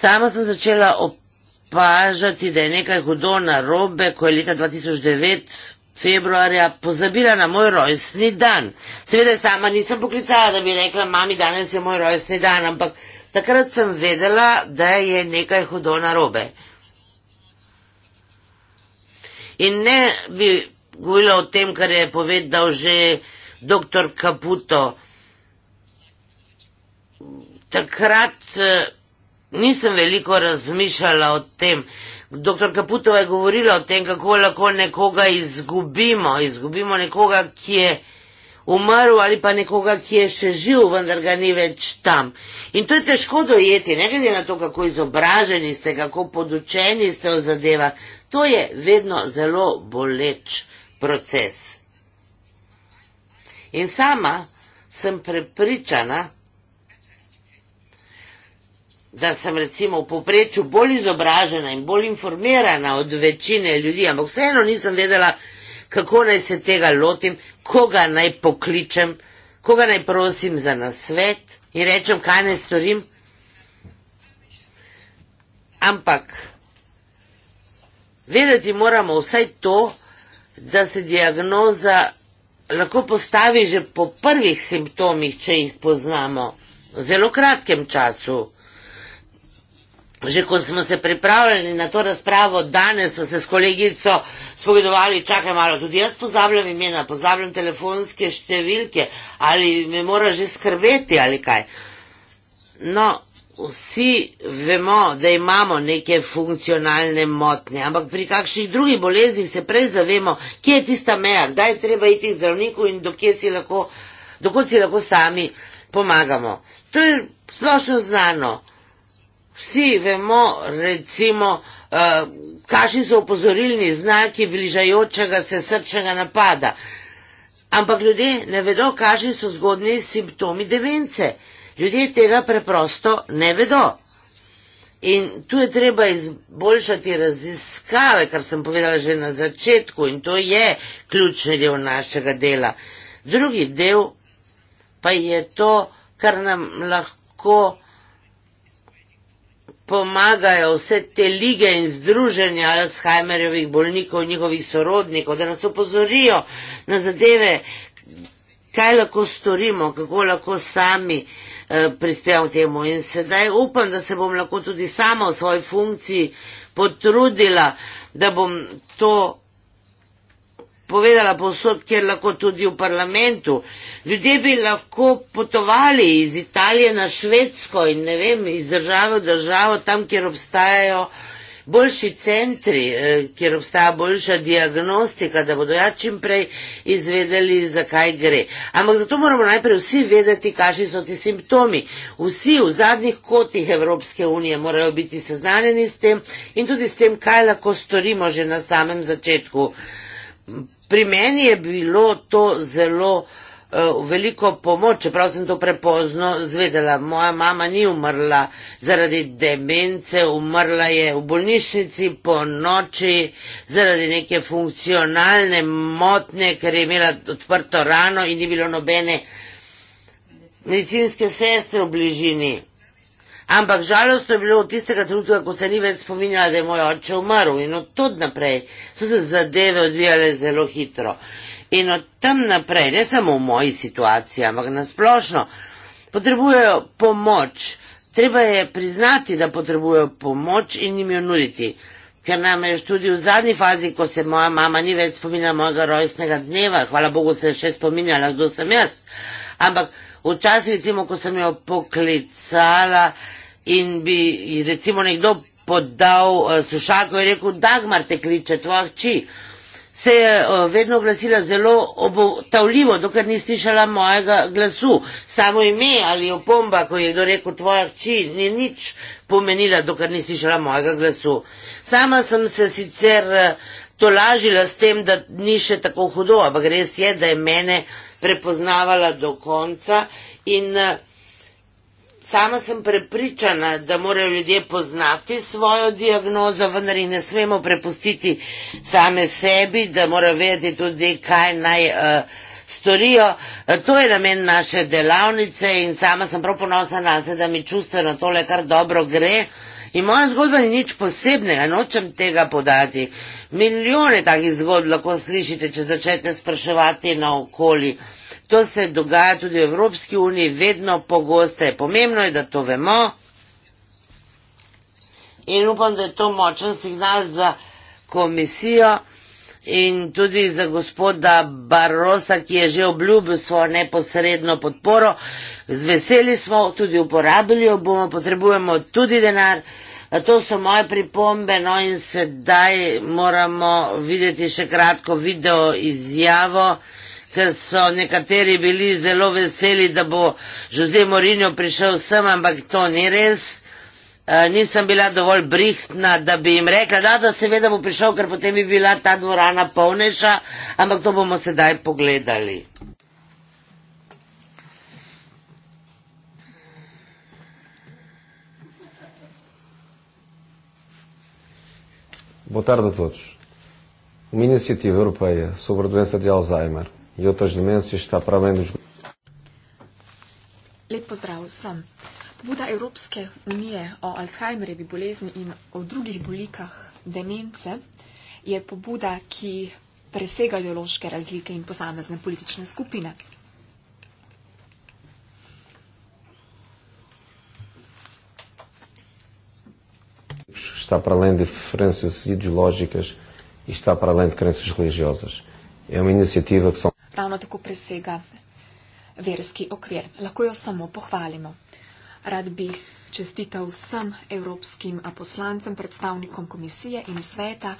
Sama sem začela opažati, da je nekaj hudo na robe, ko je leta 2009 februarja pozabila na moj rojstni dan. Seveda sama nisem poklicala, da bi rekla, mami, danes je moj rojstni dan, ampak takrat sem vedela, da je nekaj hudo na robe. In ne bi govorila o tem, kar je povedal že doktor Caputo. Takrat eh, nisem veliko razmišljala o tem. Doktor Kaputova je govorila o tem, kako lahko nekoga izgubimo. Izgubimo nekoga, ki je umrl ali pa nekoga, ki je še živ, vendar ga ni več tam. In to je težko dojeti, ne glede na to, kako izobraženi ste, kako podučeni ste o zadeva. To je vedno zelo boleč proces. In sama sem prepričana, da sem recimo v povprečju bolj izobražena in bolj informirana od večine ljudi, ampak vseeno nisem vedela, kako naj se tega lotim, koga naj pokličem, koga naj prosim za nasvet in rečem, kaj naj storim. Ampak vedeti moramo vsaj to, da se diagnoza lahko postavi že po prvih simptomih, če jih poznamo v zelo kratkem času. Že ko smo se pripravljali na to razpravo, danes smo se s kolegico spogledovali, čakaj malo, tudi jaz pozabljam imena, pozabljam telefonske številke, ali me mora že skrbeti ali kaj. No, vsi vemo, da imamo neke funkcionalne motnje, ampak pri kakšnih drugih boleznih se prej zavemo, kje je tista meja, kdaj je treba iti k zdravniku in dokje si lahko, dokud si lahko sami pomagamo. To je splošno znano. Vsi vemo, recimo, eh, kakšni so opozorilni znaki bližajočega se srčnega napada. Ampak ljudje ne vedo, kakšni so zgodni simptomi demence. Ljudje tega preprosto ne vedo. In tu je treba izboljšati raziskave, kar sem povedala že na začetku, in to je ključni del našega dela. Drugi del pa je to, kar nam lahko pomagajo vse te lige in združenja Alzheimerjevih bolnikov, njihovih sorodnikov, da nas opozorijo na zadeve, kaj lahko storimo, kako lahko sami eh, prispevamo temu. In sedaj upam, da se bom lahko tudi sama v svoji funkciji potrudila, da bom to povedala posod, kjer lahko tudi v parlamentu. Eh, Ljudje bi lahko potovali iz Italije na Švedsko in ne vem, iz države v državo, tam, kjer obstajajo boljši centri, eh, kjer obstaja boljša diagnostika, da bodo ja čim prej izvedeli, zakaj gre. Ampak zato moramo najprej vsi vedeti, kakšni so ti simptomi. Vsi v zadnjih kotih Evropske unije morajo biti seznanjeni s tem in tudi s tem, kaj lahko storimo že na samem začetku. Pri meni je bilo to zelo uh, veliko pomoč, čeprav sem to prepozno zvedela. Moja mama ni umrla zaradi demence, umrla je v bolnišnici po noči zaradi neke funkcionalne motne, ker je imela odprto rano in ni bilo nobene medicinske sestre v bližini. Ampak žalostno je bilo od tistega trenutka, ko se ni več spominjala, da je moj oče umrl in od tod naprej so se zadeve odvijale zelo hitro in od tam naprej, ne samo v moji situaciji, ampak nasplošno, potrebujejo pomoč. Treba je priznati, da potrebujejo pomoč in jim jo nuditi. Ker nam je tudi v zadnji fazi, ko se moja mama ni več spominjala mojega rojstnega dneva, hvala Bogu se je še spominjala, kdo sem jaz. Ampak včasih, recimo, ko sem jo poklicala in bi recimo nekdo podal eh, slušalko, je rekel, Dagmar te kliče, tvoja hči se je vedno glasila zelo obotavljivo, dokler ni slišala mojega glasu. Samo ime ali opomba, ko je kdo rekel tvoja hči, ni nič pomenila, dokler ni slišala mojega glasu. Sama sem se sicer e, tolažila s tem, da ni še tako hudo, ampak res je, da je mene prepoznavala do konca in e, Sama sem prepričana, da morajo ljudje poznati svojo diagnozo, vendar jih ne smemo prepustiti same sebi, da morajo vedeti tudi, kaj naj uh, storijo. Uh, to je namen naše delavnice in sama sem prav ponosa na se, da mi čustveno tole kar dobro gre. In moja zgodba ni nič posebnega, nočem tega podati. Milijone takih zgodb lahko slišite, če začnete spraševati naokoli. okoli. To se dogaja tudi v Evropski uniji, vedno pogosteje. Pomembno je, da to vemo. In upam, da je to močen signal za komisijo in tudi za gospoda Barosa, ki je že obljubil svojo neposredno podporo. Z veseli smo tudi uporabili jo, bomo potrebujemo tudi denar. To so moje pripombe, no in sedaj moramo videti še kratko video izjavo ker so nekateri bili zelo veseli, da bo Jose Morinjo prišel sem, ampak to ni res. Eh, nisem bila dovolj brihtna, da bi jim rekla, da, da seveda bo prišel, ker potem bi bila ta dvorana polnejša, ampak to bomo sedaj pogledali. Boa tarde a todos. Uma iniciativa europeia sobre a doença de Alzheimer e outras dimensões está para além dos. Buda Evropske unije o Alzheimerjevi bolezni in o drugih bolikah demence je pobuda, ki presega ideološke razlike in posamezne politične skupine. Está para além de diferenças ideológicas e está para além de crenças religiosas. É uma iniciativa que são ravno tako presega verski okvir. Lahko jo samo pohvalimo. Rad bi čestital vsem evropskim poslancem, predstavnikom komisije in sveta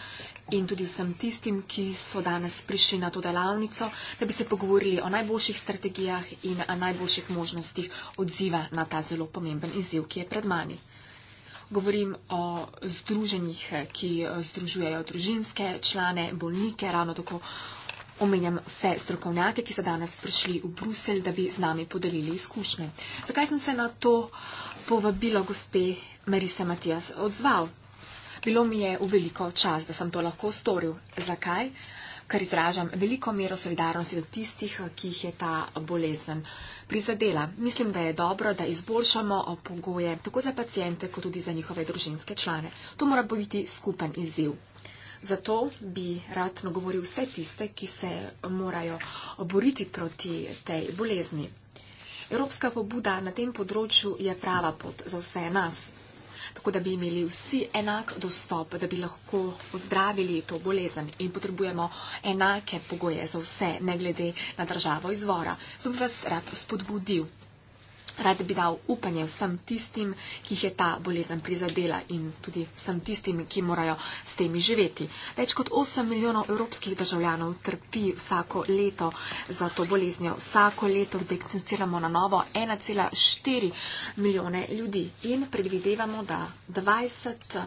in tudi vsem tistim, ki so danes prišli na to delavnico, da bi se pogovorili o najboljših strategijah in o najboljših možnostih odziva na ta zelo pomemben izziv, ki je pred mani. Govorim o združenjih, ki združujejo družinske člane, bolnike, ravno tako Omenjam vse strokovnjake, ki so danes prišli v Bruselj, da bi z nami podelili izkušnje. Zakaj sem se na to povabilo gospe Marise Matijas odzval? Bilo mi je v veliko čas, da sem to lahko storil. Zakaj? Ker izražam veliko mero solidarnosti do tistih, ki jih je ta bolezen prizadela. Mislim, da je dobro, da izboljšamo pogoje tako za pacijente, kot tudi za njihove družinske člane. To mora biti skupen izziv. Zato bi rad nagovoril vse tiste, ki se morajo boriti proti tej bolezni. Evropska pobuda na tem področju je prava pot za vse nas, tako da bi imeli vsi enak dostop, da bi lahko ozdravili to bolezen in potrebujemo enake pogoje za vse, ne glede na državo izvora. Zdaj bi vas rad spodbudil rad bi dal upanje vsem tistim, ki jih je ta bolezen prizadela in tudi vsem tistim, ki morajo s temi živeti. Več kot 8 milijonov evropskih državljanov trpi vsako leto za to boleznjo. Vsako leto dekciniramo na novo 1,4 milijone ljudi in predvidevamo, da 20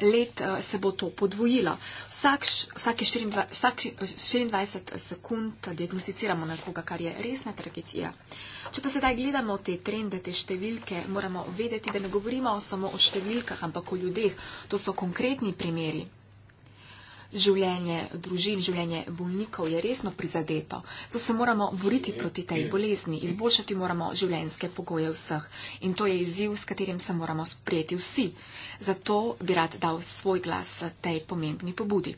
let eh, se bo to podvojilo. Vsak, vsake 24, vsak 24 sekund diagnosticiramo nekoga, kar je resna tragedija. Če pa sedaj gledamo te tri trende, te številke, moramo vedeti, da ne govorimo samo o številkah, ampak o ljudeh. To so konkretni primeri. Življenje družin, življenje bolnikov je resno prizadeto. To se moramo boriti proti tej bolezni, izboljšati moramo življenjske pogoje vseh. In to je izziv, s katerim se moramo sprijeti vsi. Zato bi rad dal svoj glas tej pomembni pobudi.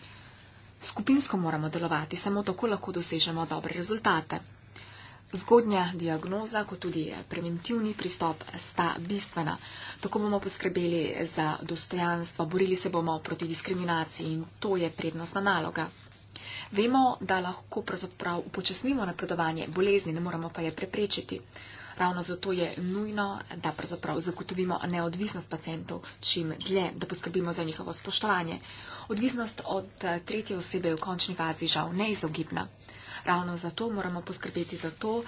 Skupinsko moramo delovati, samo tako lahko dosežemo dobre rezultate. Zgodnja diagnoza, kot tudi preventivni pristop, sta bistvena. Tako bomo poskrbeli za dostojanstvo, borili se bomo proti diskriminaciji in to je prednostna naloga. Vemo, da lahko pravzaprav upočasnimo napredovanje bolezni, ne moremo pa je preprečiti. Ravno zato je nujno, da pravzaprav zagotovimo neodvisnost pacijentov čim dlje, da poskrbimo za njihovo spoštovanje. Odvisnost od tretje osebe je v končni fazi žal neizogibna. Ravno zato moramo poskrbeti za to,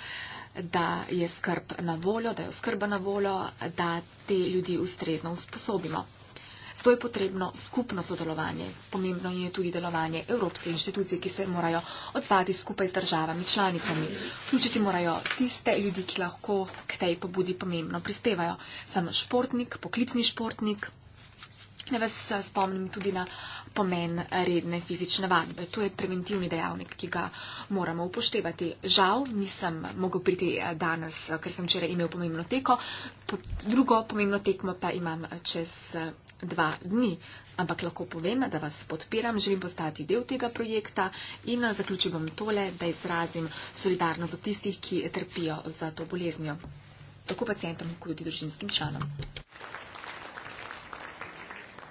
da je skrb na voljo, da je oskrba na voljo, da te ljudi ustrezno usposobimo. Zato je potrebno skupno sodelovanje. Pomembno je tudi delovanje evropske inštitucije, ki se morajo odzvati skupaj z državami, članicami. Vključiti morajo tiste ljudi, ki lahko k tej pobudi pomembno prispevajo. Sem športnik, poklicni športnik. Ne vas spomnim tudi na. Uh, pomen redne fizične vadbe. To je preventivni dejavnik, ki ga moramo upoštevati. Žal nisem mogel priti eh, danes, eh, ker sem včeraj imel pomembno teko, drugo pomembno tekmo pa imam eh, čez dva dni. Ampak lahko povem, da vas podpiram, želim postati del tega projekta in zaključim vam tole, da izrazim solidarnost od tistih, ki trpijo za to boleznjo, tako pacijentom kot tudi družinskim članom.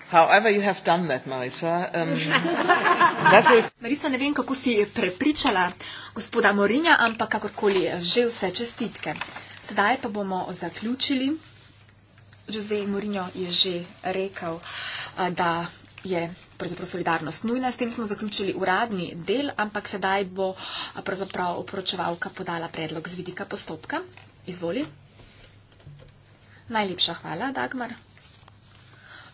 However, you have done that, Marisa. Um, (laughs) that will... Marisa, ne vem, kako si prepričala gospoda Morinja, ampak kakorkoli je, že vse čestitke. Sedaj pa bomo zaključili. Jose Morinjo je že rekel, da je pravzaprav solidarnost nujna. S tem smo zaključili uradni del, ampak sedaj bo pravzaprav oporočevalka podala predlog z vidika postopka. Izvoli. Najlepša hvala, Dagmar.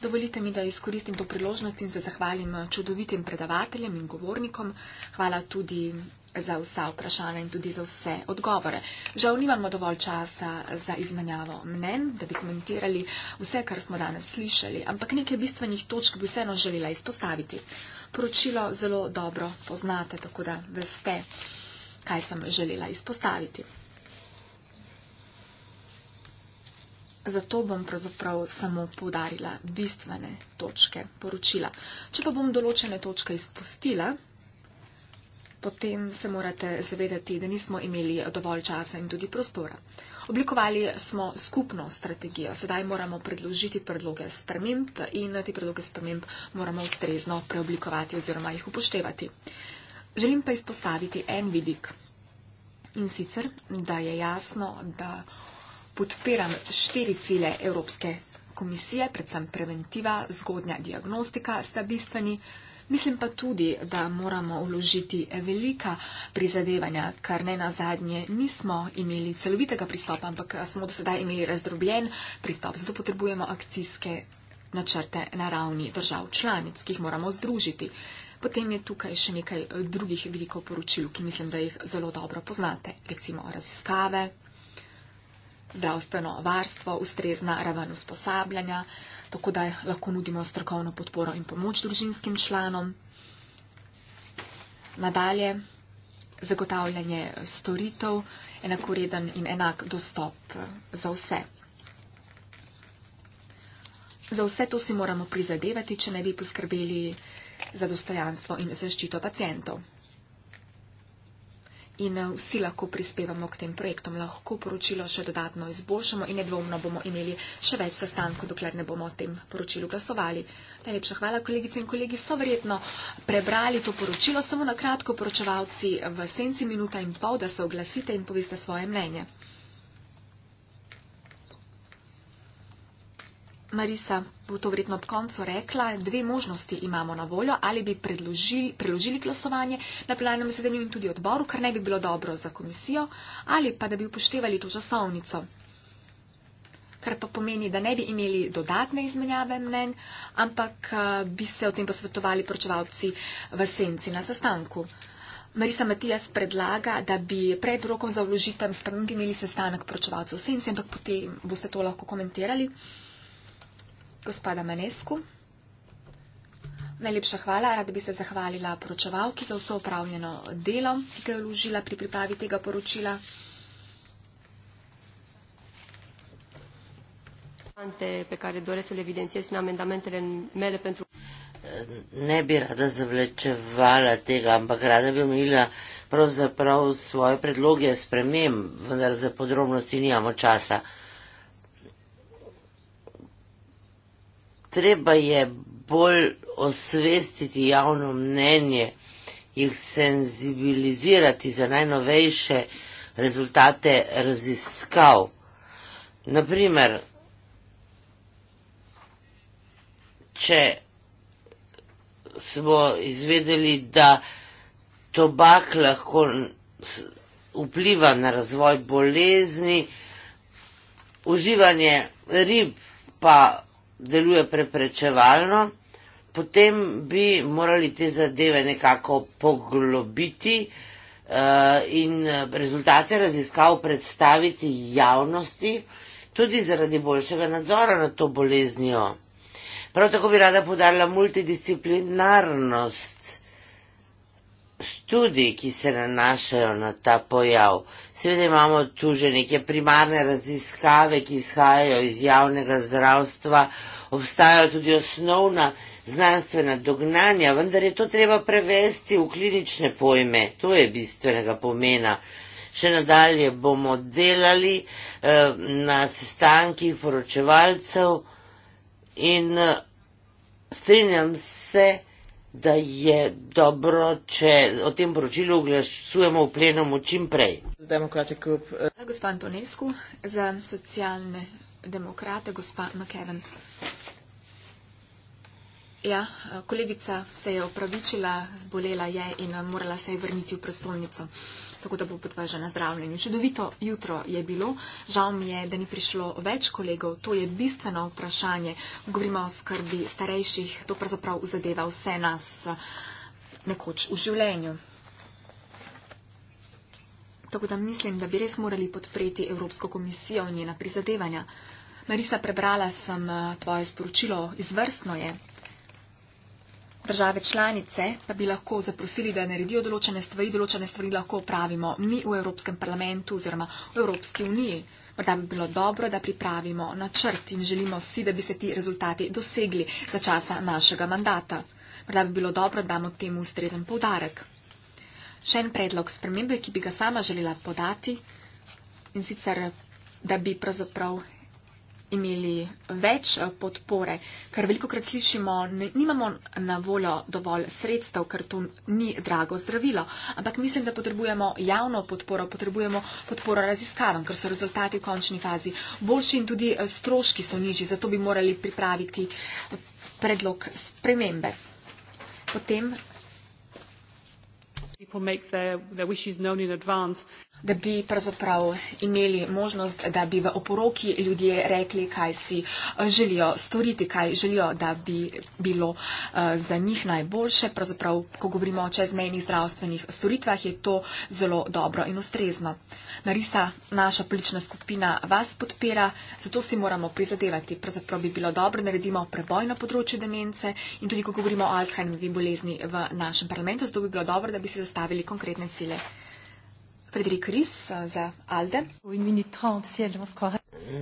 Dovolite mi, da izkoristim to priložnost in se zahvalim eh, čudovitim predavateljem in govornikom. Hvala tudi za vsa vprašanja in tudi za vse odgovore. Žal nimamo dovolj časa za izmenjavo mnen, da bi komentirali vse, kar smo danes slišali, ampak nekaj bistvenih točk bi vseeno želela izpostaviti. Poročilo zelo dobro poznate, tako da veste, kaj sem želela izpostaviti. Zato bom pravzaprav samo povdarila bistvene točke poročila. Če pa bom določene točke izpustila, potem se morate zavedati, da nismo imeli dovolj časa in tudi prostora. Oblikovali smo skupno strategijo, sedaj moramo predložiti predloge sprememb in te predloge sprememb moramo ustrezno preoblikovati oziroma jih upoštevati. Želim pa izpostaviti en vidik in sicer, da je jasno, da podpiram štiri cilje Evropske komisije, predvsem preventiva, zgodnja diagnostika sta bistveni. Mislim pa tudi, da moramo vložiti velika prizadevanja, kar ne na zadnje nismo imeli celovitega pristopa, ampak smo do sedaj imeli razdrobljen pristop. Zato potrebujemo akcijske načrte na ravni držav članic, ki jih moramo združiti. Potem je tukaj še nekaj drugih velikov poročil, ki mislim, da jih zelo dobro poznate, recimo raziskave, zdravstveno varstvo, ustrezna raven usposabljanja, tako da lahko nudimo strokovno podporo in pomoč družinskim članom. Nadalje, zagotavljanje storitev, enakoreden in enak dostop eh, za vse. Za vse to si moramo prizadevati, če ne bi poskrbeli za dostojanstvo in zaščito pacijentov in eh, vsi lahko prispevamo k tem projektom, lahko poročilo še dodatno izboljšamo in nedvomno bomo imeli še več sestankov, dokler ne bomo o tem poročilu glasovali. Najlepša hvala, kolegice in kolegi, so verjetno prebrali to poročilo, samo na kratko poročevalci v senci minuta in pol, da se oglasite in poveste svoje mnenje. Marisa bo to vredno ob koncu rekla, dve možnosti imamo na voljo, ali bi predložili, preložili glasovanje na plenarnem zasedanju in tudi odboru, kar ne bi bilo dobro za komisijo, ali pa da bi upoštevali to časovnico. Kar pa pomeni, da ne bi imeli dodatne izmenjave mnen, ampak eh, bi se o tem posvetovali pročevalci v senci na sestanku. Marisa Matijas predlaga, da bi pred rokom za vložitem sprememb imeli sestanek pročevalcev v senci, ampak potem boste to lahko komentirali gospoda Manesku. Najlepša hvala. Rada bi se zahvalila poročevalki za vso upravljeno delo, ki ga je vložila pri pripravi tega poročila. Ne bi rada zavlečevala tega, ampak rada bi omenila pravzaprav svoje predloge sprememb, vendar za podrobnosti nimamo časa. treba je bolj osvestiti javno mnenje, jih senzibilizirati za najnovejše rezultate raziskav. Naprimer, če smo izvedeli, da tobak lahko vpliva na razvoj bolezni, uživanje rib pa deluje preprečevalno, potem bi morali te zadeve nekako poglobiti eh, in eh, rezultate raziskav predstaviti javnosti, tudi zaradi boljšega nadzora nad to boleznijo. Prav tako bi rada podarila multidisciplinarnost študij, ki se nanašajo na ta pojav. Seveda imamo tu že neke primarne raziskave, ki izhajajo iz javnega zdravstva, obstajajo tudi osnovna znanstvena dognanja, vendar je to treba prevesti v klinične pojme, to je bistvenega pomena. Še nadalje bomo delali eh, na sestankih poročevalcev in eh, strinjam se, da je dobro, če o tem poročilu glasujemo v plenumu čim prej. Demokrati klub. Eh, gospa Antonescu, za socialne demokrate, gospa McKevin. Ja, eh, kolegica se je opravičila, zbolela je in morala se je vrniti v prestolnico tako da bo potva že na zdravljenju. Čudovito jutro je bilo, žal mi je, da ni prišlo več kolegov, to je bistveno vprašanje, govorimo o skrbi starejših, to pravzaprav zadeva vse nas eh, nekoč v življenju. Tako da mislim, da bi res morali podpreti Evropsko komisijo in njena prizadevanja. Marisa, prebrala sem eh, tvoje sporočilo, izvrstno je države članice pa bi lahko zaprosili, da naredijo določene stvari, določene stvari lahko opravimo mi v Evropskem parlamentu oziroma v Evropski uniji. Morda bi bilo dobro, da pripravimo načrt in želimo si, da bi se ti rezultati dosegli za časa našega mandata. Morda bi bilo dobro, da damo temu ustrezen povdarek. Še en predlog spremembe, ki bi ga sama želela podati in sicer, da bi pravzaprav imeli več eh, podpore, ker veliko krat slišimo, nimamo na voljo dovolj sredstev, ker to ni drago zdravilo. Ampak mislim, da potrebujemo javno podporo, potrebujemo podporo raziskavam, ker so rezultati v končni fazi boljši in tudi eh, stroški so nižji. Zato bi morali pripraviti eh, predlog spremembe. Potem da bi pravzaprav imeli možnost, da bi v oporoki ljudje rekli, kaj si eh, želijo storiti, kaj želijo, da bi bilo eh, za njih najboljše. Pravzaprav, ko govorimo o čezmejnih zdravstvenih storitvah, je to zelo dobro in ustrezno. Narisa, naša politična skupina vas podpira, zato si moramo prizadevati. Pravzaprav bi bilo dobro, da naredimo preboj na področju demence in tudi, ko govorimo o Alzheimerjevi bolezni v našem parlamentu, zato bi bilo dobro, da bi si zastavili konkretne cilje. Frederik Ris eh, za Alde.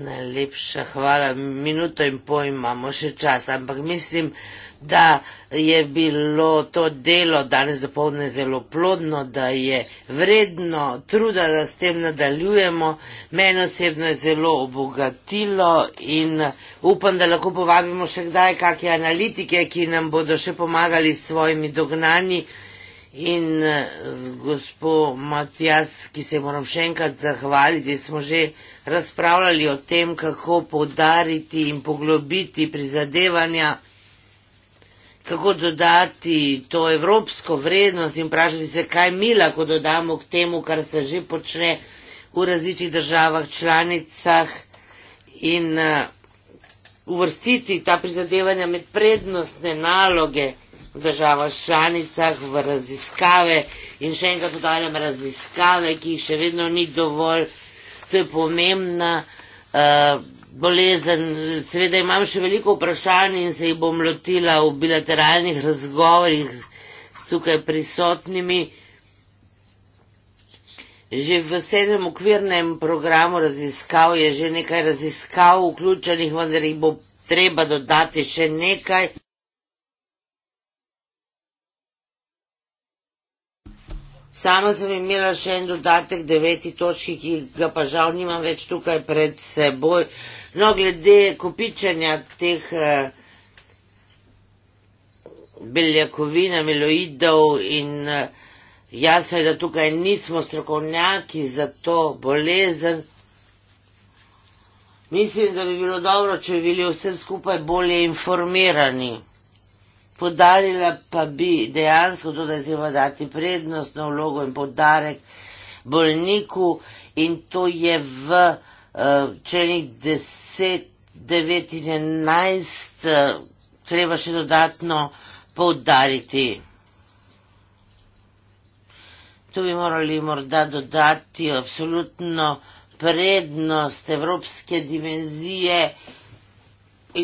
Najlepša hvala, minuto in pol imamo še čas, ampak mislim, da je bilo to delo danes dopolne zelo plodno, da je vredno truda, da s tem nadaljujemo. Mene osebno je zelo obogatilo in upam, da lahko povabimo še kdaj kakšne analitike, ki nam bodo še pomagali s svojimi dognanji in eh, z gospod Matjas, ki se moram še enkrat zahvaliti, smo že razpravljali o tem, kako podariti in poglobiti prizadevanja, kako dodati to evropsko vrednost in vprašati se, kaj mi lahko dodamo k temu, kar se že počne v različnih državah, članicah in uh, uvrstiti ta prizadevanja med prednostne naloge v državah članicah, v raziskave in še enkrat podarjam raziskave, ki jih še vedno ni dovolj. To je pomembna uh, bolezen. Seveda imam še veliko vprašanj in se jih bom lotila v bilateralnih razgovorih s tukaj prisotnimi. Že v sedmem okvirnem programu raziskav je že nekaj raziskav vključenih, vendar jih bo treba dodati še nekaj. Sama sem imela še en dodatek, deveti točki, ki ga pa žal nimam več tukaj pred seboj. No, glede kopičanja teh eh, beljakovin, amiloidov in eh, jasno je, da tukaj nismo strokovnjaki za to bolezen. Mislim, da bi bilo dobro, če bi bili vsem skupaj bolje informirani. Podarila pa bi dejansko to, da je treba dati prednostno vlogo in podarek bolniku in to je v uh, členih 10, 9 in 11 uh, eh, treba še dodatno poudariti. Tu bi morali morda dodati absolutno prednost evropske dimenzije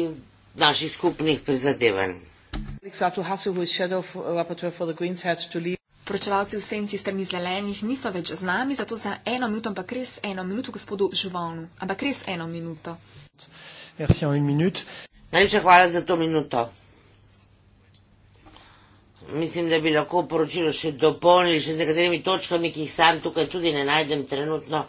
in naših skupnih prizadevanj. Uh, Poročevalci v senci strani zelenih niso več z nami, zato za eno minuto, ampak res eno minuto, gospodu Žuvalnu. Ampak res eno minuto. Najlepša hvala za to minuto. Mislim, da bi lahko poročilo še dopolnili še z nekaterimi točkami, ki jih sam tukaj tudi ne najdem trenutno.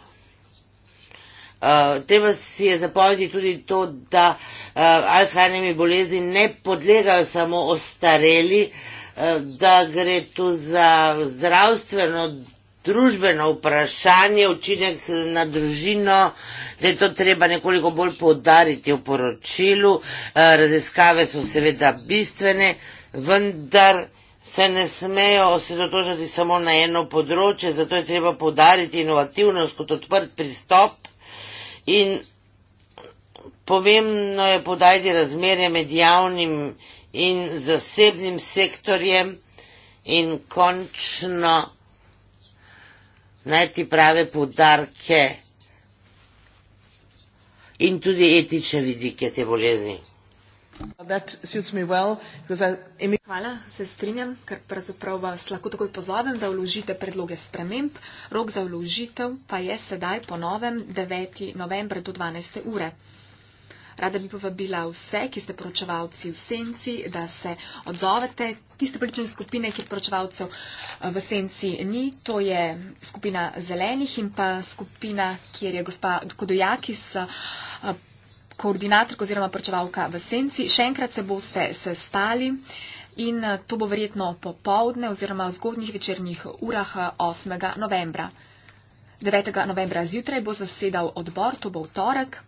Eh, treba si je zapojiti tudi to, da uh, eh, Alzheimerjevi bolezni ne podlegajo samo ostareli, uh, da gre tu za zdravstveno, družbeno vprašanje, učinek na družino, da je to treba nekoliko bolj poudariti v poročilu. Uh, raziskave so seveda bistvene, vendar se ne smejo osredotočati samo na eno področje, zato je treba poudariti inovativnost kot odprt pristop In pomembno je podajati razmere med javnim in zasebnim sektorjem in končno najti prave podarke in tudi etične vidike te bolezni. Hvala, se strinjam, ker pravzaprav vas lahko takoj pozovem, da vložite predloge sprememb. Rok za vložitev pa je sedaj po novem 9. novembra do 12. ure. Rada bi povabila vse, ki ste poročevalci v senci, da se odzovete. Tiste politične skupine, ki poročevalcev eh, v senci ni, to je skupina zelenih in pa skupina, kjer je gospa Kodojakis eh, koordinatorka oziroma pričevalka v Senci. Še enkrat se boste sestali in eh, to bo verjetno popovdne oziroma v zgodnjih večernjih urah 8. Eh, novembra. 9. novembra zjutraj bo zasedal odbor, to bo v torek.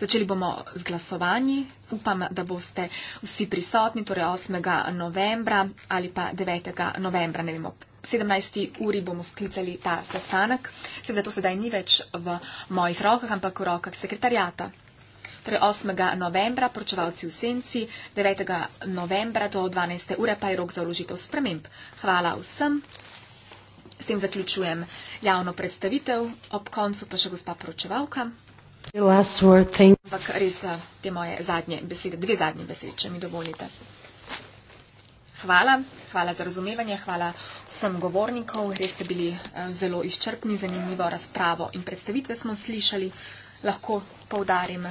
Začeli bomo z glasovanji. Upam, da boste vsi prisotni, torej 8. novembra ali pa 9. novembra, ne vemo. 17. uri bomo sklicali ta sestanek. Seveda to sedaj ni več v mojih rokah, ampak v rokah sekretarjata torej 8. novembra, pročevalci v senci, 9. novembra do 12. ure pa je rok za vložitev sprememb. Hvala vsem. S tem zaključujem javno predstavitev, ob koncu pa še gospa poročevalka. Ampak res eh, te moje zadnje besede, dve zadnje besede, če mi dovolite. Hvala, hvala za razumevanje, hvala vsem govornikov, res ste bili eh, zelo izčrpni, zanimivo razpravo in predstavitve smo slišali, lahko poudarim.